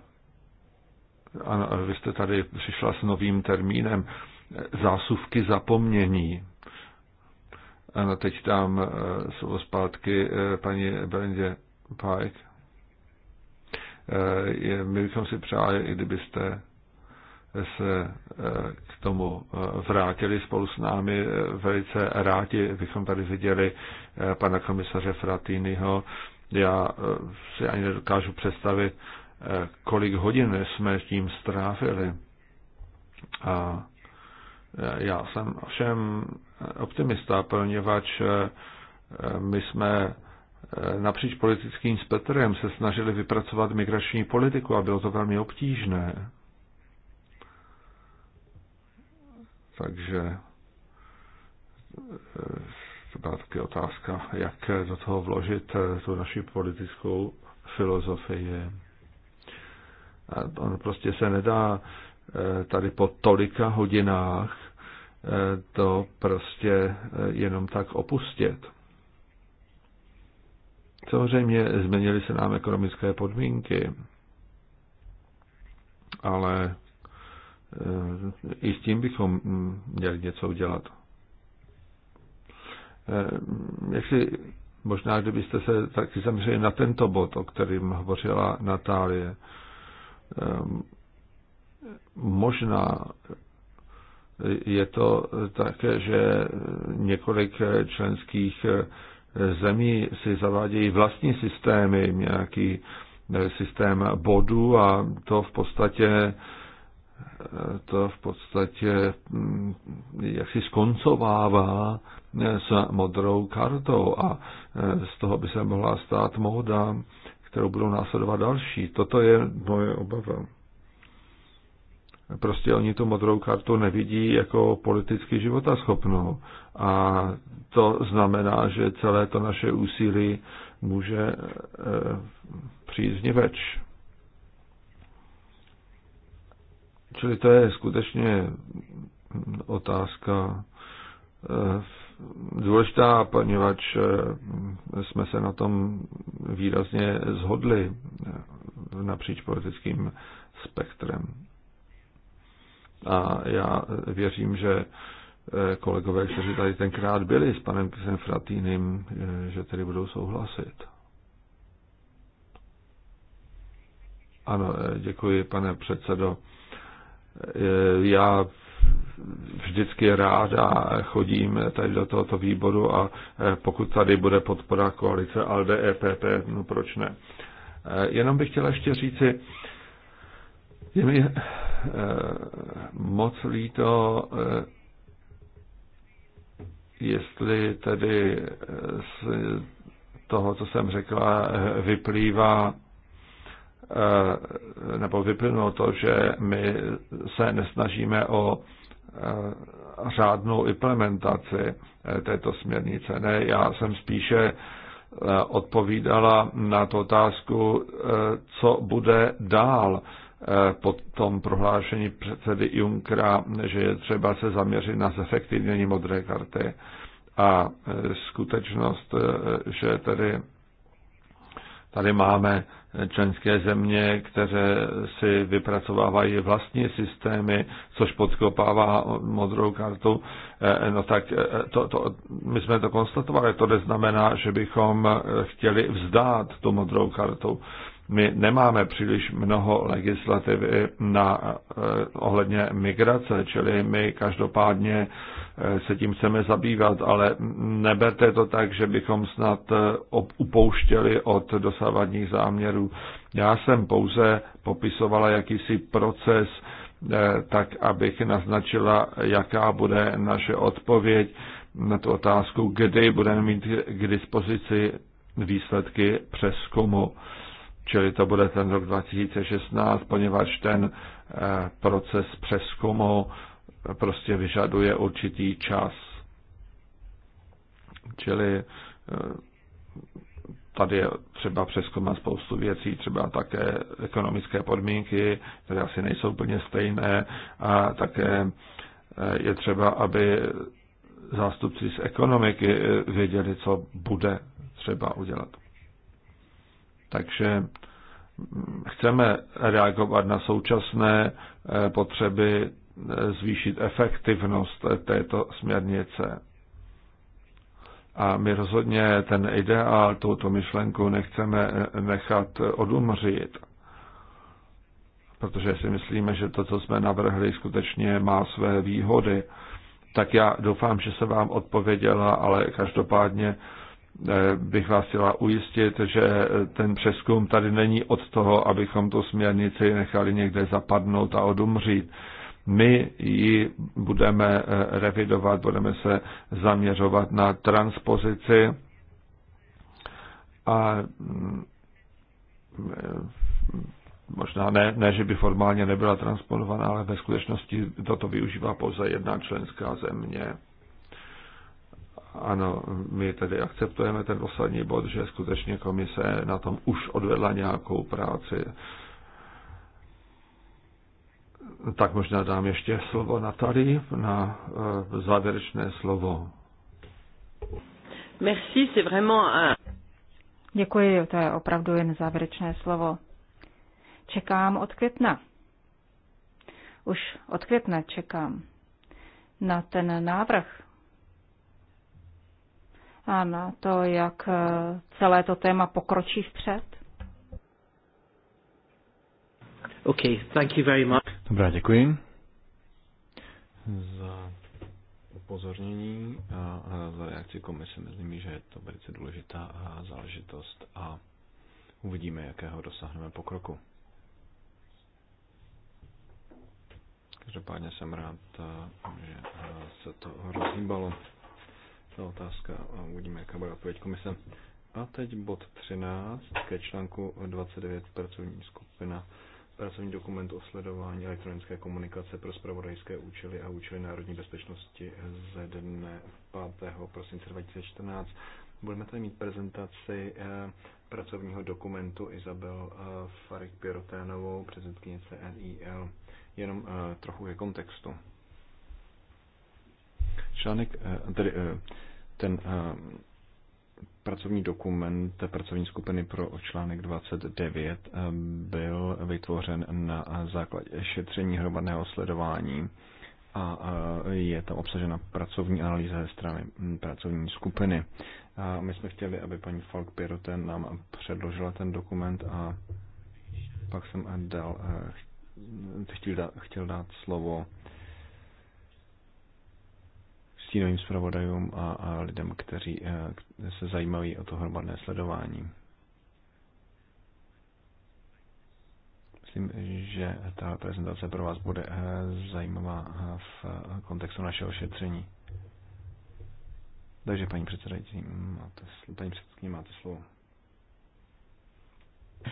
ano, vy jste tady přišla s novým termínem eh, zásuvky zapomnění. Ano, teď tam e, slovo zpátky e, paní Brendě Pajk. E, je, my bychom si přáli, i kdybyste se k tomu vrátili spolu s námi. Velice rádi bychom tady viděli pana komisaře Fratýnyho. Já si ani nedokážu představit, kolik hodin jsme tím strávili. A já jsem všem optimista, poněvadž eh, my jsme eh, napříč politickým spektrem se snažili vypracovat migrační politiku a bylo to velmi obtížné. Takže eh, to byla taky otázka, jak do toho vložit tu naši politickou filozofii. A on prostě se nedá tady po tolika hodinách to prostě eh, jenom tak opustit. Samozřejmě změnily se nám ekonomické podmínky, ale eh, i s tím bychom mm, měli něco udělat. Eh, jak si, možná, kdybyste se taky zaměřili na tento bod, o kterém hovořila Natálie, možná je to tak, že několik členských zemí si zavádějí vlastní systémy, nějaký systém bodů a to v podstatě to v podstatě mm, jak si skoncovává s modrou kartou a z toho by se mohla stát móda, kterou budou následovat další. Toto je moje obava. Prostě oni tu modrou kartu nevidí jako politicky životaschopnou. A to znamená, že celé to naše úsilí může e, přijít več. Čili to je skutečně otázka eh, důležitá, poněvadž eh, jsme se na tom výrazně zhodli napříč politickým spektrem. A já věřím, že eh, kolegové, kteří tady tenkrát byli s panem Fratýnem, eh, že tedy budou souhlasit. Ano, eh, děkuji, pane předsedo. Já vždycky rád a chodím tady do tohoto výboru a pokud tady bude podpora koalice ALDE, EPP, no proč ne. Jenom bych chtěl ještě říci, je mi eh, moc líto, eh, jestli tedy eh, z toho, co jsem řekla, eh, vyplývá eh, nebo vyplynulo to, že my se nesnažíme o řádnou implementaci této směrnice. Ne, já jsem spíše odpovídala na tu otázku, co bude dál Eh, po tom prohlášení předsedy Junkra, že je třeba se zaměřit na zefektivnění modré karty a eh, skutečnost, eh, že tedy tady máme členské země, které si vypracovávají vlastní systémy, což podkopává modrou kartu, no tak to, to, my jsme to konstatovali, to neznamená, že bychom chtěli vzdát tu modrou kartu. My nemáme příliš mnoho legislativy na eh, ohledně migrace, čili my každopádně eh, se tím chceme zabývat, ale neberte to tak, že bychom snad eh, upouštěli od dosávadních záměrů. Já jsem pouze popisovala jakýsi proces, eh, tak abych naznačila, jaká bude naše odpověď na tu otázku, kdy budeme mít k dispozici výsledky přeskumu čili to bude ten rok 2016, poněvadž ten eh, proces přeskumu prostě vyžaduje určitý čas. Čili eh, tady je třeba přeskoumat spoustu věcí, třeba také ekonomické podmínky, které asi nejsou úplně stejné a také eh, je třeba, aby zástupci z ekonomiky věděli, co bude třeba udělat. Takže mm, chceme reagovat na současné eh, potřeby eh, zvýšit efektivnost této směrnice. A my rozhodně ten ideál, tuto myšlenku nechceme eh, nechat odumřít, protože si myslíme, že to, co jsme navrhli, skutečně má své výhody. Tak já doufám, že se vám odpověděla, ale každopádně Eh, bych vás chtěla ujistit, že eh, ten přeskum tady není od toho, abychom tu směrnici nechali někde zapadnout a odumřít. My ji budeme eh, revidovat, budeme se zaměřovat na transpozici a mm, možná ne, ne, že by formálně nebyla transponovaná, ale ve skutečnosti toto využívá pouze jedna členská země ano, my tedy akceptujeme ten poslední bod, že skutečně komise na tom už odvedla nějakou práci. Tak možná dám ještě slovo Natali na eh, závěrečné slovo. Merci, c'est vraiment un... Děkuji, to je opravdu jen závěrečné slovo. Čekám od května. Už od května čekám na ten návrh ano, to, jak eh, celé to téma pokročí vpřed? Ok, thank you very much. Dobrá, děkuji za upozornění a za reakci komise. Myslím, že je to velice důležitá záležitost a uvidíme, jakého dosáhneme pokroku. Každopádně jsem rád, eh, že eh, se to rozhýbalo ta otázka a uvidíme, jaká bude odpověď komise. A teď bod 13 ke článku 29 pracovní skupina pracovní dokument o sledování elektronické komunikace pro spravodajské účely a účely národní bezpečnosti ze dne 5. prosince 2014. Budeme tady mít prezentaci eh, pracovního dokumentu Izabel eh, Farik Piroténovou, prezidentkyně CNIL, jenom eh, trochu ke kontextu. Článek, eh, tedy eh, ten eh, pracovní dokument pracovní skupiny pro článek 29 byl vytvořen na základě šetření hromadného sledování a je tam obsažena pracovní analýza ze strany hm, pracovní skupiny. A my jsme chtěli, aby paní Falk Piroten nám předložila ten dokument a pak jsem dal, chtěl dát, chtěl dát slovo stínovým zpravodajům a, a lidem, kteří eh, se zajímají o to hromadné sledování. Myslím, že ta prezentace pro vás bude eh, zajímavá eh, v kontextu našeho šetření. Takže paní předsedající, máte, paní předsedkyně, máte slovo.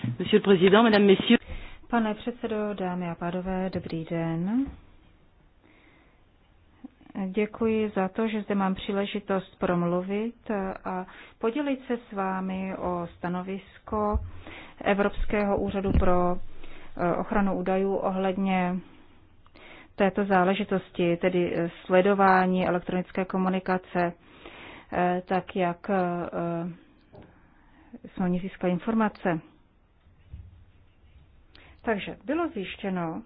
Monsieur le Président, Madame, Messieurs. Pane předsedo, dámy a pádové, dobrý den. Děkuji za to, že zde mám příležitost promluvit a podělit se s vámi o stanovisko Evropského úřadu pro eh, ochranu údajů ohledně této záležitosti, tedy eh, sledování elektronické komunikace, eh, tak jak jsme o ní získali informace. Takže bylo zjištěno,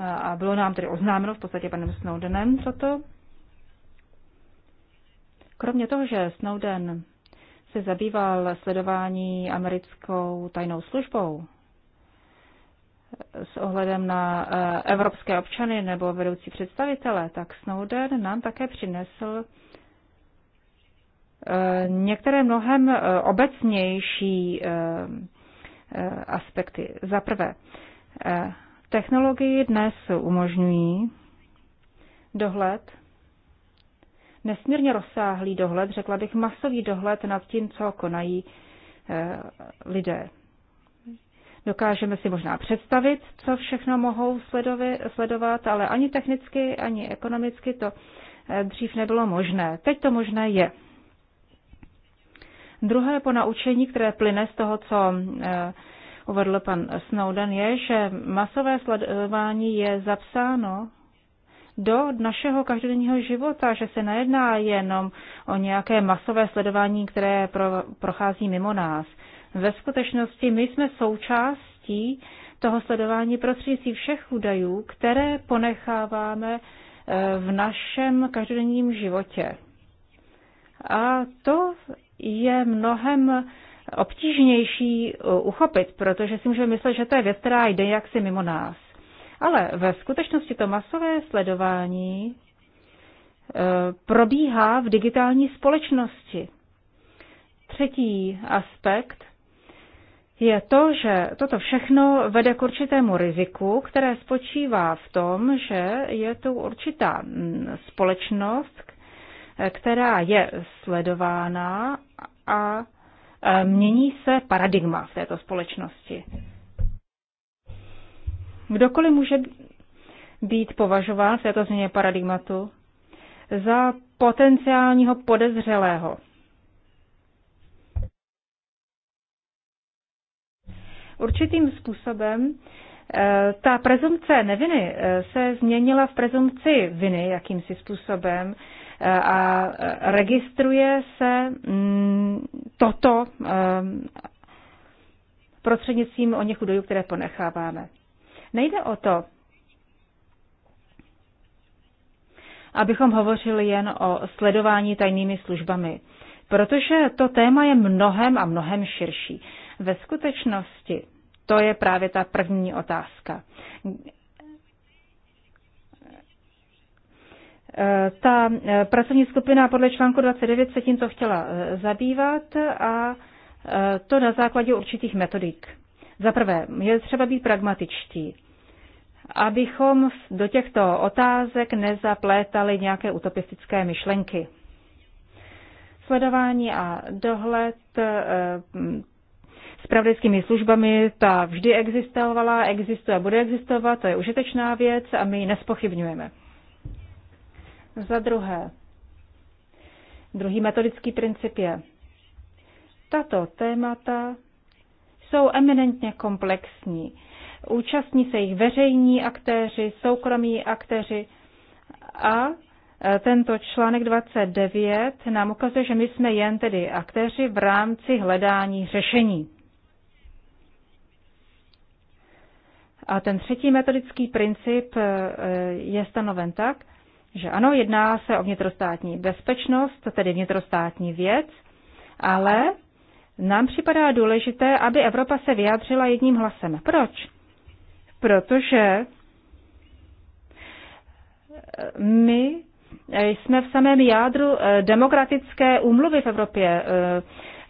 a bylo nám tedy oznámeno v podstatě panem Snowdenem toto. Kromě toho, že Snowden se zabýval sledování americkou tajnou službou s ohledem na eh, evropské občany nebo vedoucí představitele, tak Snowden nám také přinesl eh, některé mnohem eh, obecnější aspekty. Za prvé, Technologii dnes umožňují dohled, nesmírně rozsáhlý dohled, řekla bych masový dohled nad tím, co konají e, lidé. Dokážeme si možná představit, co všechno mohou sledovi, sledovat, ale ani technicky, ani ekonomicky to eh, dřív nebylo možné. Teď to možné je. Druhé ponaučení, které plyne z toho, co e, uvedl pan Snowden, je, že masové sledování je zapsáno do našeho každodenního života, že se nejedná jenom o nějaké masové sledování, které pro, prochází mimo nás. Ve skutečnosti my jsme součástí toho sledování prostřednictví všech údajů, které ponecháváme eh, v našem každodenním životě. A to je mnohem obtížnější eh, uchopit, protože si můžeme myslet, že to je věc, která jde jaksi mimo nás. Ale ve skutečnosti to masové sledování eh, probíhá v digitální společnosti. Třetí aspekt je to, že toto všechno vede k určitému riziku, které spočívá v tom, že je tu určitá mm, společnost, která je sledována a Eh, mění se paradigma v této společnosti. Kdokoliv může být považován v této změně paradigmatu za potenciálního podezřelého. Určitým způsobem eh, ta prezumce neviny eh, se změnila v prezumci viny jakýmsi způsobem a registruje se mm, toto ehm, prostřednictvím o něch údajů, které ponecháváme. Nejde o to, abychom hovořili jen o sledování tajnými službami, protože to téma je mnohem a mnohem širší. Ve skutečnosti to je právě ta první otázka. Eh, ta eh, pracovní skupina podle článku 29 se tímto chtěla eh, zabývat a to na základě určitých metodik. Za prvé, je třeba být pragmatičtí, abychom do těchto otázek nezaplétali nějaké utopistické myšlenky. Sledování a dohled s pravdeckými službami, ta vždy existovala, existuje a bude existovat, to je užitečná věc a my ji nespochybňujeme. Za druhé, druhý metodický princip je, tato témata jsou eminentně komplexní. Účastní se jich veřejní aktéři, soukromí aktéři a e, tento článek 29 nám ukazuje, že my jsme jen tedy aktéři v rámci hledání řešení. A ten třetí metodický princip e, je stanoven tak, že ano, jedná se o vnitrostátní bezpečnost, tedy vnitrostátní věc, ale nám připadá důležité, aby Evropa se vyjádřila jedním hlasem. Proč? Protože my jsme v samém jádru eh, demokratické úmluvy v Evropě, eh,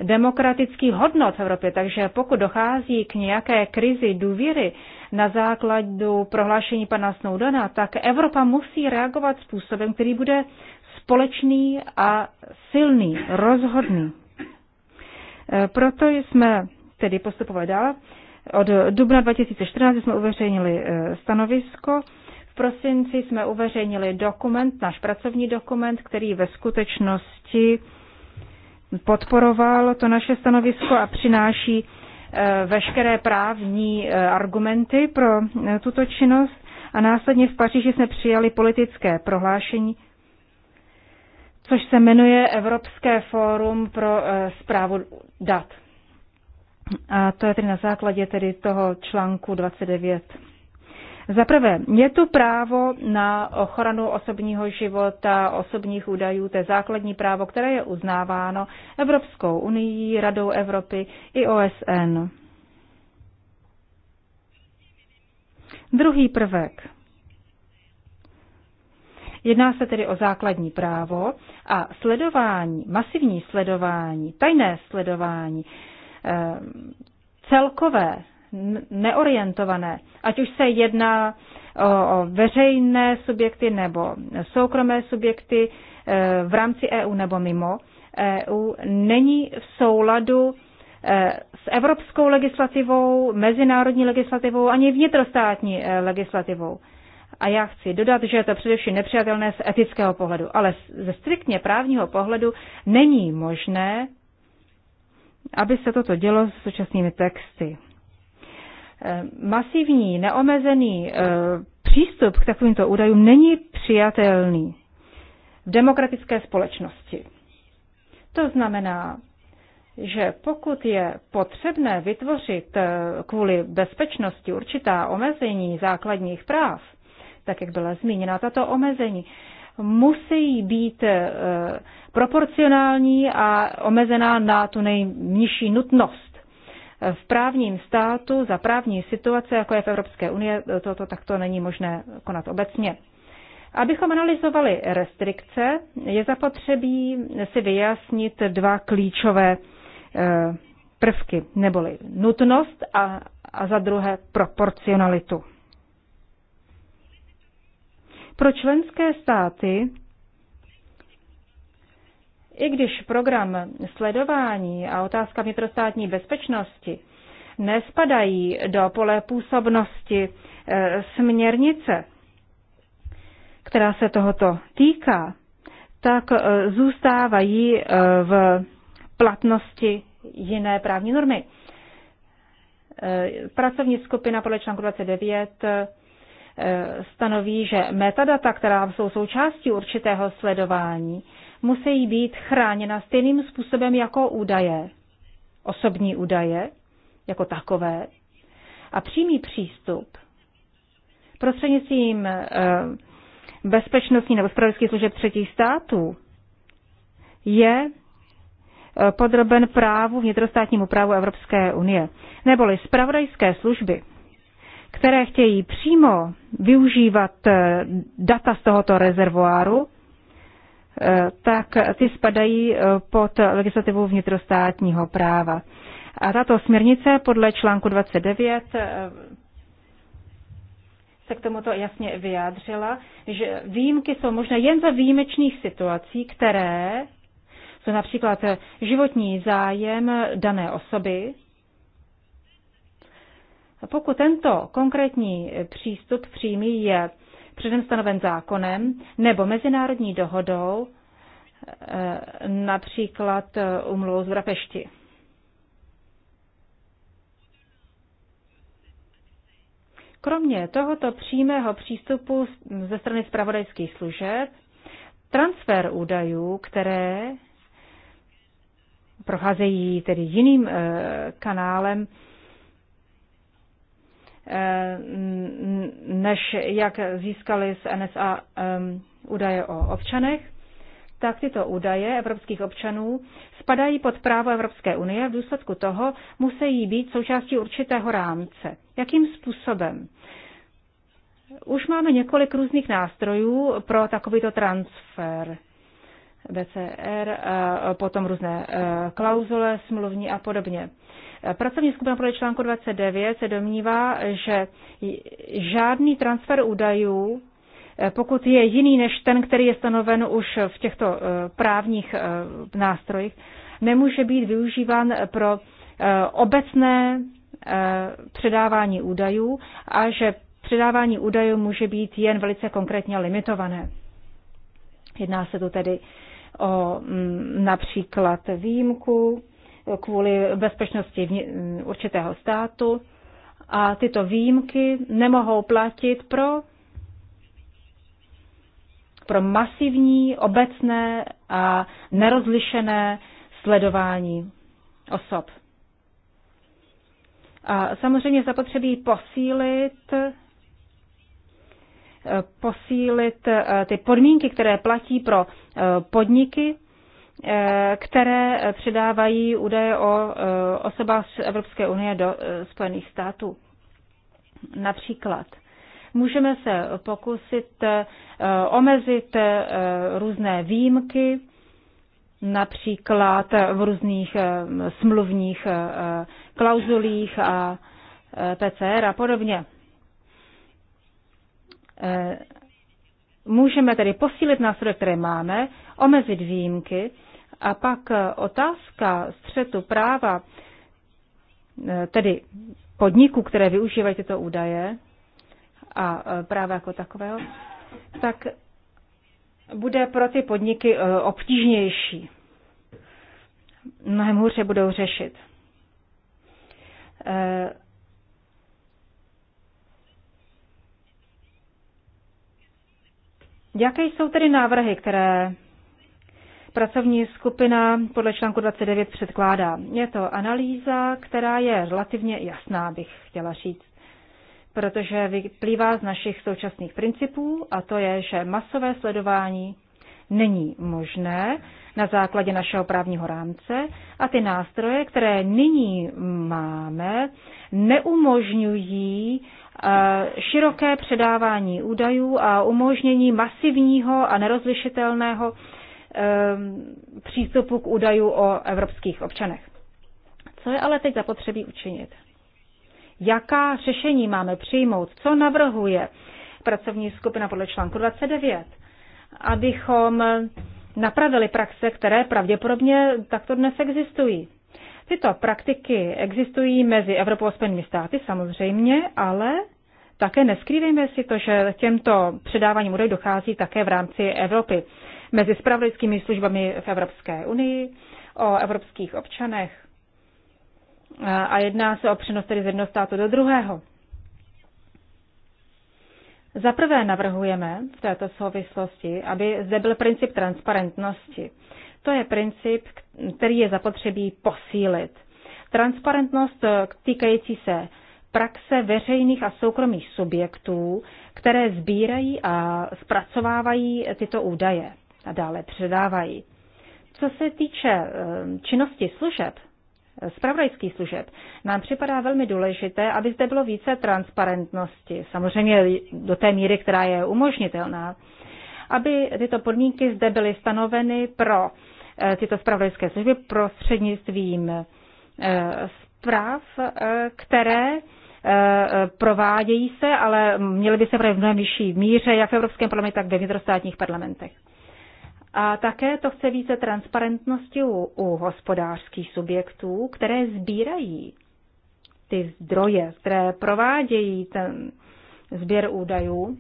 demokratických hodnot v Evropě, takže pokud dochází k nějaké krizi důvěry, na základu prohlášení pana Snowdona, tak Evropa musí reagovat způsobem, který bude společný a silný, rozhodný. E, proto jsme tedy postupovali dál. Od dubna 2014 jsme uveřejnili e, stanovisko. V prosinci jsme uveřejnili dokument, náš pracovní dokument, který ve skutečnosti podporoval to naše stanovisko a přináší Eh, veškeré právní eh, argumenty pro eh, tuto činnost a následně v Paříži jsme přijali politické prohlášení, což se jmenuje Evropské fórum pro zprávu dat. A to je tedy na základě tedy toho článku 29. Za prvé, je tu právo na ochranu osobního života, osobních údajů, to je základní právo, které je uznáváno Evropskou unii, Radou Evropy i OSN. Druhý prvek. Jedná se tedy o základní právo a sledování, masivní sledování, tajné sledování, eh, celkové neorientované. Ať už se jedná o, o veřejné subjekty nebo soukromé subjekty e, v rámci EU nebo mimo EU, není v souladu e, s evropskou legislativou, mezinárodní legislativou ani vnitrostátní e, legislativou. A já chci dodat, že je to především nepřijatelné z etického pohledu, ale ze striktně právního pohledu není možné, aby se toto dělo s současnými texty. Eh, masivní, neomezený eh, přístup k takovýmto údajům není přijatelný v demokratické společnosti. To znamená, že pokud je potřebné vytvořit eh, kvůli bezpečnosti určitá omezení základních práv, tak jak byla zmíněna tato omezení, musí být proporcionální a omezená na tu nejnižší nutnost v právním státu za právní situace, jako je v Evropské unii, toto takto není možné konat obecně. Abychom analyzovali restrikce, je zapotřebí si vyjasnit dva klíčové eh, prvky, neboli nutnost a, a za druhé proporcionalitu. Pro členské státy i když program sledování a otázka vnitrostátní bezpečnosti nespadají do pole působnosti e, směrnice, která se tohoto týká, tak e, zůstávají e, v platnosti jiné právní normy. Pracovní skupina podle článku 29 stanoví, že metadata, která jsou součástí určitého sledování, musí být chráněna stejným způsobem jako údaje, osobní údaje jako takové. A přímý přístup prostřednictvím eh, bezpečnostní nebo spravodajských služeb třetích států je eh, podroben právu vnitrostátnímu právu Evropské unie. Neboli spravodajské služby, které chtějí přímo využívat eh, data z tohoto rezervoáru, tak ty spadají eh, pod legislativu vnitrostátního práva. A tato směrnice podle článku 29 eh, se k tomuto jasně vyjádřila, že výjimky jsou možné jen za výjimečných situací, které jsou například eh, životní zájem dané osoby. Pokud tento konkrétní přístup přímý je předem stanoven zákonem nebo mezinárodní dohodou, eh, například eh, umluvou z Budapešti. Kromě tohoto přímého přístupu ze strany zpravodajských služeb, transfer údajů, které procházejí tedy jiným eh, kanálem, Eh, než jak získali z NSA údaje o občanech, tak tyto údaje evropských občanů spadají pod právo Evropské unie a v důsledku toho musí být součástí určitého rámce. Jakým způsobem? Už máme několik různých nástrojů pro takovýto transfer. BCR, eh, potom různé eh, klauzule, smluvní a podobně. Pracovní skupina podle článku 29 se domnívá, že žádný transfer údajů, eh, pokud je jiný než ten, který je stanoven už v těchto eh, právních eh, nástrojích, nemůže být využíván pro obecné předávání údajů a že předávání údajů může být jen velice konkrétně limitované. Jedná se tu tedy o mm, například výjimku kvůli bezpečnosti určitého státu a tyto výjimky nemohou platit pro, pro masivní, obecné a nerozlišené sledování osob. A samozřejmě zapotřebí posílit posílit eh, ty podmínky, které platí pro eh, podniky Eh, které předávají údaje o eh, osobách z Evropské unie do eh, Spojených států. Například můžeme se pokusit omezit různé výjimky, například v různých smluvních klauzulích a PCR a podobně. Můžeme tedy posílit nástroje, které máme, omezit výjimky. A pak eh, otázka střetu práva, eh, tedy podniků, které využívají tyto údaje a eh, práva jako takového, tak bude pro ty podniky obtížnější. Mnohem hůře budou řešit. Jaké jsou tedy návrhy, které pracovní skupina podle článku 29 předkládá. Je to analýza, která je relativně jasná, bych chtěla říct, protože vyplývá z našich současných principů a to je, že masové sledování není možné na základě našeho právního rámce a ty nástroje, které nyní máme, neumožňují eh, široké předávání údajů a umožnění masivního a nerozlišitelného Ehm, přístupu k údaju o evropských občanech. Co je ale teď zapotřebí učinit? Jaká řešení máme přijmout? Co navrhuje pracovní skupina podle článku 29? Abychom napravili praxe, které pravděpodobně takto dnes existují. Tyto praktiky existují mezi Evropou a Spojenými státy samozřejmě, ale také neskrývejme si to, že těmto předáváním údajů dochází také v rámci Evropy mezi spravodajskými službami v Evropské unii, o evropských občanech a jedná se o přenos tedy z jednoho státu do druhého. Za prvé navrhujeme v této souvislosti, aby zde byl princip transparentnosti. To je princip, který je zapotřebí posílit. Transparentnost e, týkající se praxe veřejných a soukromých subjektů, které sbírají a zpracovávají tyto údaje a dále předávají. Co se týče eh, činnosti služeb, spravodajských eh, služeb, nám připadá velmi důležité, aby zde bylo více transparentnosti, samozřejmě do té míry, která je umožnitelná, aby tyto podmínky zde byly stanoveny pro eh, tyto spravodajské služby prostřednictvím zpráv, které provádějí se, ale měly by se v mnohem vyšší míře, jak v Evropském parlamentu, tak ve vnitrostátních parlamentech. A také to chce více transparentnosti u, u hospodářských subjektů, které sbírají ty zdroje, které provádějí ten sběr údajů,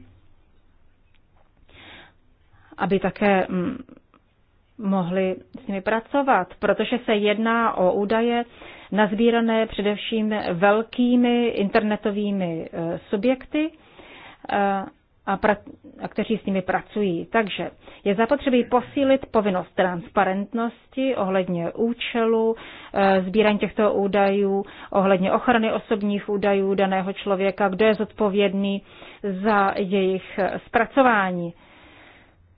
aby také mm, mohli s nimi pracovat, protože se jedná o údaje nazbírané především velkými internetovými eh, subjekty, eh, a, pra- a kteří s nimi pracují. Takže je zapotřebí posílit povinnost transparentnosti ohledně účelu, e, sbírání těchto údajů, ohledně ochrany osobních údajů daného člověka, kdo je zodpovědný za jejich eh, zpracování.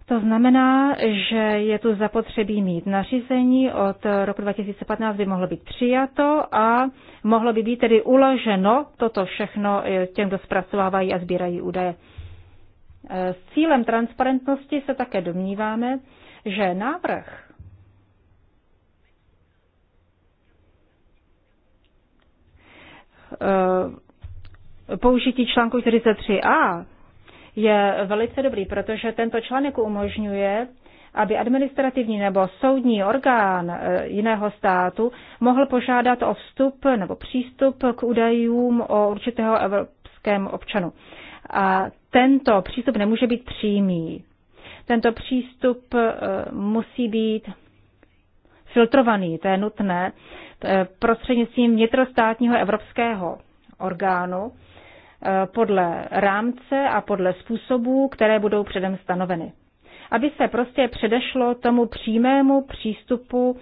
To znamená, že je tu zapotřebí mít nařízení od roku 2015 by mohlo být přijato a mohlo by být tedy uloženo toto všechno eh, těm, kdo zpracovávají a sbírají údaje. E, s cílem transparentnosti se také domníváme, že návrh e, použití článku 43a je velice dobrý, protože tento článek umožňuje, aby administrativní nebo soudní orgán e, jiného státu mohl požádat o vstup nebo přístup k údajům o určitého evropském občanu. A tento přístup nemůže být přímý. Tento přístup eh, musí být filtrovaný, to je nutné, eh, prostřednictvím vnitrostátního evropského orgánu eh, podle rámce a podle způsobů, které budou předem stanoveny. Aby se prostě předešlo tomu přímému přístupu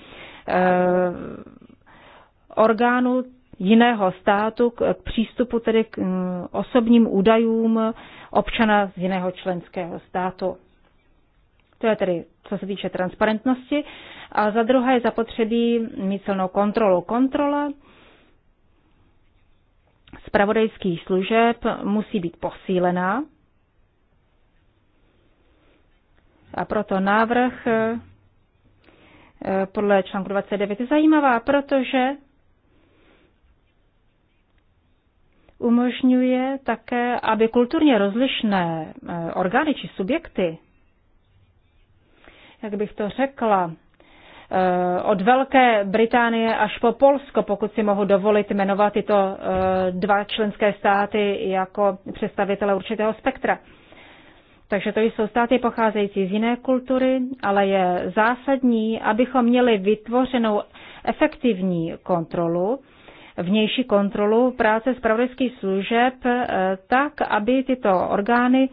orgánu jiného státu k přístupu tedy k mm, osobním údajům občana z jiného členského státu. To je tedy, co se týče transparentnosti. A za druhé je zapotřebí mít silnou kontrolu. Kontrola zpravodajských služeb musí být posílená. A proto návrh eh, podle článku 29 je zajímavá, protože umožňuje také, aby kulturně rozlišné eh, orgány či subjekty, jak bych to řekla, eh, od Velké Británie až po Polsko, pokud si mohu dovolit jmenovat tyto eh, dva členské státy jako představitele určitého spektra. Takže to jsou státy pocházející z jiné kultury, ale je zásadní, abychom měli vytvořenou efektivní kontrolu, vnější kontrolu práce zpravodajských služeb eh, tak, aby tyto orgány,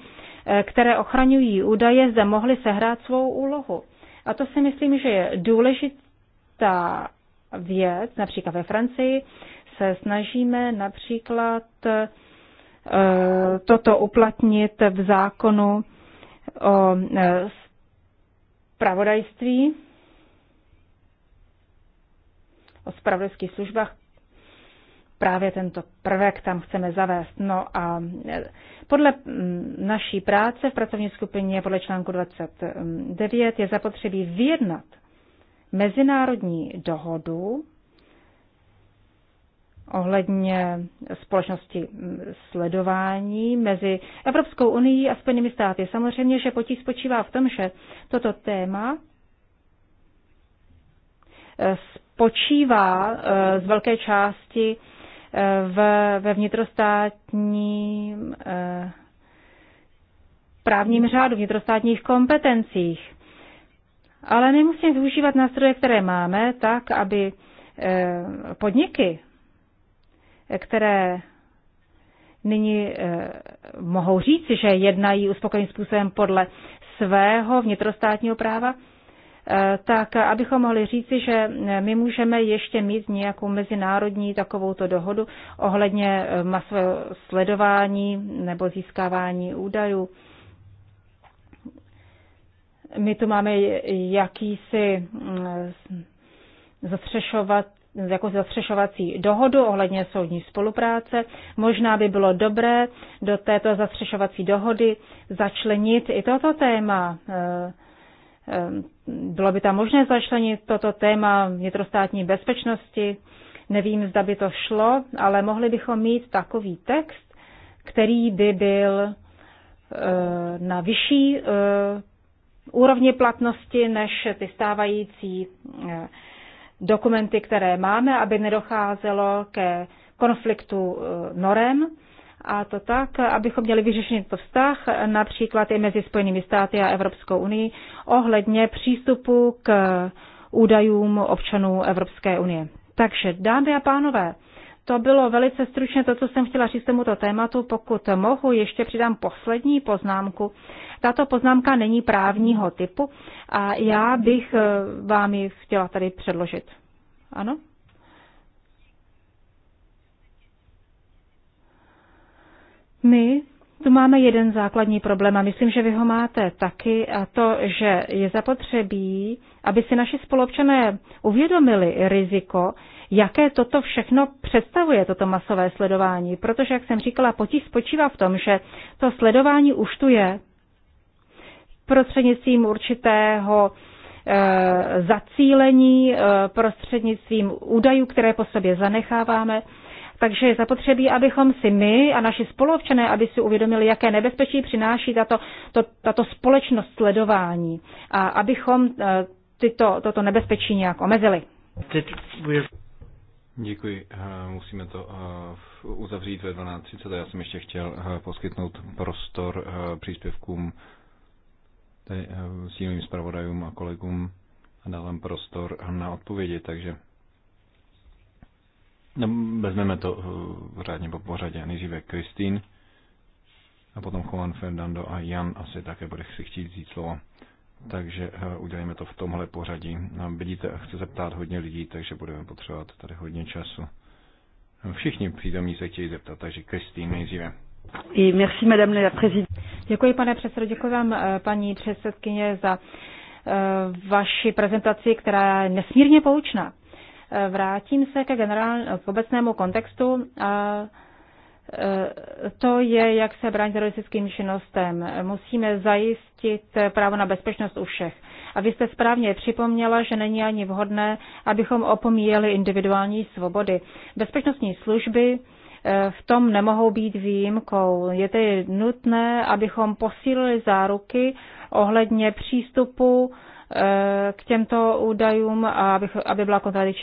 eh, které ochraňují údaje, zde mohly sehrát svou úlohu. A to si myslím, že je důležitá věc, například ve Francii, se snažíme například eh, toto uplatnit v zákonu o spravodajství, o spravodajských službách, právě tento prvek tam chceme zavést. No a eh, podle mm, naší práce v pracovní skupině podle článku 29 je zapotřebí vyjednat mezinárodní dohodu ohledně společnosti mm, sledování mezi Evropskou unii a Spojenými státy. Samozřejmě, že potíž spočívá v tom, že toto téma eh, spočívá eh, z velké části ve vnitrostátním eh, právním řádu, vnitrostátních kompetencích. Ale nemusíme využívat nástroje, které máme, tak, aby eh, podniky, které nyní eh, mohou říci, že jednají uspokojeným způsobem podle svého vnitrostátního práva, Eh, tak abychom mohli říci, že eh, my můžeme ještě mít nějakou mezinárodní takovouto dohodu ohledně eh, masového sledování nebo získávání údajů. My tu máme jakýsi mm, zastřešovat jako zastřešovací dohodu ohledně soudní spolupráce. Možná by bylo dobré do této zastřešovací dohody začlenit i toto téma Ehm, bylo by tam možné začlenit toto téma vnitrostátní bezpečnosti. Nevím, zda by to šlo, ale mohli bychom mít takový text, který by byl eh, na vyšší eh, úrovni platnosti než ty stávající eh, dokumenty, které máme, aby nedocházelo ke konfliktu norem a to tak, abychom měli vyřešený to vztah například i mezi Spojenými státy a Evropskou unii ohledně přístupu k údajům občanů Evropské unie. Takže, dámy a pánové, to bylo velice stručně to, co jsem chtěla říct tomuto tématu. Pokud mohu, ještě přidám poslední poznámku. Tato poznámka není právního typu a já bych eh, vám ji chtěla tady předložit. Ano? My tu máme jeden základní problém a myslím, že vy ho máte taky a to, že je zapotřebí, aby si naši spolupčané uvědomili riziko, jaké toto všechno představuje, toto masové sledování. Protože, jak jsem říkala, potíž spočívá v tom, že to sledování už tu je prostřednictvím určitého eh, zacílení, eh, prostřednictvím údajů, které po sobě zanecháváme takže je zapotřebí, abychom si my a naši spoluobčané, aby si uvědomili, jaké nebezpečí přináší tato, to, tato společnost sledování a abychom eh, tyto, toto nebezpečí nějak omezili. Děkuji. Eh, musíme to eh, uzavřít ve 12.30. Já jsem ještě chtěl poskytnout prostor příspěvkům stínovým zpravodajům a kolegům a dávám prostor na odpovědi, takže No, vezmeme to uh, řádně po pořadě. Nejdříve Kristýn a potom Juan Fernando a Jan asi také bude si chtít vzít slovo. Takže uh, udělejme to v tomhle pořadí. Uh, vidíte, chce se ptát hodně lidí, takže budeme potřebovat tady hodně času. Všichni přítomní se chtějí zeptat, takže Kristýn nejdříve. I merci, madame la Děkuji, pane předsedo, děkuji vám, eh, paní předsedkyně, za vaši prezentaci, která je nesmírně poučná. Vrátím se ke generál, k obecnému kontextu. A e, to je, jak se bránit teroristickým činnostem. Musíme zajistit právo na bezpečnost u všech. A vy jste správně připomněla, že není ani vhodné, abychom opomíjeli individuální svobody. Bezpečnostní služby e, v tom nemohou být výjimkou. Je tedy nutné, abychom posílili záruky ohledně přístupu Eh, k těmto údajům, aby, aby byla kontrolní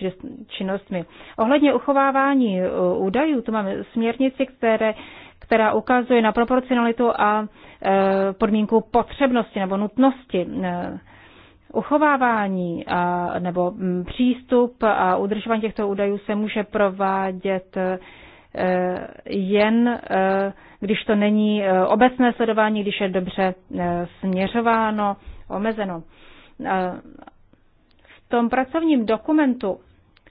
činnostmi. Ohledně uchovávání eh, údajů, tu máme směrnici, které, která ukazuje na proporcionalitu a eh, podmínku potřebnosti nebo nutnosti uchovávání a, nebo mm, přístup a udržování těchto údajů se může provádět jen když to není obecné sledování, když je dobře směřováno, omezeno. V tom pracovním dokumentu,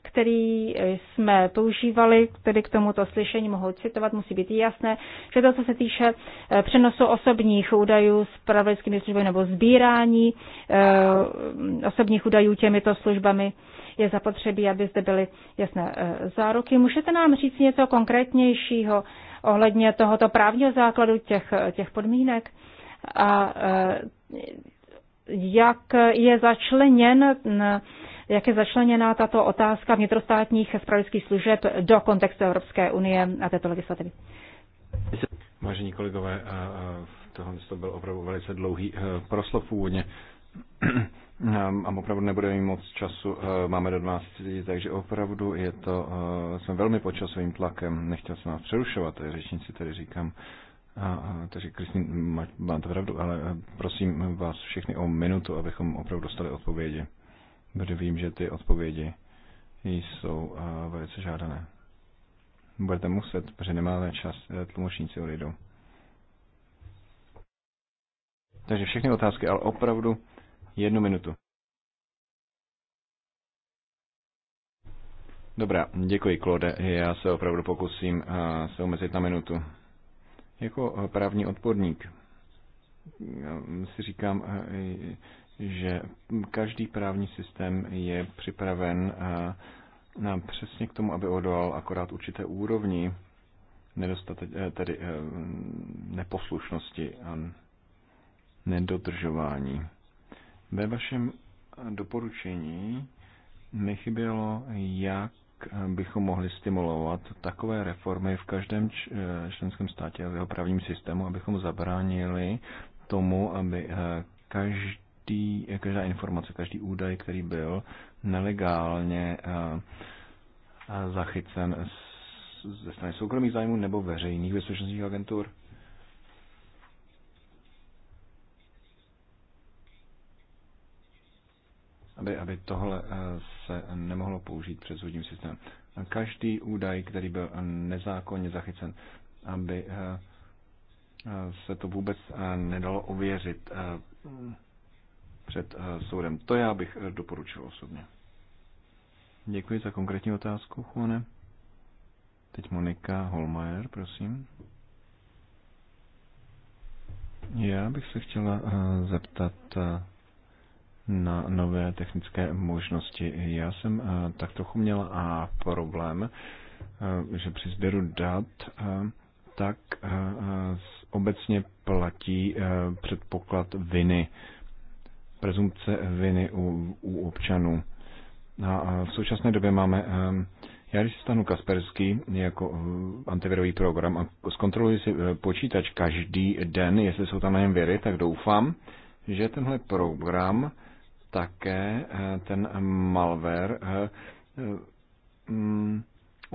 který jsme používali tedy k tomuto slyšení, mohu citovat, musí být jasné, že to, co se týče eh, přenosu osobních údajů s pravodajskými službami nebo sbírání eh, osobních údajů těmito službami, je zapotřebí, aby zde byly jasné eh, záruky. Můžete nám říct něco konkrétnějšího ohledně tohoto právního základu těch, těch podmínek? A jak je začleněn jak je začleněná tato otázka vnitrostátních spravedlických služeb do kontextu Evropské unie a této legislativy. Vážení kolegové, tohle to byl opravdu velice dlouhý e, proslov původně. A opravdu nebudeme mít moc času, e, máme do 12, takže opravdu je to, e, jsme velmi pod časovým tlakem, nechtěl jsem vás přerušovat, řečníci tedy říkám, a, a takže Kristýn, máte pravdu, ale e, prosím vás všechny o minutu, abychom opravdu dostali odpovědi. Protože vím, že ty odpovědi jsou e, velice žádané. Budete muset, protože nemáme čas, e, tlumočníci odejdou. Takže všechny otázky, ale opravdu jednu minutu. Dobrá, děkuji, Klode. Já se opravdu pokusím se omezit na minutu. Jako eh, právní odborník si říkám, eh, že každý právní systém je připraven eh, na přesně k tomu, aby odolal akorát určité úrovni nedostate, tedy neposlušnosti a nedodržování. Ve vašem doporučení mi chybělo, jak Eh, bychom mohli stimulovat takové reformy v každém eh, členském státě a v jeho právním systému, abychom zabránili tomu, aby eh, každý, každá informace, každý údaj, který byl nelegálně zachycen ze strany soukromých zájmů nebo veřejných bezpečnostních agentur, aby, aby tohle eh, se nemohlo použít před soudním systémem. Každý údaj, který byl nezákonně zachycen, aby eh, eh, se to vůbec nedalo ověřit před soudem. To já bych doporučil osobně. Děkuji za konkrétní otázku, Juane. Teď Monika Holmajer, prosím. Já bych se chtěla zeptat na nové technické možnosti. Já jsem eh, tak trochu měl a problém, eh, že při sběru dat eh, tak obecně platí předpoklad viny, prezumpce viny u, u občanů. A v současné době máme, já když stanu Kasperský jako antivirový program a zkontroluji si počítač každý den, jestli jsou tam na něm věry, tak doufám, že tenhle program také eh, ten malware eh, eh, mm,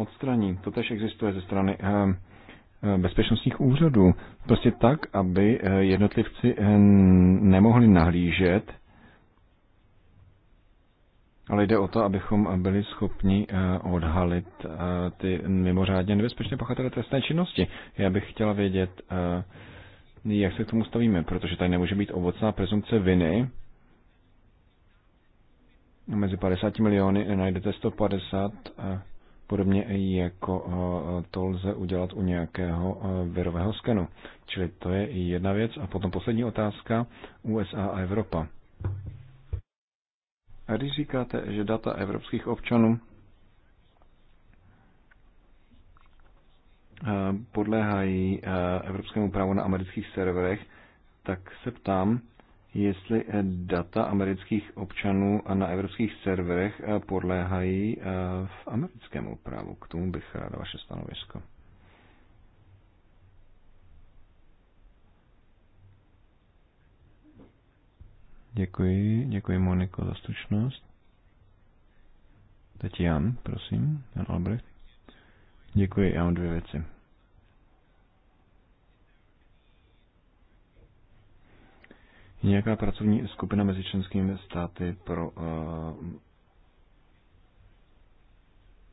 odstraní. To tež existuje ze strany bezpečnostních úřadů. Prostě tak, aby jednotlivci nemohli nahlížet, ale jde o to, abychom byli schopni odhalit ty mimořádně nebezpečné pachatele trestné činnosti. Já bych chtěla vědět, jak se k tomu stavíme, protože tady nemůže být ovocná prezumce viny, Mezi 50 miliony najdete 150, eh, podobně jako eh, to lze udělat u nějakého eh, virového skenu. Čili to je i jedna věc. A potom poslední otázka USA a Evropa. A když říkáte, že data evropských občanů podléhají evropskému právu na amerických serverech, tak se ptám, jestli eh, data amerických občanů na evropských serverech eh, podléhají eh, v americkém právu. K tomu bych ráda vaše stanovisko. Děkuji, děkuji Moniko za stručnost. Teď Jan, prosím, Jan Albrecht. Děkuji, já mám dvě věci. nějaká pracovní skupina mezi členskými státy pro eh,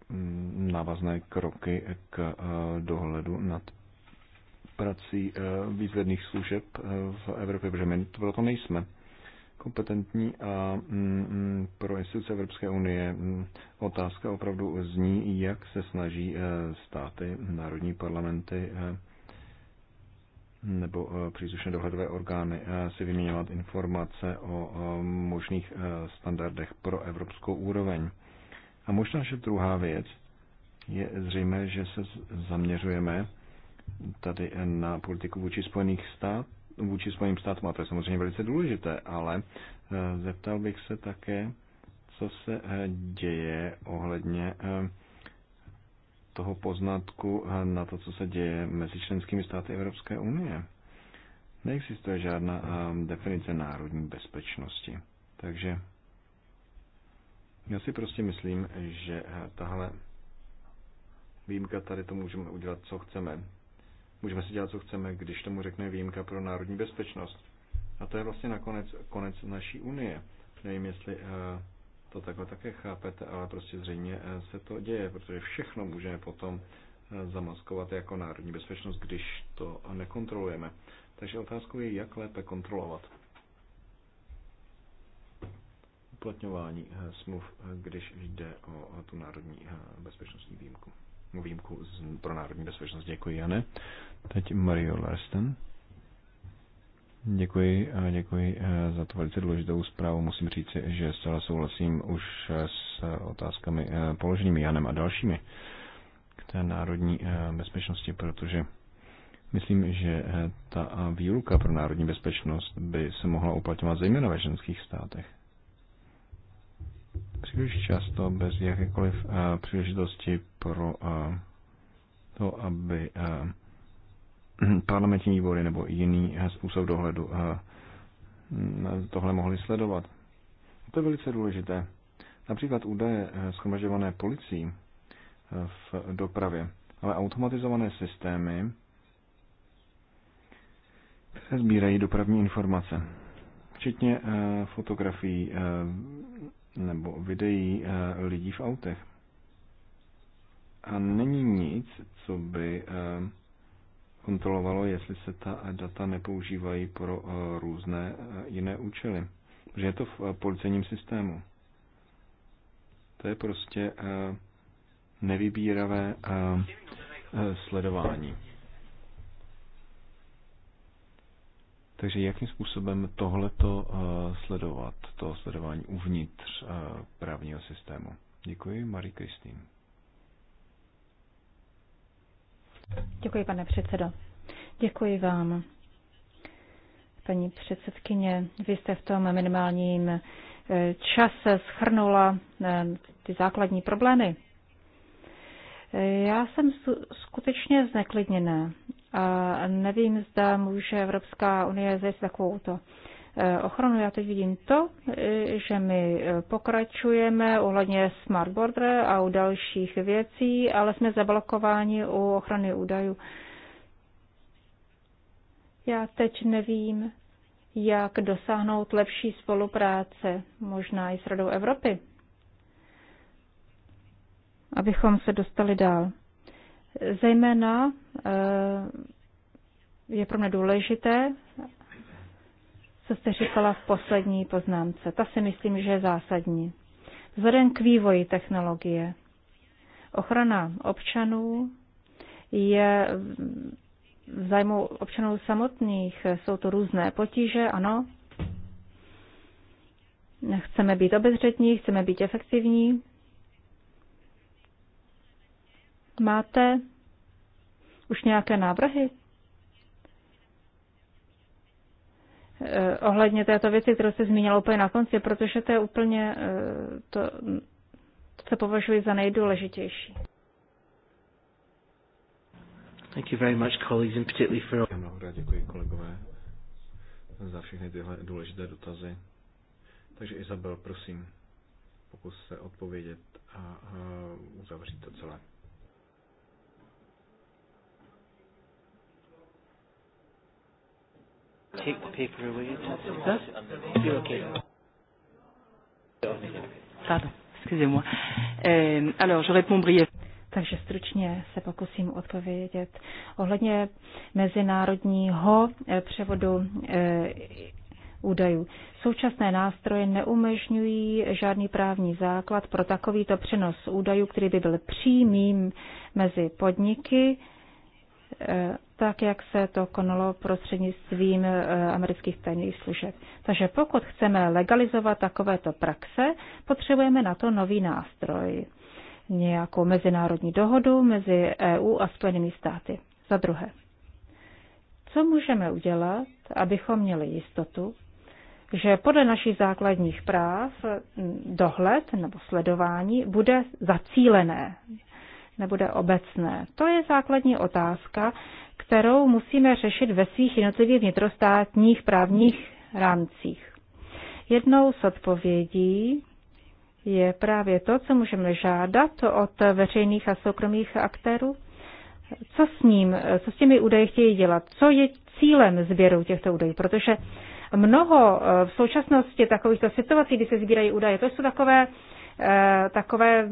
mm, návazné kroky k eh, dohledu nad prací eh, výzvedných služeb v Evropě, protože my proto nejsme kompetentní a mm, mm, pro instituce Evropské unie otázka opravdu zní, jak se snaží státy, národní parlamenty nebo eh, příslušné dohledové orgány eh, si vyměňovat informace o eh, možných standardech pro evropskou úroveň. A možná, že druhá věc je zřejmé, že se zaměřujeme tady na politiku vůči Spojených stát, vůči Spojeným státům, a to je samozřejmě velice důležité, ale zeptal bych se také, co se děje ohledně toho poznatku na to, co se děje mezi členskými státy Evropské unie. Neexistuje žádná eh, definice národní bezpečnosti. Takže já si prostě myslím, že eh, tahle výjimka tady to můžeme udělat, co chceme. Můžeme si dělat, co chceme, když tomu řekne výjimka pro národní bezpečnost. A to je vlastně nakonec konec naší unie. Nevím, jestli uh, to takhle také chápete, ale prostě zřejmě eh, se to děje, protože všechno můžeme potom eh, zamaskovat jako národní bezpečnost, když to nekontrolujeme. Takže otázkou je, jak lépe kontrolovat uplatňování eh, smluv, když jde o tu národní bezpečnostní výjimku. Výjimku pro národní bezpečnost. Děkuji, Jane. Teď Mario Larsten. Děkuji, děkuji eh, za tu velice důležitou zprávu. Musím říct, že zcela souhlasím už s eh, otázkami eh, položenými Janem a dalšími k té národní bezpečnosti, protože myslím, že ta výluka pro národní bezpečnost by se mohla uplatňovat zejména ve ženských státech. Příliš často bez jakékoliv příležitosti pro to, aby Hm, parlamentní výbory nebo jiný eh, způsob dohledu eh, hm, tohle mohli sledovat. To je velice důležité. Například údaje eh, schromažďované policií v dopravě, ale automatizované systémy, se sbírají dopravní informace, včetně fotografií nebo videí lidí v autech. A není nic, co by kontrolovalo, jestli se ta data nepoužívají pro eh, různé eh, jiné účely. Protože je to v eh, policejním systému. To je prostě nevybíravé sledování. Takže jakým způsobem tohleto sledovat, to sledování uvnitř právního systému? Děkuji, Marie Kristýn. Děkuji, pane předsedo. Děkuji vám, paní předsedkyně. Vy jste v tom minimálním eh, čase schrnula eh, ty základní problémy. Eh, já jsem skutečně zneklidněná a nevím, zda může Evropská unie zajistit takovou to Eh, ochranu. Já teď vidím to, eh, že my eh, pokračujeme ohledně Smart Border a u dalších věcí, ale jsme zablokováni u ochrany údajů. Já teď nevím, jak dosáhnout lepší spolupráce, možná i s Radou Evropy, abychom se dostali dál. Zejména je pro mě důležité co jste říkala v poslední poznámce. Ta si myslím, že je zásadní. Vzhledem k vývoji technologie, ochrana občanů je v zájmu občanů samotných. Jsou to různé potíže, ano. Chceme být obezřetní, chceme být efektivní. Máte už nějaké návrhy Eh, ohledně této věci, kterou jste zmínila úplně na konci, protože to je úplně eh, to, se považuji za nejdůležitější. Thank you very much, colleagues, and particularly for... Já mnohokrát děkuji kolegové za všechny tyhle důležité dotazy. Takže Izabel, prosím, pokus se odpovědět a, a uzavřít to celé. Take the paper away. Pardon, excusez-moi. Euh, alors, je réponds brièvement. Takže stručně se pokusím odpovědět. Ohledně mezinárodního eh, převodu eh, údajů. Současné nástroje neumožňují žádný právní základ pro takovýto přenos údajů, který by byl přímým mezi podniky eh, tak jak se to konalo prostřednictvím eh, amerických tajných služeb. Takže pokud chceme legalizovat takovéto praxe, potřebujeme na to nový nástroj, nějakou mezinárodní dohodu mezi EU a Spojenými státy. Za druhé, co můžeme udělat, abychom měli jistotu, že podle našich základních práv dohled nebo sledování bude zacílené, nebude obecné? To je základní otázka, kterou musíme řešit ve svých jednotlivých vnitrostátních právních rámcích. Jednou z odpovědí je právě to, co můžeme žádat od veřejných a soukromých aktérů. Co s ním, co s těmi údaji chtějí dělat? Co je cílem sběru těchto údajů? Protože mnoho eh, v současnosti takovýchto situací, kdy se sbírají údaje, to jsou takové, eh, takové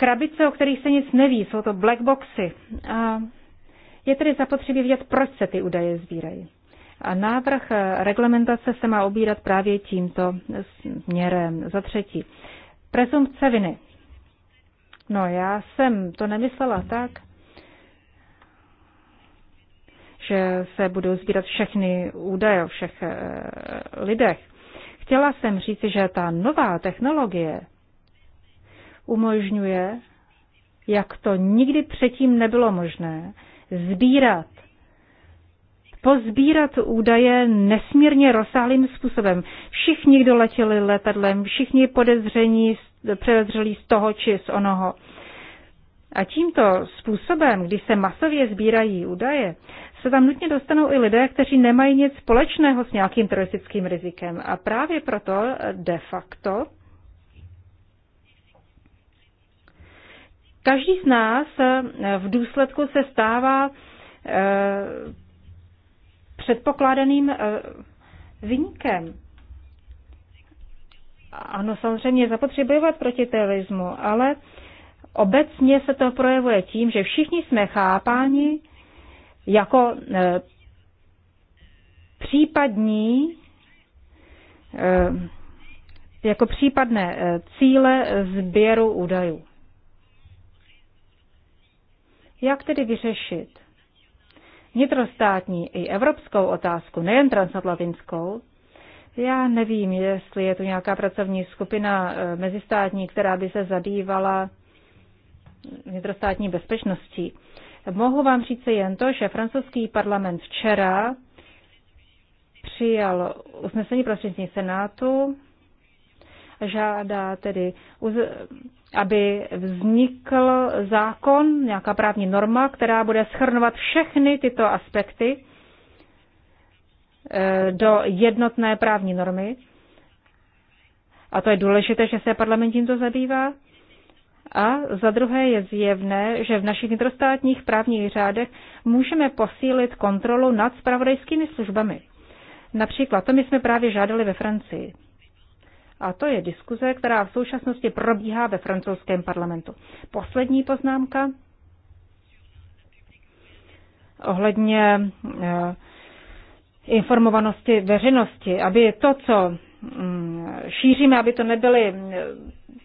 krabice, o kterých se nic neví, jsou to blackboxy. A je tedy zapotřebí vědět, proč se ty údaje sbírají. A návrh reglementace se má obírat právě tímto směrem. Za třetí, prezumpce viny. No já jsem to nemyslela tak, že se budou sbírat všechny údaje o všech eh, lidech. Chtěla jsem říct, že ta nová technologie umožňuje, jak to nikdy předtím nebylo možné, sbírat, pozbírat údaje nesmírně rozsáhlým způsobem. Všichni, kdo letěli letadlem, všichni podezření, předezřelí z toho či z onoho. A tímto způsobem, když se masově sbírají údaje, se tam nutně dostanou i lidé, kteří nemají nic společného s nějakým teroristickým rizikem. A právě proto de facto Každý z nás eh, v důsledku se stává eh, předpokládaným eh, vynikem. Ano, samozřejmě zapotřebovat proti terorismu, ale obecně se to projevuje tím, že všichni jsme chápáni jako případní jako případné cíle sběru údajů. Jak tedy vyřešit vnitrostátní i evropskou otázku, nejen transatlantickou, já nevím, jestli je tu nějaká pracovní skupina eh, mezistátní, která by se zabývala vnitrostátní bezpečností. Mohu vám říct jen to, že francouzský parlament včera přijal usnesení prostřednictvím Senátu, žádá tedy aby vznikl zákon, nějaká právní norma, která bude schrnovat všechny tyto aspekty eh, do jednotné právní normy. A to je důležité, že se parlament tímto zabývá. A za druhé je zjevné, že v našich vnitrostátních právních řádech můžeme posílit kontrolu nad spravodajskými službami. Například to my jsme právě žádali ve Francii. A to je diskuze, která v současnosti probíhá ve francouzském parlamentu. Poslední poznámka ohledně eh, informovanosti veřejnosti, aby to, co mm, šíříme, aby to nebyly mm,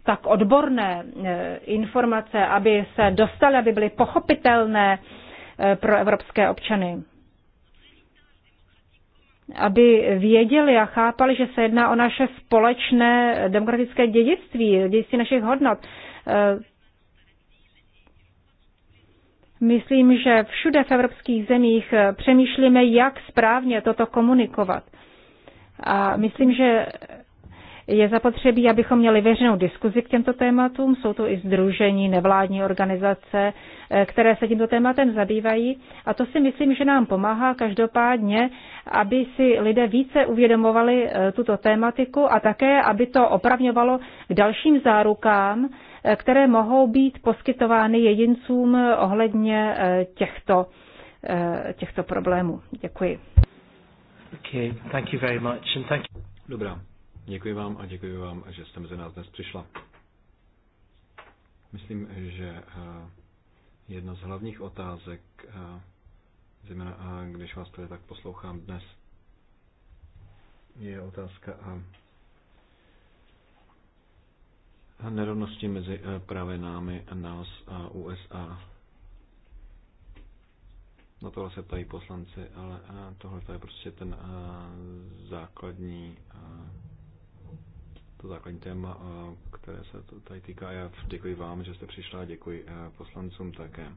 tak odborné eh, informace, aby se dostaly, aby byly pochopitelné eh, pro evropské občany aby věděli a chápali, že se jedná o naše společné demokratické dědictví, dědictví našich hodnot. Eh, myslím, že všude v evropských zemích přemýšlíme, jak správně toto komunikovat. A myslím, že je zapotřebí, abychom měli veřejnou diskuzi k těmto tématům. Jsou to i združení, nevládní organizace, eh, které se tímto tématem zabývají. A to si myslím, že nám pomáhá každopádně, aby si lidé více uvědomovali eh, tuto tématiku a také, aby to opravňovalo k dalším zárukám, eh, které mohou být poskytovány jedincům ohledně těchto, těchto problémů. Děkuji. Okay, thank you very much and thank you. Dobrá. Děkuji vám a děkuji vám, že jste mezi nás dnes přišla. Myslím, že eh, jedna z hlavních otázek, eh, zejména eh, když vás tady tak poslouchám dnes, je otázka a nerovnosti mezi právě námi a nás a USA. Na tohle se ptají poslanci, ale tohle je prostě ten základní to základní téma, které se tady týká. Já děkuji vám, že jste přišla a děkuji eh, poslancům také.